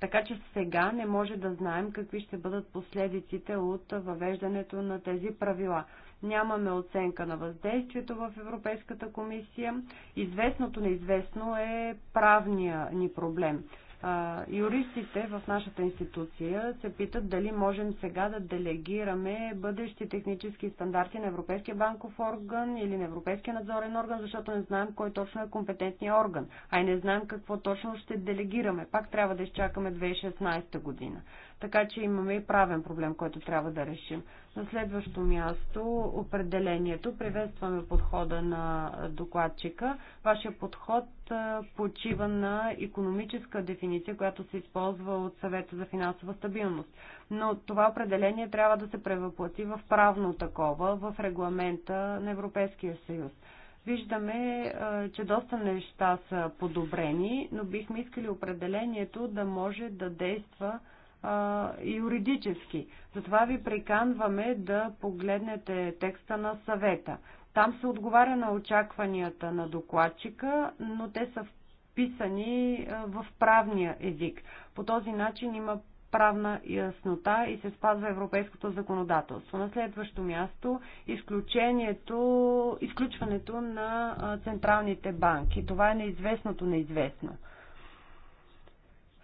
Така че сега не може да знаем какви ще бъдат последиците от въвеждането на тези правила. Нямаме оценка на въздействието в Европейската комисия. Известното неизвестно е правния ни проблем юристите в нашата институция се питат дали можем сега да делегираме бъдещи технически стандарти на Европейския банков орган или на Европейския надзорен орган, защото не знаем кой точно е компетентният орган, а и не знаем какво точно ще делегираме. Пак трябва да изчакаме 2016 година. Така че имаме и правен проблем, който трябва да решим. На следващо място определението. Приветстваме подхода на докладчика. Вашия подход почива на економическа дефиниция, която се използва от съвета за финансова стабилност. Но това определение трябва да се превъплати в правно такова, в регламента на Европейския съюз виждаме, че доста неща са подобрени, но бихме искали определението да може да действа а, юридически. Затова ви приканваме да погледнете текста на съвета. Там се отговаря на очакванията на докладчика, но те са вписани в правния език. По този начин има правна яснота и се спазва европейското законодателство. На следващо място изключението, изключването на централните банки. Това е неизвестното неизвестно.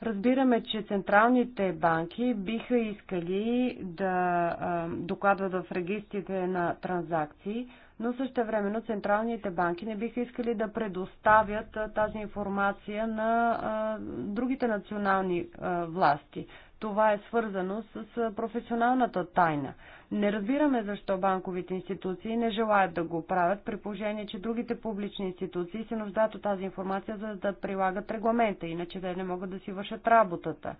Разбираме, че централните банки биха искали да докладват в регистрите на транзакции, но същевременно централните банки не биха искали да предоставят тази информация на другите национални власти. Това е свързано с професионалната тайна. Не разбираме защо банковите институции не желаят да го правят, при положение, че другите публични институции се нуждаят от тази информация, за да прилагат регламента, иначе те не могат да си вършат работата.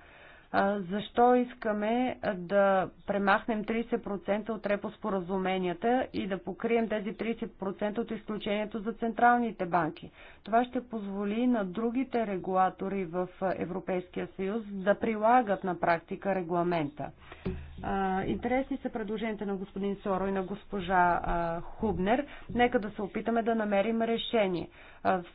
Защо искаме да премахнем 30% от репоспоразуменията и да покрием тези 30% от изключението за централните банки? Това ще позволи на другите регулатори в Европейския съюз да прилагат на практика регламента. Интересни са предложенията на господин Соро и на госпожа Хубнер. Нека да се опитаме да намерим решение.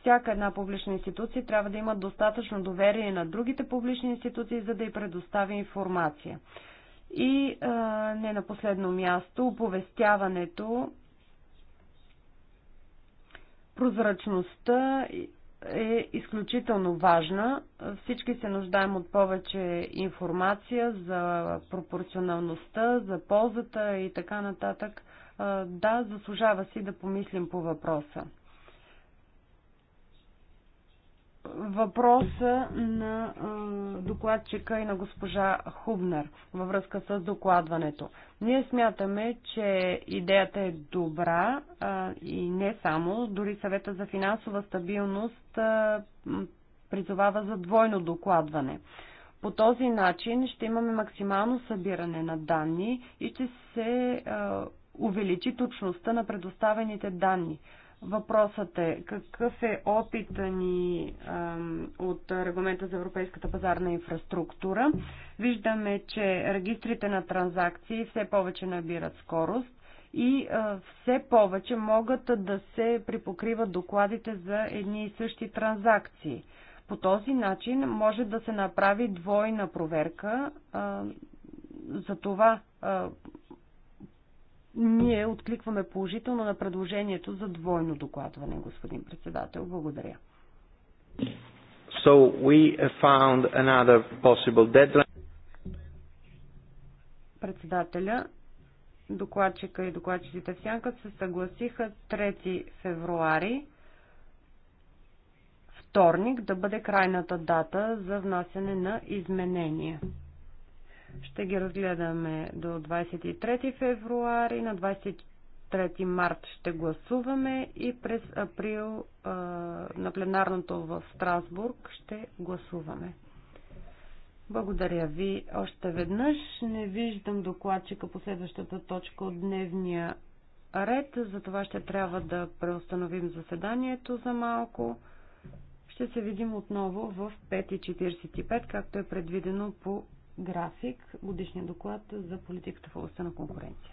Всяка една публична институция трябва да има достатъчно доверие на другите публични институции, за да й предостави информация. И не на последно място, оповестяването, прозрачността е изключително важна. Всички се нуждаем от повече информация за пропорционалността, за ползата и така нататък. Да, заслужава си да помислим по въпроса въпроса на докладчика и на госпожа Хубнер във връзка с докладването. Ние смятаме, че идеята е добра и не само, дори съвета за финансова стабилност призовава за двойно докладване. По този начин ще имаме максимално събиране на данни и ще се увеличи точността на предоставените данни. Въпросът е какъв е опита ни а, от регламента за европейската пазарна инфраструктура. Виждаме, че регистрите на транзакции все повече набират скорост и а, все повече могат да се припокриват докладите за едни и същи транзакции. По този начин може да се направи двойна проверка а, за това. А, ние откликваме положително на предложението за двойно докладване, господин председател. Благодаря. So we found another possible deadline. Председателя, докладчика и докладчиците в сянка се съгласиха 3 февруари вторник да бъде крайната дата за внасяне на изменения. Ще ги разгледаме до 23 февруари. На 23 март ще гласуваме и през април на пленарното в Страсбург ще гласуваме. Благодаря ви още веднъж. Не виждам докладчика по следващата точка от дневния ред, затова ще трябва да преустановим заседанието за малко. Ще се видим отново в 5.45, както е предвидено по график годишния доклад за политиката в областта на конкуренция.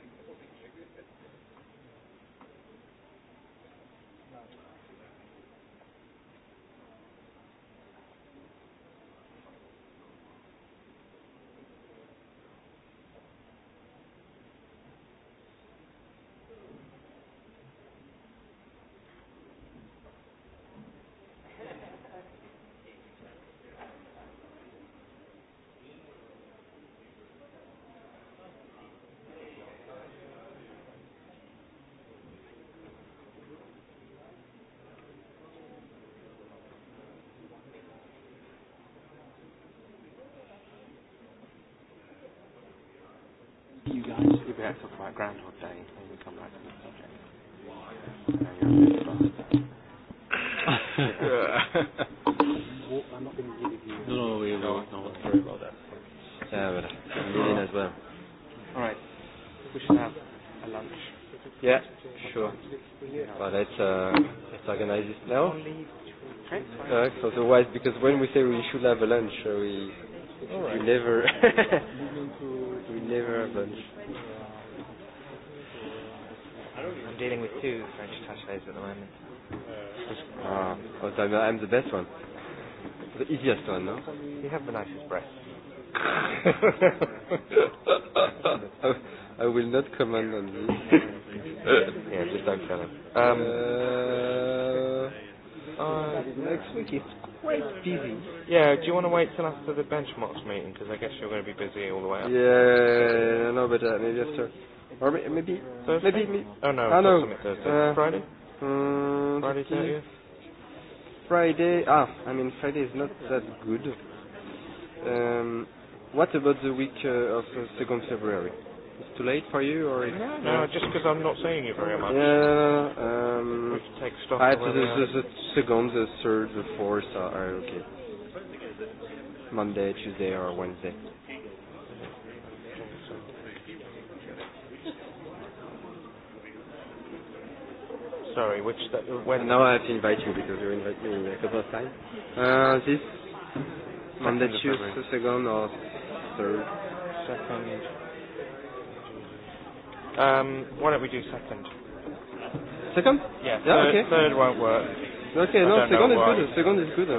You guys? Yeah, we had to talk about Groundhog Day when we come back to the subject. Why? I'm not going to give you. No, no, we no, no, don't worry about that. Yeah, but I'm reading as well. All We should have a lunch. Yeah, sure. But let's, uh, let's organize this now. Uh, otherwise, because when we say we should have a lunch, uh, we, we never. Netherlands. I'm dealing with two French attachés at the moment. Ah, oh, so I'm the best one. The easiest one, no? You have the nicest breath. I will not comment on this. yeah, just don't tell him. Um, uh, uh, next week it's Wait. Busy. Yeah, do you want to wait till after the benchmarks meeting? Because I guess you're going to be busy all the way up. Yeah, I know about that. Maybe after. Or maybe. maybe Thursday? Maybe. maybe oh, no. Oh, know. Thursday. Uh, Friday? Um, Friday, 30th? Friday. Ah, I mean, Friday is not that good. Um, what about the week uh, of uh, 2nd February? too late for you, or it's, no? No, just because I'm not seeing you very much. Yeah. Um, we take stock. I, the, the, the second, the third, the fourth are okay. Monday, Tuesday, or Wednesday. Sorry, which that, when? Now I have to invite you because you invited me a couple of times. Uh, this Monday, Tuesday, second or third. Second. Um, why don't we do second? Second? Yeah. yeah third, okay. Third won't work. Okay, I no, second is good. Second is good.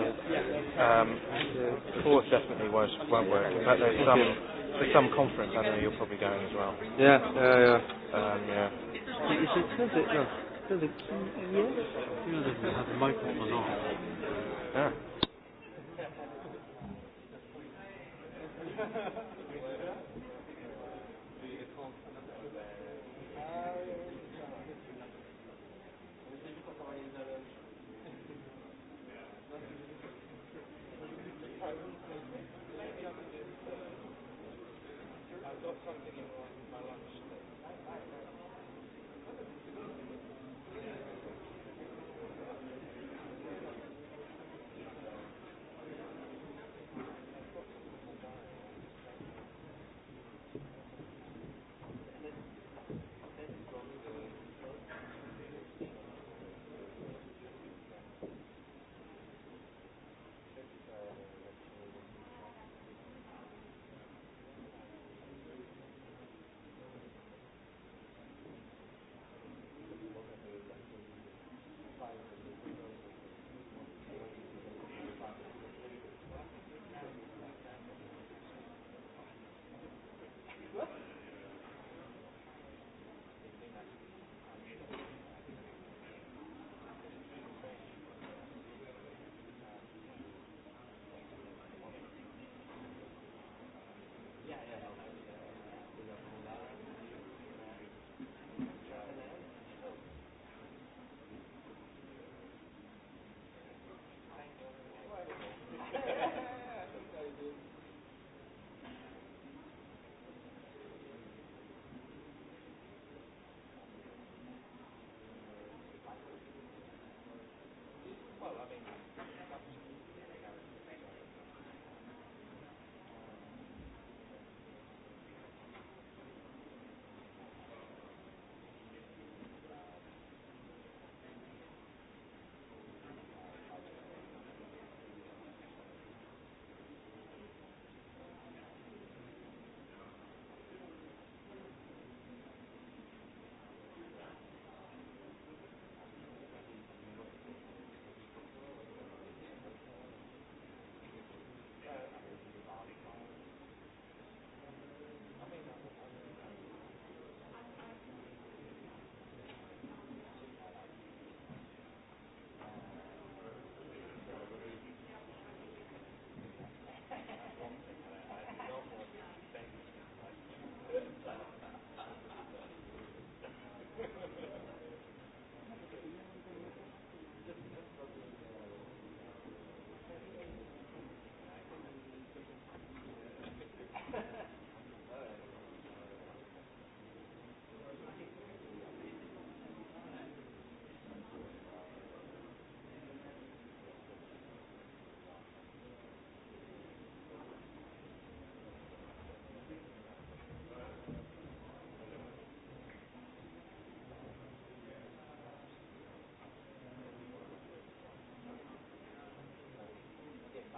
Um, yeah. Fourth definitely won't won't work. In fact, there's some there's some conference. I know you're probably going as well. Yeah. Yeah. Yeah. Um, yeah. Is it the no? the key ear? have the microphone on. Yeah.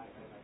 I, I, I,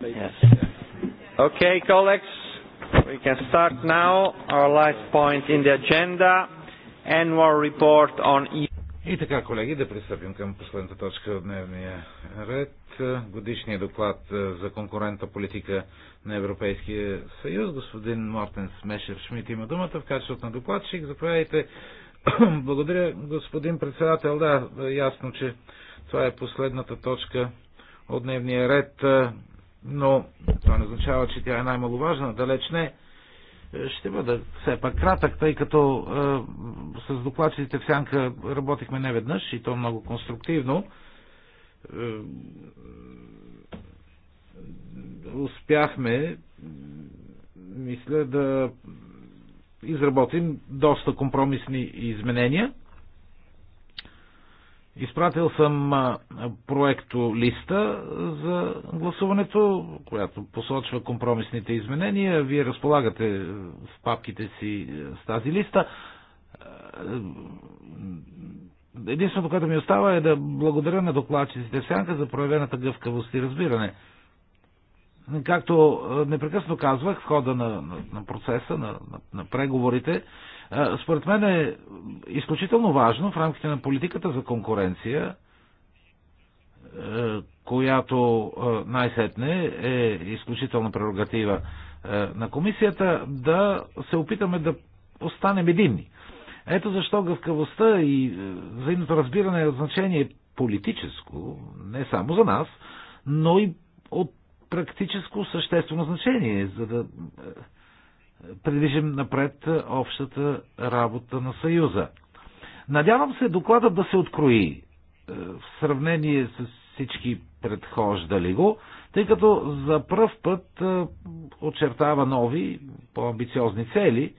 Yes. Okay, colleagues, we can start now our last point in the agenda, annual report on e- И така, колеги, да пристъпим към последната точка от дневния ред. Годишният доклад е, за конкурента политика на Европейския съюз. Господин Мартен Смешев Шмидт има думата в качеството на докладчик. Заповядайте. Благодаря, господин председател. Да, ясно, че това е последната точка от дневния ред но това не означава, че тя е най-маловажна, далеч не. Е, ще бъда все пак кратък, тъй като е, с докладчиците в Сянка работихме не веднъж и то много конструктивно. Е, успяхме, мисля, да изработим доста компромисни изменения Изпратил съм проекто листа за гласуването, която посочва компромисните изменения. Вие разполагате в папките си с тази листа. Единственото, което ми остава е да благодаря на докладчиците Сянка за проявената гъвкавост и разбиране. Както непрекъсно казвах в хода на, на, на процеса, на, на, на преговорите, е, според мен е изключително важно в рамките на политиката за конкуренция, е, която е, най-сетне е изключителна прерогатива на комисията, да се опитаме да останем единни. Ето защо гъвкавостта и взаимното разбиране е значение политическо, не само за нас, но и от практическо съществено значение, за да Предвижим напред общата работа на Съюза. Надявам се докладът да се открои е, в сравнение с всички предхождали го, тъй като за пръв път е, очертава нови, по-амбициозни цели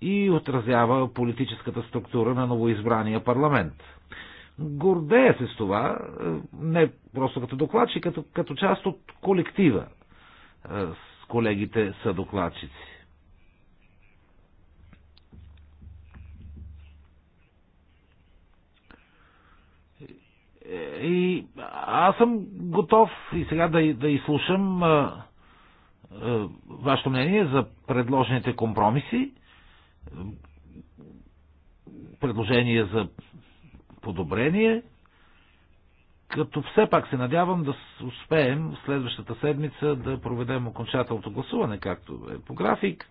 и отразява политическата структура на новоизбрания парламент. Гордея се с това, е, не просто като докладчик, като, като част от колектива, колегите са докладчици. И аз съм готов и сега да, да изслушам а, а, вашето мнение за предложените компромиси, предложения за подобрение, като все пак се надявам да успеем в следващата седмица да проведем окончателното гласуване, както е по график.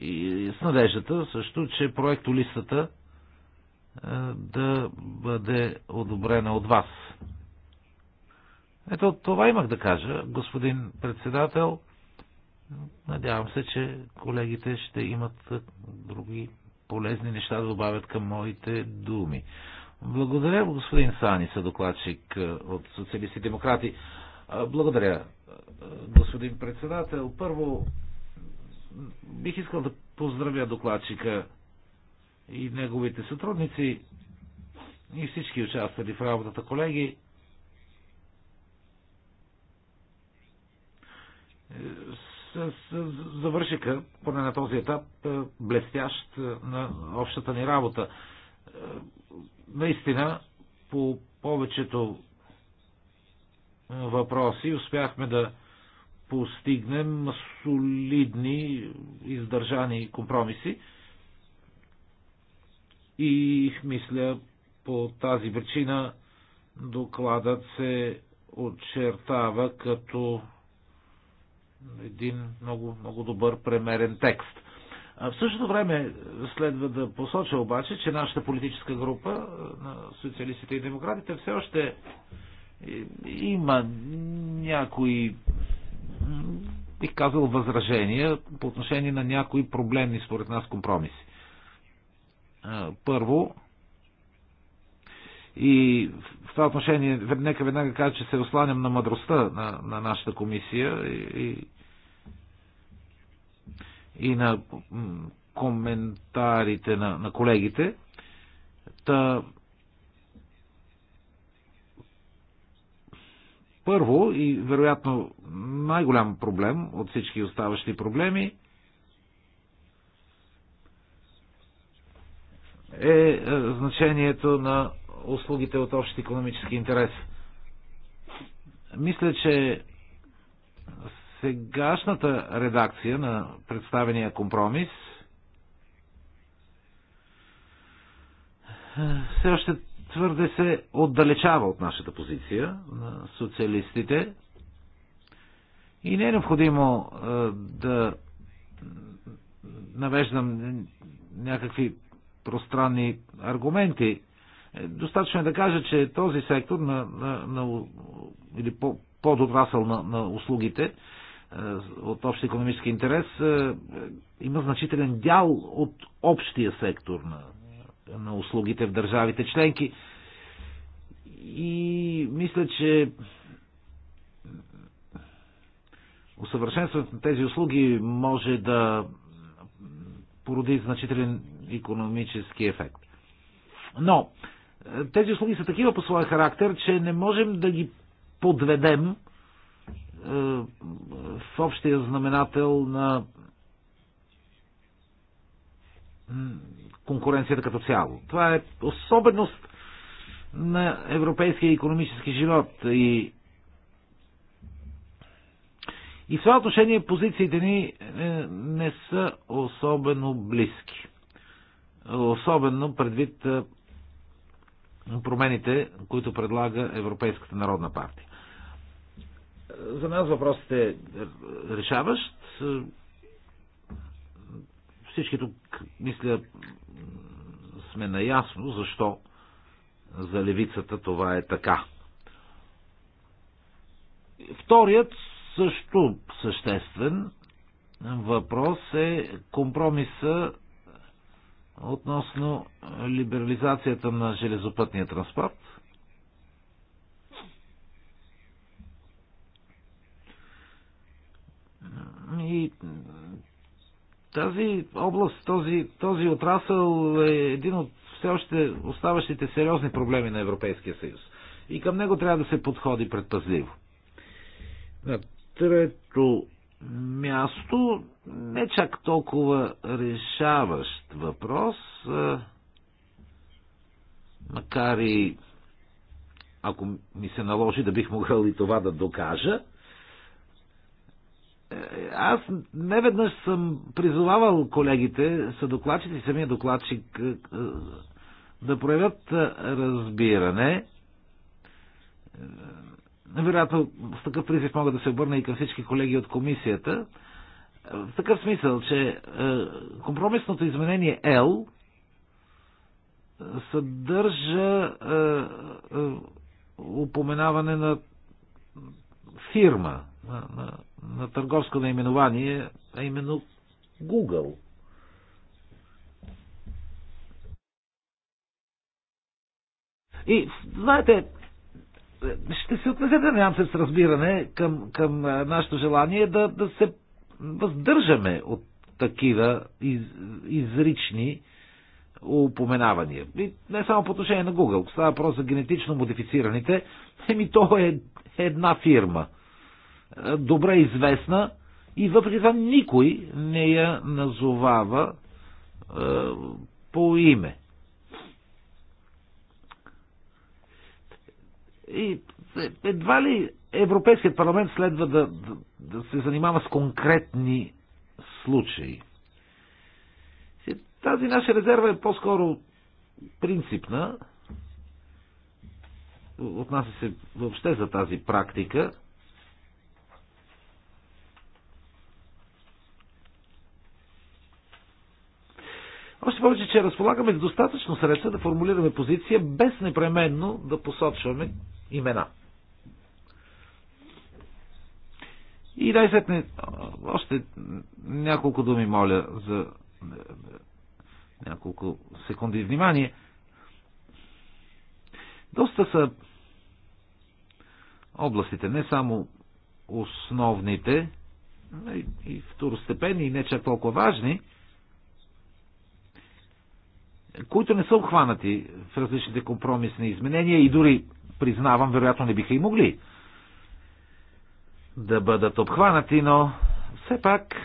И с надеждата също, че проекто листата е, да бъде одобрена от вас. Ето това имах да кажа, господин председател. Надявам се, че колегите ще имат други полезни неща да добавят към моите думи. Благодаря, господин Сани, съдокладчик е, от социалисти демократи. Е, благодаря, е, господин председател. Първо, бих искал да поздравя докладчика и неговите сътрудници и всички участвали в работата колеги. завършиха, поне на този етап, блестящ на общата ни работа наистина по повечето въпроси успяхме да постигнем солидни издържани компромиси и мисля по тази причина докладът се очертава като един много, много добър премерен текст. В същото време следва да посоча обаче, че нашата политическа група на социалистите и демократите все още има някои бих казал възражения по отношение на някои проблемни според нас компромиси. Първо, и в това отношение, нека веднага кажа, че се осланям на мъдростта на, на нашата комисия и, и и на коментарите на, на колегите. Та, първо и вероятно най-голям проблем от всички оставащи проблеми е, е значението на услугите от общ економически интерес. Мисля, че сегашната редакция на представения компромис е, все още твърде се отдалечава от нашата позиция на социалистите и не е необходимо е, да навеждам някакви пространни аргументи. Е, достатъчно е да кажа, че този сектор на, на, на, или по, подотрасъл на, на услугите е, от общ економически интерес е, има значителен дял от общия сектор на, на услугите в държавите членки. И мисля, че усъвършенстването на тези услуги може да породи значителен економически ефект. Но е, тези услуги са такива по своя характер, че не можем да ги подведем е, в общия знаменател на конкуренцията като цяло. Това е особеност на европейския економически живот и и в това отношение позициите ни е, не са особено близки. Особено предвид е, промените, които предлага Европейската народна партия. За нас въпросът е решаващ. Всички тук, мисля, сме наясно защо за левицата това е така. Вторият, също съществен въпрос е компромиса относно либерализацията на железопътния транспорт – И тази област, този, този отрасъл е един от все още оставащите сериозни проблеми на Европейския съюз. И към него трябва да се подходи предпазливо. На трето място, не чак толкова решаващ въпрос, макар и ако ми се наложи да бих могъл и това да докажа, аз неведнъж съм призовавал колегите, съдокладчици, самия докладчик, е, е, да проявят е, разбиране. Вероятно, с такъв призив мога да се обърна и към всички колеги от комисията. В такъв смисъл, че компромисното изменение L съдържа упоменаване на фирма на, на, на търговско наименование, а именно Google. И, знаете, ще се отнесете, нямам се, с разбиране към, към нашето желание да, да се въздържаме от такива из, изрични упоменавания. И не само по отношение на Google. Става въпрос за генетично модифицираните. Еми то е една фирма. Е, добре известна. И въпреки това никой не я назовава е, по име. И едва ли Европейският парламент следва да, да, да се занимава с конкретни случаи. Тази наша резерва е по-скоро принципна. Отнася се въобще за тази практика. Още повече, че разполагаме с достатъчно средства да формулираме позиция, без непременно да посочваме имена. И дай сетне още няколко думи, моля, за няколко секунди внимание. Доста са областите, не само основните, и второстепени, и не чак толкова важни, които не са обхванати в различните компромисни изменения и дори, признавам, вероятно не биха и могли да бъдат обхванати, но все пак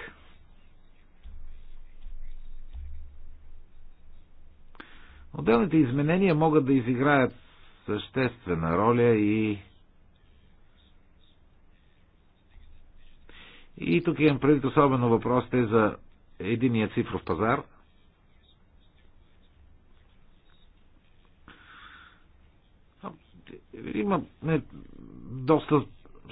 Отделните изменения могат да изиграят съществена роля и И тук имам предвид особено въпросите за единия цифров пазар. Има не, доста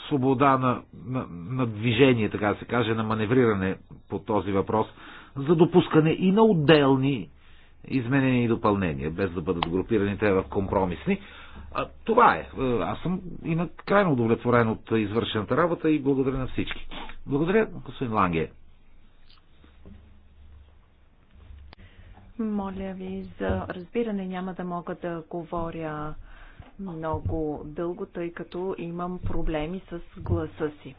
свобода на, на, на движение, така да се каже, на маневриране по този въпрос, за допускане и на отделни изменения и допълнения, без да бъдат групирани те в компромисни. А, това е. е аз съм и на крайно удовлетворен от извършената работа и благодаря на всички. Благодаря, господин Ланге. Моля ви за разбиране. Няма да мога да говоря много дълго, тъй като имам проблеми с гласа си.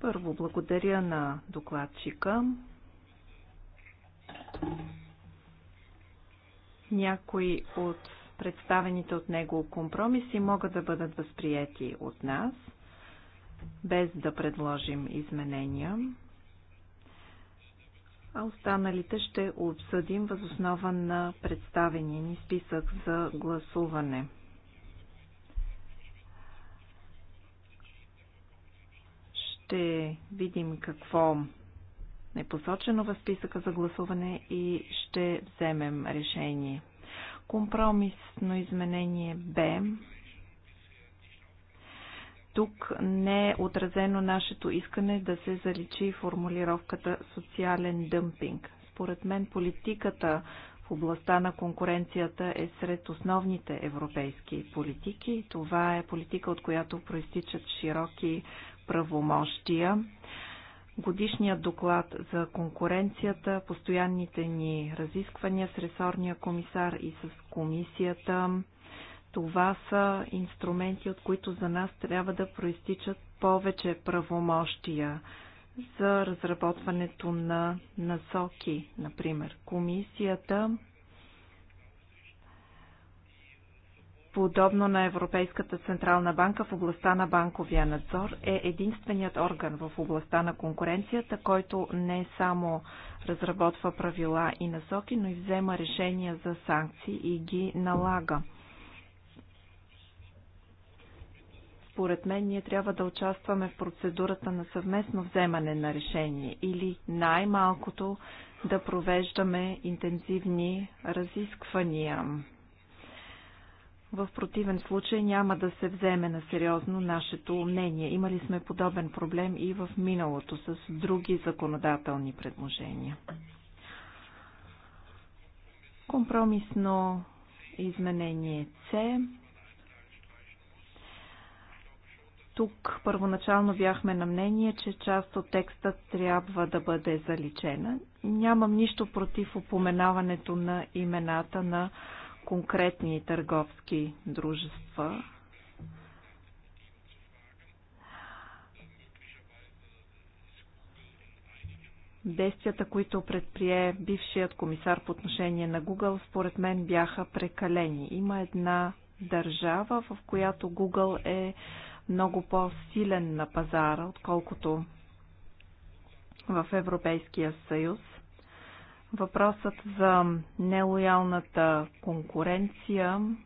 Първо благодаря на докладчика. Някои от представените от него компромиси могат да бъдат възприяти от нас, без да предложим изменения, а останалите ще обсъдим възоснова на представения ни списък за гласуване. Ще видим какво е посочено в списъка за гласуване и ще вземем решение. Компромисно изменение Б. Тук не е отразено нашето искане да се заличи формулировката социален дъмпинг. Според мен политиката в областта на конкуренцията е сред основните европейски политики. Това е политика, от която проистичат широки правомощия годишният доклад за конкуренцията, постоянните ни разисквания с ресорния комисар и с комисията. Това са инструменти, от които за нас трябва да проистичат повече правомощия за разработването на насоки, например. Комисията подобно на Европейската Централна банка в областта на банковия надзор, е единственият орган в областта на конкуренцията, който не само разработва правила и насоки, но и взема решения за санкции и ги налага. Според мен ние трябва да участваме в процедурата на съвместно вземане на решение или най-малкото да провеждаме интензивни разисквания в противен случай няма да се вземе на сериозно нашето мнение. Имали сме подобен проблем и в миналото с други законодателни предложения. Компромисно изменение С. Тук първоначално бяхме на мнение, че част от текста трябва да бъде заличена. Нямам нищо против упоменаването на имената на конкретни търговски дружества. Действията, които предприе бившият комисар по отношение на Google, според мен бяха прекалени. Има една държава, в която Google е много по-силен на пазара, отколкото в Европейския съюз – Въпросът за нелоялната конкуренция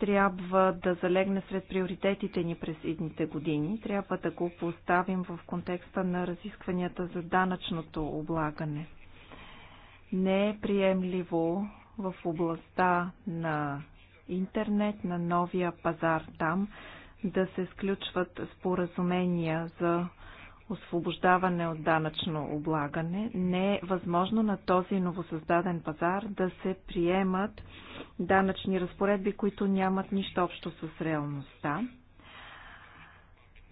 трябва да залегне сред приоритетите ни през идните години. Трябва да го поставим в контекста на разискванията за данъчното облагане. Не е приемливо в областта на интернет, на новия пазар там, да се сключват споразумения за освобождаване от данъчно облагане, не е възможно на този новосъздаден пазар да се приемат данъчни разпоредби, които нямат нищо общо с реалността.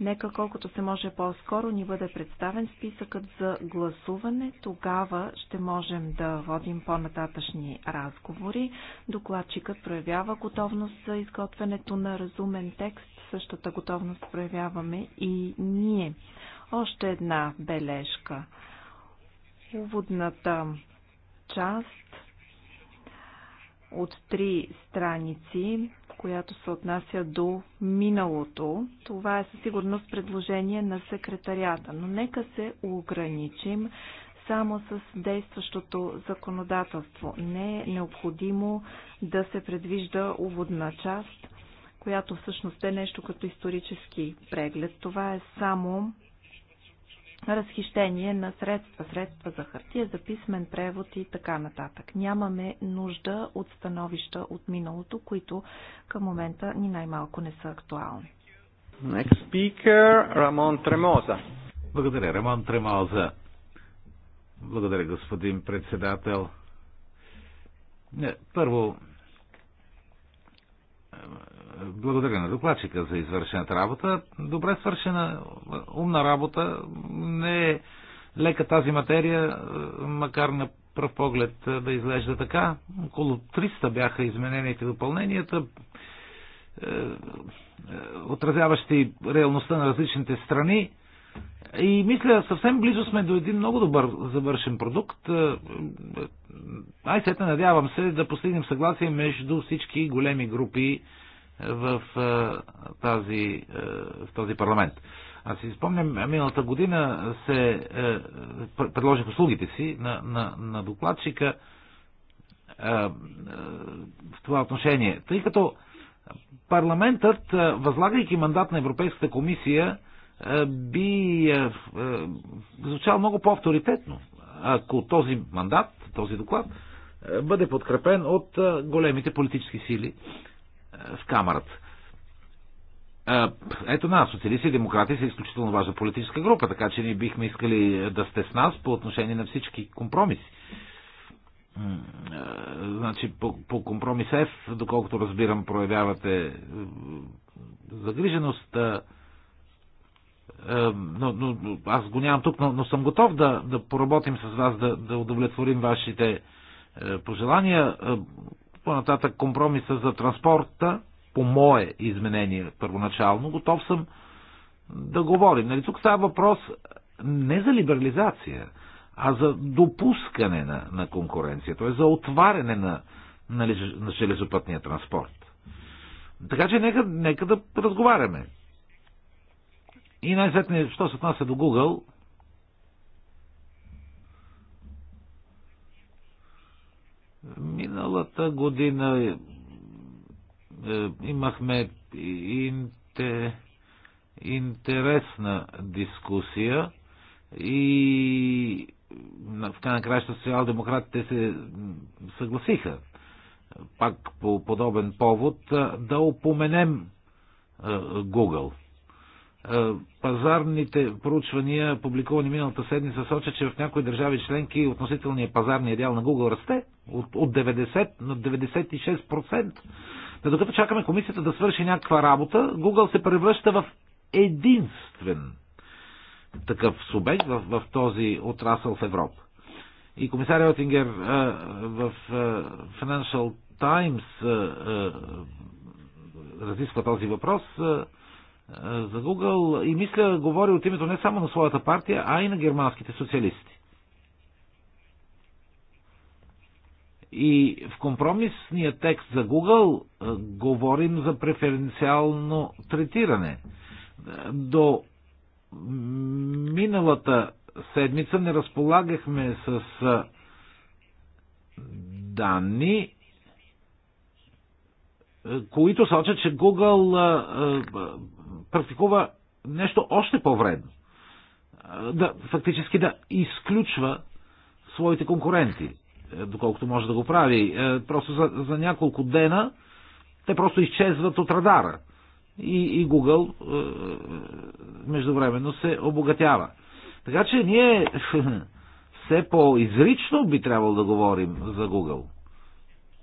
Нека колкото се може по-скоро ни бъде представен списъкът за гласуване, тогава ще можем да водим по-нататъчни разговори. Докладчикът проявява готовност за изготвянето на разумен текст. Същата готовност проявяваме и ние. Още една бележка. Уводната част от три страници, която се отнася до миналото. Това е със сигурност предложение на секретарията, но нека се ограничим само с действащото законодателство. Не е необходимо да се предвижда уводна част, която всъщност е нещо като исторически преглед. Това е само разхищение на средства, средства за хартия, за писмен превод и така нататък. Нямаме нужда от становища от миналото, които към момента ни най-малко не са актуални. Next speaker, Рамон Тремоза. Благодаря, Рамон Тремоза. Благодаря, господин председател. Първо, благодаря на докладчика за извършената работа. Добре свършена, умна работа. Не е лека тази материя, макар на пръв поглед да изглежда така. Около 300 бяха измененията и допълненията, е, е, отразяващи реалността на различните страни. И мисля, съвсем близо сме до един много добър завършен продукт. Е, най-сетне надявам се да постигнем съгласие между всички големи групи в, тази, в този парламент. Аз си спомням, миналата година се предложих услугите си на, на, на докладчика в това отношение. Тъй като парламентът, възлагайки мандат на Европейската комисия, би е, звучал много по-авторитетно, ако този мандат, този доклад, бъде подкрепен от големите политически сили в Камерата. Ето на, социалисти и демократи са изключително важна политическа група, така че ние бихме искали да сте с нас по отношение на всички компромиси. Значи, по, по компромис F, доколкото разбирам, проявявате загриженост, но, но аз го нямам тук, но, но съм готов да, да поработим с вас, да, да удовлетворим вашите е, пожелания. Е, по-нататък компромиса за транспорта, по мое изменение първоначално, готов съм да говорим. Нали, тук става въпрос не за либерализация, а за допускане на, на конкуренция, т.е. за отваряне на, на, на железопътния транспорт. Така че нека, нека да разговаряме. И най-сетне, що се отнася до Google, Миналата година е, имахме интересна дискусия и в крайна краща социал-демократите се съгласиха пак по подобен повод да упоменем Google. Е, пазарните проучвания, публикувани миналата седмица, сочат, че в някои държави членки относителният пазарния дял на Google расте от, от 90 на 96%. Да докато чакаме комисията да свърши някаква работа, Google се превръща в единствен такъв субект в, в този отрасъл в Европа. И комисаря Отингер е, в е, Financial Times разисква този въпрос за Google и мисля говори от името не само на своята партия, а и на германските социалисти. И в компромисния текст за Google говорим за преференциално третиране. До миналата седмица не разполагахме с данни, които сочат, че Google практикува нещо още по-вредно. Е, да, фактически да изключва своите конкуренти, е, доколкото може да го прави. Е, просто за, за няколко дена те просто изчезват от радара. И, и Google междувременно се обогатява. Така че ние все по-изрично би трябвало да говорим за Google.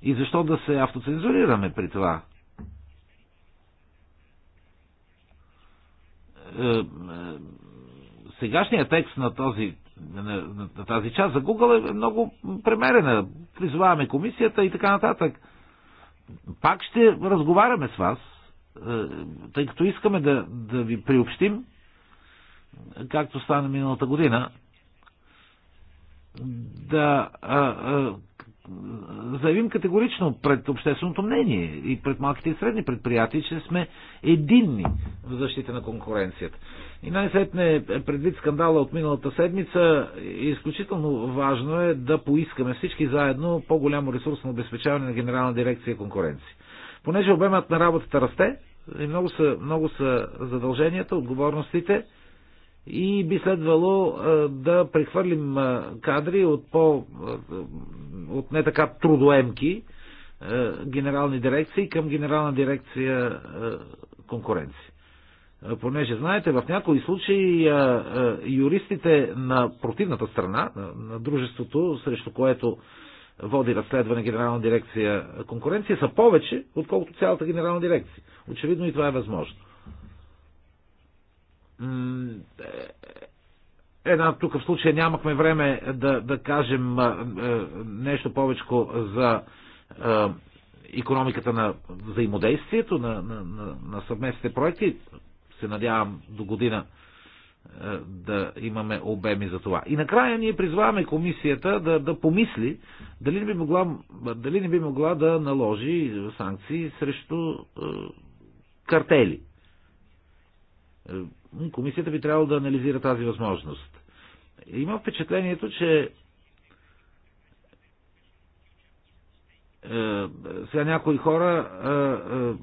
И защо да се автоцензурираме при това? Е, е, Сегашния текст на, този, на, на тази част за Google е много премерена. Призоваваме комисията и така нататък. Пак ще разговаряме с вас, е, тъй като искаме да, да ви приобщим, както стана миналата година, да а, а, заявим категорично пред общественото мнение и пред малките и средни предприятия, че сме единни в защита на конкуренцията. И най-сетне, предвид скандала от миналата седмица, изключително важно е да поискаме всички заедно по-голямо ресурсно обезпечаване на Генерална дирекция конкуренция. Понеже обемът на работата расте, и много са, много са задълженията, отговорностите, и би следвало да прехвърлим кадри от по от не така трудоемки генерални дирекции към генерална дирекция конкуренция. Понеже, знаете, в някои случаи юристите на противната страна, на дружеството, срещу което води разследване генерална дирекция конкуренция, са повече, отколкото цялата генерална дирекция. Очевидно и това е възможно. Е, една, тук в случая нямахме време да, да кажем е, нещо повече за економиката на взаимодействието на, на, на, на съвместните проекти. Се надявам до година е, да имаме обеми за това. И накрая ние призваваме комисията да, да помисли дали не, би могла, дали не би могла да наложи санкции срещу е, картели комисията би трябвало да анализира тази възможност. Има впечатлението, че е, сега някои хора, е, е,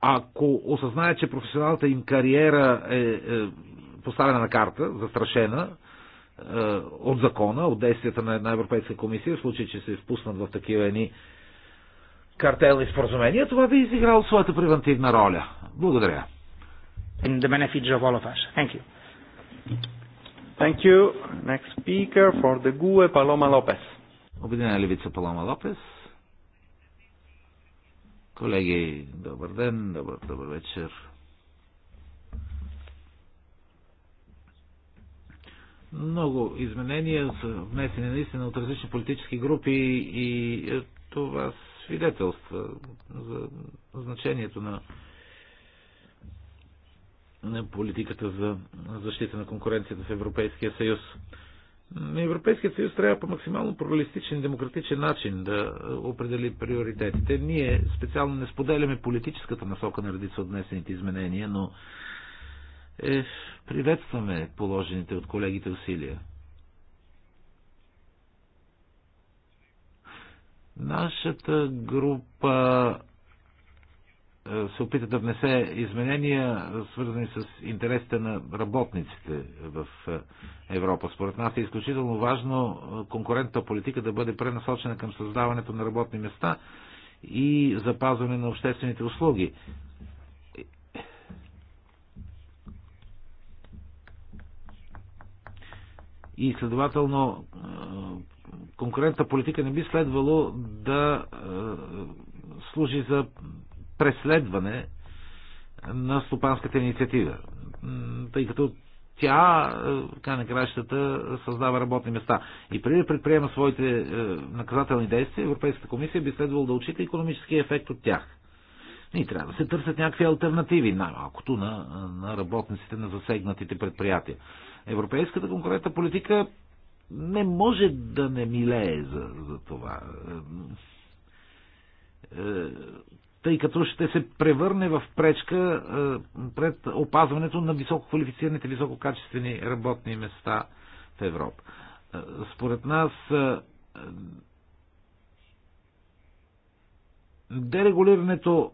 ако осъзнаят, че професионалната им кариера е поставена на карта, застрашена от закона, от действията на една Европейска комисия, в случай, че се изпуснат в такива едни картелни споразумения, това би изиграло своята превентивна роля. Благодаря in the benefit of all of us. Thank you. Thank you. Next speaker for the GUE, Paloma Lopez. Обединена левица Палома Лопес. Колеги, добър ден, добър, добър вечер. Много изменения са внесени наистина от различни политически групи и е, това свидетелства за значението на политиката за защита на конкуренцията в Европейския съюз. Европейският съюз трябва по максимално пролистичен и демократичен начин да е, определи приоритетите. Ние специално не споделяме политическата насока на редица от днесените изменения, но е, приветстваме положените от колегите усилия. Нашата група се опита да внесе изменения, свързани с интересите на работниците в е, Европа. Според нас е изключително важно е, конкурентната политика да бъде пренасочена към създаването на работни места и запазване на обществените услуги. И следователно е, конкурентната политика не би следвало да служи за преследване на стопанската инициатива, тъй като тя, е, край на кращата, създава работни места. И преди да предприема своите е, наказателни действия, Европейската комисия би следвало да отчита економическия ефект от тях. И трябва да се търсят някакви альтернативи, най-малкото на, на работниците на засегнатите предприятия. Европейската конкурентна политика не може да не милее за, за това. Е, тъй като ще се превърне в пречка е, пред опазването на висококвалифицираните, висококачествени работни места в Европа. Е, според нас е, дерегулирането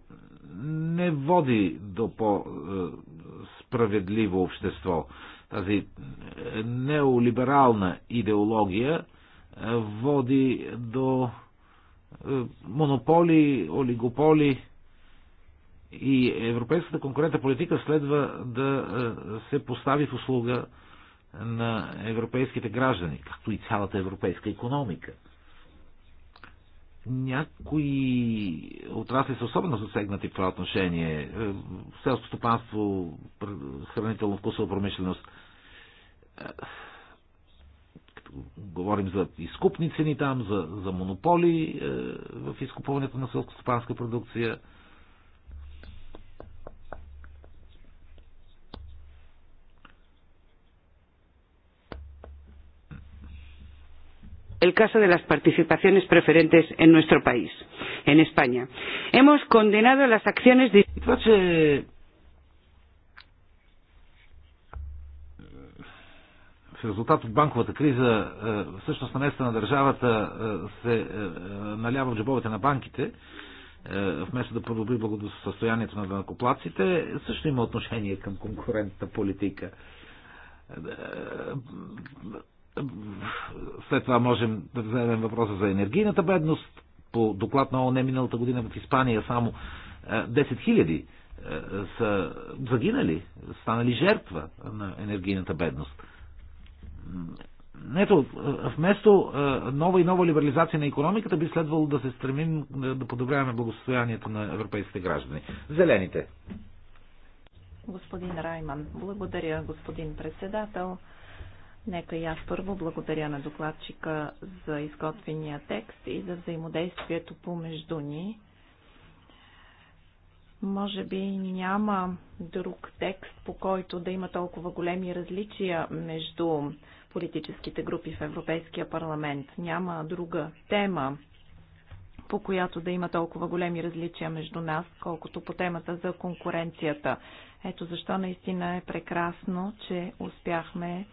не води до по-справедливо общество. Тази неолиберална идеология води до е, монополи, олигополи и европейската конкурентна политика следва да е, се постави в услуга на европейските граждани, както и цялата европейска економика. Някои отрасли са особено засегнати в това отношение. Е, селско стопанство, хранително-вкусова промишленост Говорим за изкупни цени там, за, за монополи в изкупуването на селскостопанска продукция. el caso de las participaciones preferentes en nuestro país, en España. Hemos condenado las acciones de. в резултат от банковата криза е, всъщност наместа на държавата е, се е, налява в джобовете на банките, вместо да подобри благосъстоянието на данакоплаците, също има отношение към конкурентната политика. След това можем да вземем въпроса за енергийната бедност. По доклад на ООН миналата година в Испания само 10 хиляди са загинали, станали жертва на енергийната бедност. Ето, вместо нова и нова либерализация на економиката би следвало да се стремим да подобряваме благосостоянието на европейските граждани. Зелените. Господин Райман, благодаря, господин председател. Нека и аз първо благодаря на докладчика за изготвения текст и за взаимодействието помежду ни. Може би няма друг текст, по който да има толкова големи различия между политическите групи в Европейския парламент. Няма друга тема, по която да има толкова големи различия между нас, колкото по темата за конкуренцията. Ето защо наистина е прекрасно, че успяхме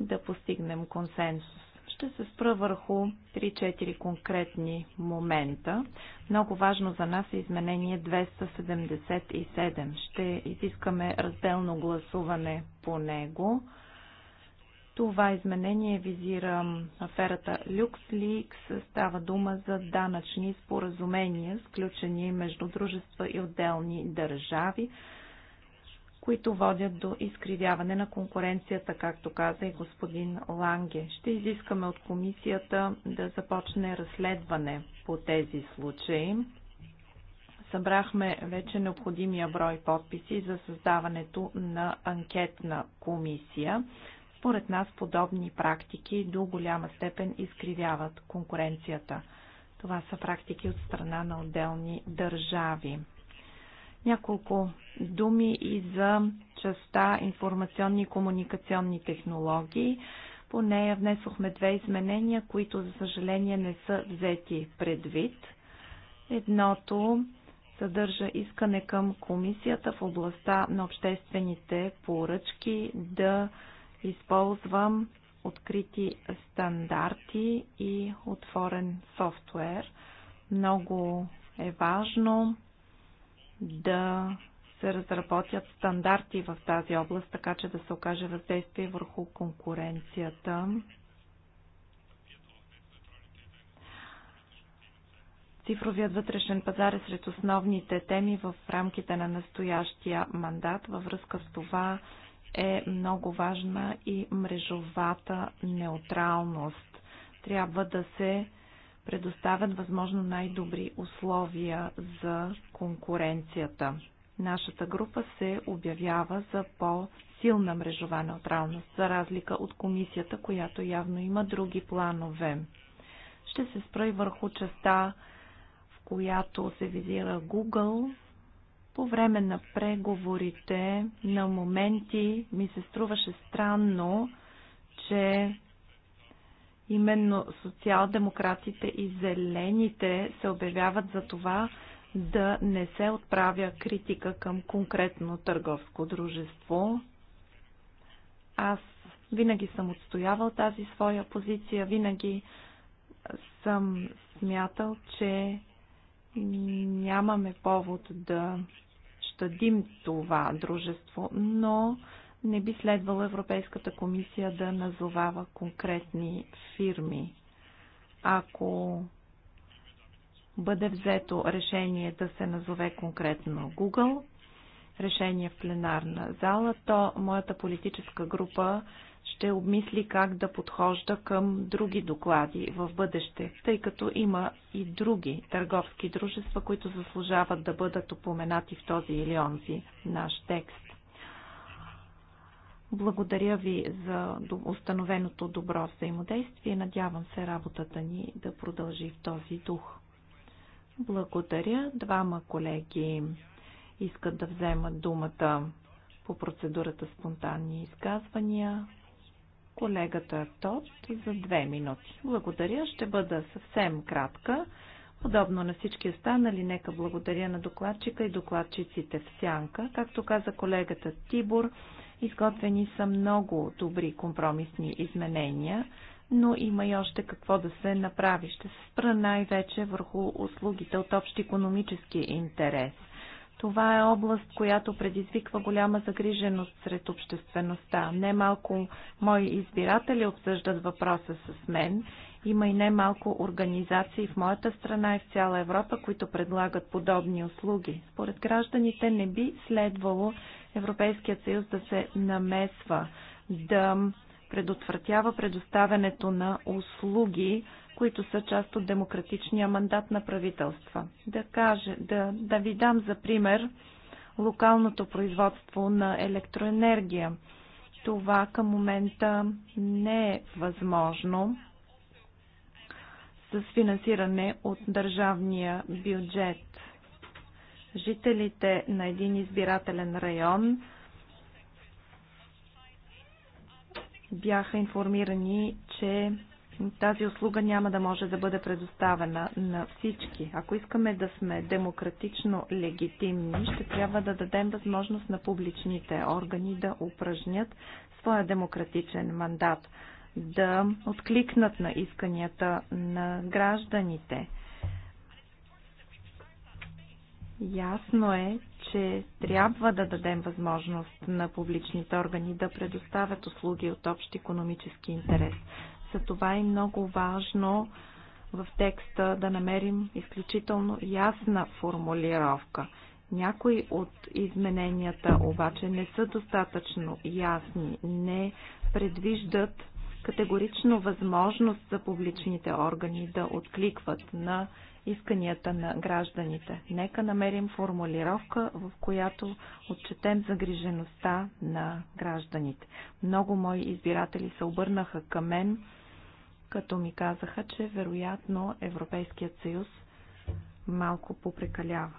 да постигнем консенсус. Ще се спра върху 3-4 конкретни момента. Много важно за нас е изменение 277. Ще изискаме разделно гласуване по него. Това изменение визира аферата LuxLeaks. Става дума за данъчни споразумения, сключени между дружества и отделни държави, които водят до изкривяване на конкуренцията, както каза и господин Ланге. Ще изискаме от комисията да започне разследване по тези случаи. Събрахме вече необходимия брой подписи за създаването на анкетна комисия. Според нас подобни практики до голяма степен изкривяват конкуренцията. Това са практики от страна на отделни държави. Няколко думи и за частта информационни и комуникационни технологии. По нея внесохме две изменения, които за съжаление не са взети предвид. Едното съдържа искане към комисията в областта на обществените поръчки да Използвам открити стандарти и отворен софтуер. Много е важно да се разработят стандарти в тази област, така че да се окаже въздействие върху конкуренцията. Цифровият вътрешен пазар е сред основните теми в рамките на настоящия мандат. Във връзка с това е много важна и мрежовата неутралност. Трябва да се предоставят възможно най-добри условия за конкуренцията. Нашата група се обявява за по-силна мрежова неутралност, за разлика от комисията, която явно има други планове. Ще се спра и върху частта, в която се визира Google, по време на преговорите на моменти ми се струваше странно, че именно социал-демократите и зелените се обявяват за това да не се отправя критика към конкретно търговско дружество. Аз винаги съм отстоявал тази своя позиция, винаги съм смятал, че Нямаме повод да щадим това дружество, но не би следвало Европейската комисия да назовава конкретни фирми. Ако бъде взето решение да се назове конкретно Google, решение в пленарна зала, то моята политическа група ще обмисли как да подхожда към други доклади в бъдеще, тъй като има и други търговски дружества, които заслужават да бъдат упоменати в този или онзи наш текст. Благодаря ви за установеното добро взаимодействие. Надявам се работата ни да продължи в този дух. Благодаря. Двама колеги искат да вземат думата по процедурата спонтанни изказвания колегата Тот за две минути. Благодаря, ще бъда съвсем кратка. Подобно на всички останали, нека благодаря на докладчика и докладчиците в сянка. Както каза колегата Тибор, изготвени са много добри компромисни изменения, но има и още какво да се направи. Ще се спра най-вече върху услугите от общ економически интерес – това е област, която предизвиква голяма загриженост сред обществеността. Немалко мои избиратели обсъждат въпроса с мен. Има и немалко организации в моята страна и в цяла Европа, които предлагат подобни услуги. Според гражданите не би следвало Европейският съюз да се намесва, да предотвратява предоставянето на услуги, които са част от демократичния мандат на правителства. Да, каже, да, да ви дам за пример локалното производство на електроенергия. Това към момента не е възможно с финансиране от държавния бюджет. Жителите на един избирателен район бяха информирани, че тази услуга няма да може да бъде предоставена на всички. Ако искаме да сме демократично легитимни, ще трябва да дадем възможност на публичните органи да упражнят своя демократичен мандат, да откликнат на исканията на гражданите. Ясно е, че трябва да дадем възможност на публичните органи да предоставят услуги от общ економически интерес, затова е много важно в текста да намерим изключително ясна формулировка. Някои от измененията обаче не са достатъчно ясни, не предвиждат категорично възможност за публичните органи да откликват на исканията на гражданите. Нека намерим формулировка, в която отчетем загрижеността на гражданите. Много мои избиратели се обърнаха към мен като ми казаха, че вероятно Европейският съюз малко попрекалява.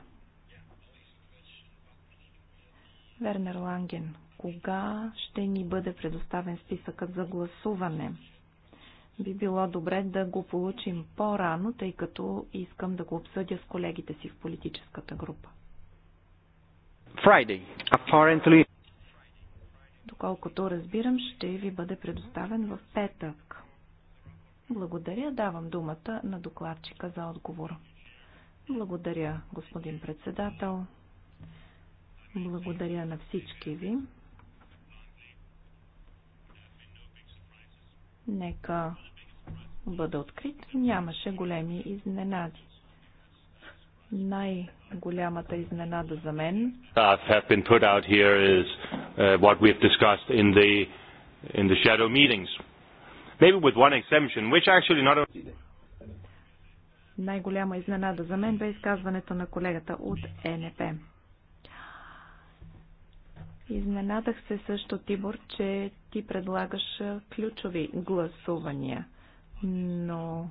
Вернер Ланген, кога ще ни бъде предоставен списъкът за гласуване? Би било добре да го получим по-рано, тъй като искам да го обсъдя с колегите си в политическата група. Friday. Apparently... Доколкото разбирам, ще ви бъде предоставен в петък. Благодаря. Давам думата на докладчика за отговор. Благодаря, господин председател. Благодаря на всички ви. Нека бъда открит. Нямаше големи изненади. Най-голямата изненада за мен maybe with one exception, which actually not Най-голяма изненада за мен бе изказването на колегата от ЕНП. Изненадах се също, Тибор, че ти предлагаш ключови гласувания, но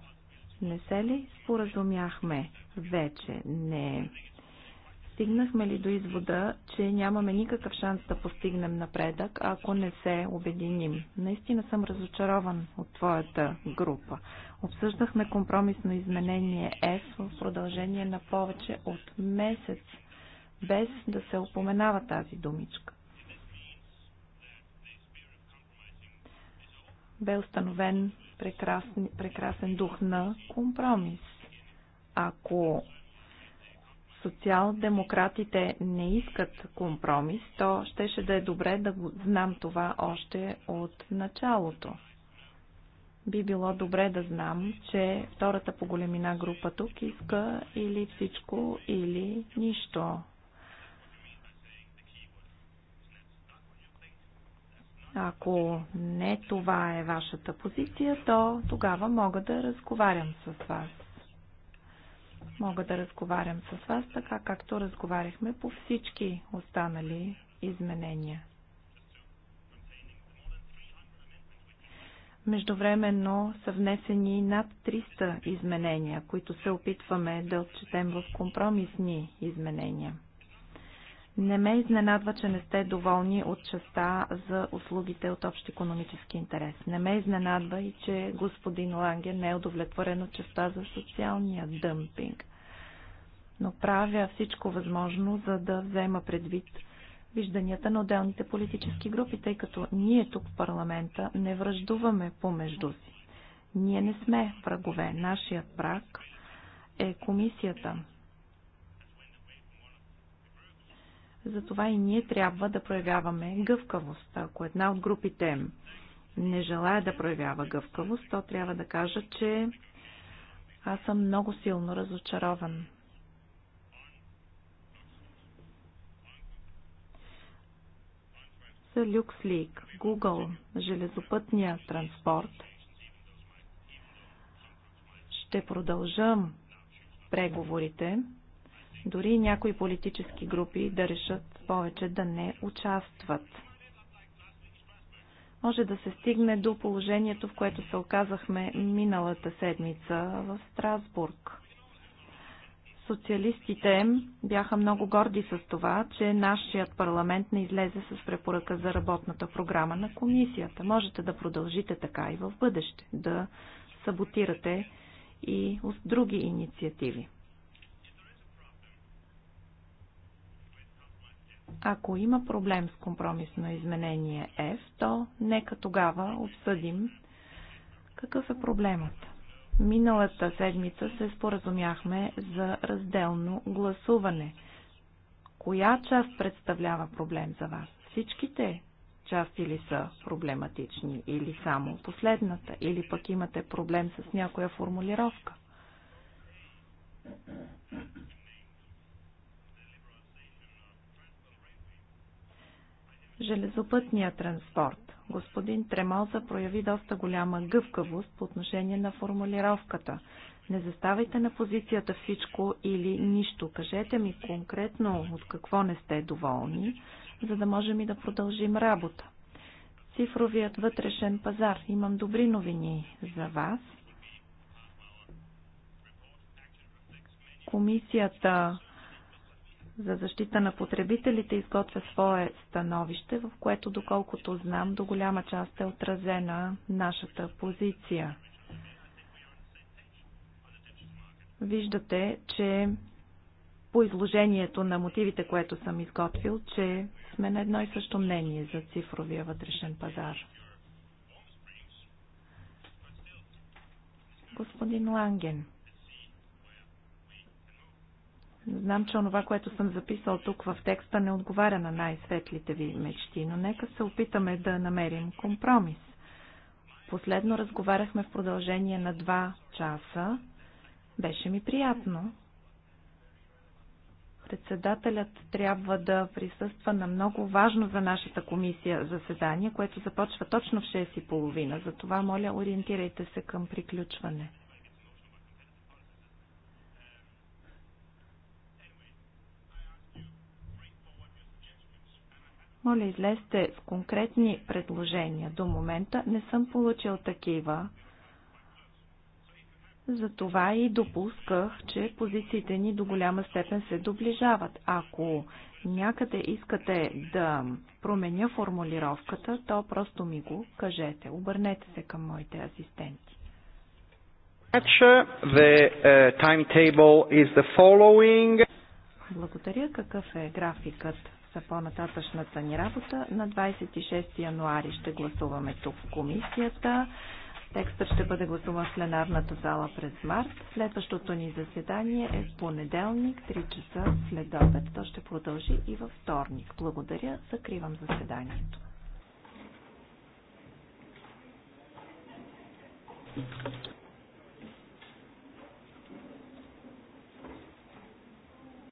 не се ли споразумяхме вече? Не. Стигнахме ли до извода, че нямаме никакъв шанс да постигнем напредък, ако не се обединим? Наистина съм разочарован от твоята група. Обсъждахме компромисно изменение F в продължение на повече от месец, без да се упоменава тази думичка. Бе установен прекрасен, прекрасен дух на компромис. Ако социал-демократите не искат компромис, то щеше да е добре да го знам това още от началото. Би било добре да знам, че втората по големина група тук иска или всичко, или нищо. Ако не това е вашата позиция, то тогава мога да разговарям с вас мога да разговарям с вас така, както разговаряхме по всички останали изменения. Междувременно са внесени над 300 изменения, които се опитваме да отчетем в компромисни изменения. Не ме изненадва, че не сте доволни от частта за услугите от общ економически интерес. Не ме изненадва и, че господин Ланге не е удовлетворен от частта за социалния дъмпинг но правя всичко възможно, за да взема предвид вижданията на отделните политически групи, тъй като ние тук в парламента не връждуваме помежду си. Ние не сме врагове. Нашият враг е комисията. Затова и ние трябва да проявяваме гъвкавост. Ако една от групите не желая да проявява гъвкавост, то трябва да кажа, че аз съм много силно разочарован. са LuxLeak, Google, железопътния транспорт. Ще продължам преговорите, дори някои политически групи да решат повече да не участват. Може да се стигне до положението, в което се оказахме миналата седмица в Страсбург. Социалистите бяха много горди с това, че нашият парламент не излезе с препоръка за работната програма на комисията. Можете да продължите така и в бъдеще, да саботирате и други инициативи. Ако има проблем с компромисно изменение F, то нека тогава обсъдим какъв е проблемът. Миналата седмица се споразумяхме за разделно гласуване. Коя част представлява проблем за вас? Всичките части ли са проблематични или само последната, или пък имате проблем с някоя формулировка? железопътния транспорт. Господин Тремоза прояви доста голяма гъвкавост по отношение на формулировката. Не заставайте на позицията всичко или нищо. Кажете ми конкретно от какво не сте доволни, за да можем и да продължим работа. Цифровият вътрешен пазар. Имам добри новини за вас. Комисията за защита на потребителите изготвя свое становище, в което, доколкото знам, до голяма част е отразена нашата позиция. Виждате, че по изложението на мотивите, което съм изготвил, че сме на едно и също мнение за цифровия вътрешен пазар. Господин Ланген, Знам, че онова, което съм записал тук в текста, не отговаря на най-светлите ви мечти, но нека се опитаме да намерим компромис. Последно разговаряхме в продължение на два часа. Беше ми приятно. Председателят трябва да присъства на много важно за нашата комисия заседание, което започва точно в 6.30. Затова, моля, ориентирайте се към приключване. Моля, излезте с конкретни предложения. До момента не съм получил такива. Затова и допусках, че позициите ни до голяма степен се доближават. Ако някъде искате да променя формулировката, то просто ми го кажете. Обърнете се към моите асистенти. Uh, Благодаря. Какъв е графикът? за по-нататъчната ни работа. На 26 януари ще гласуваме тук в комисията. Текстът ще бъде гласуван в пленарната зала през март. Следващото ни заседание е в понеделник, 3 часа след обед. То ще продължи и във вторник. Благодаря. Закривам заседанието. Thank you.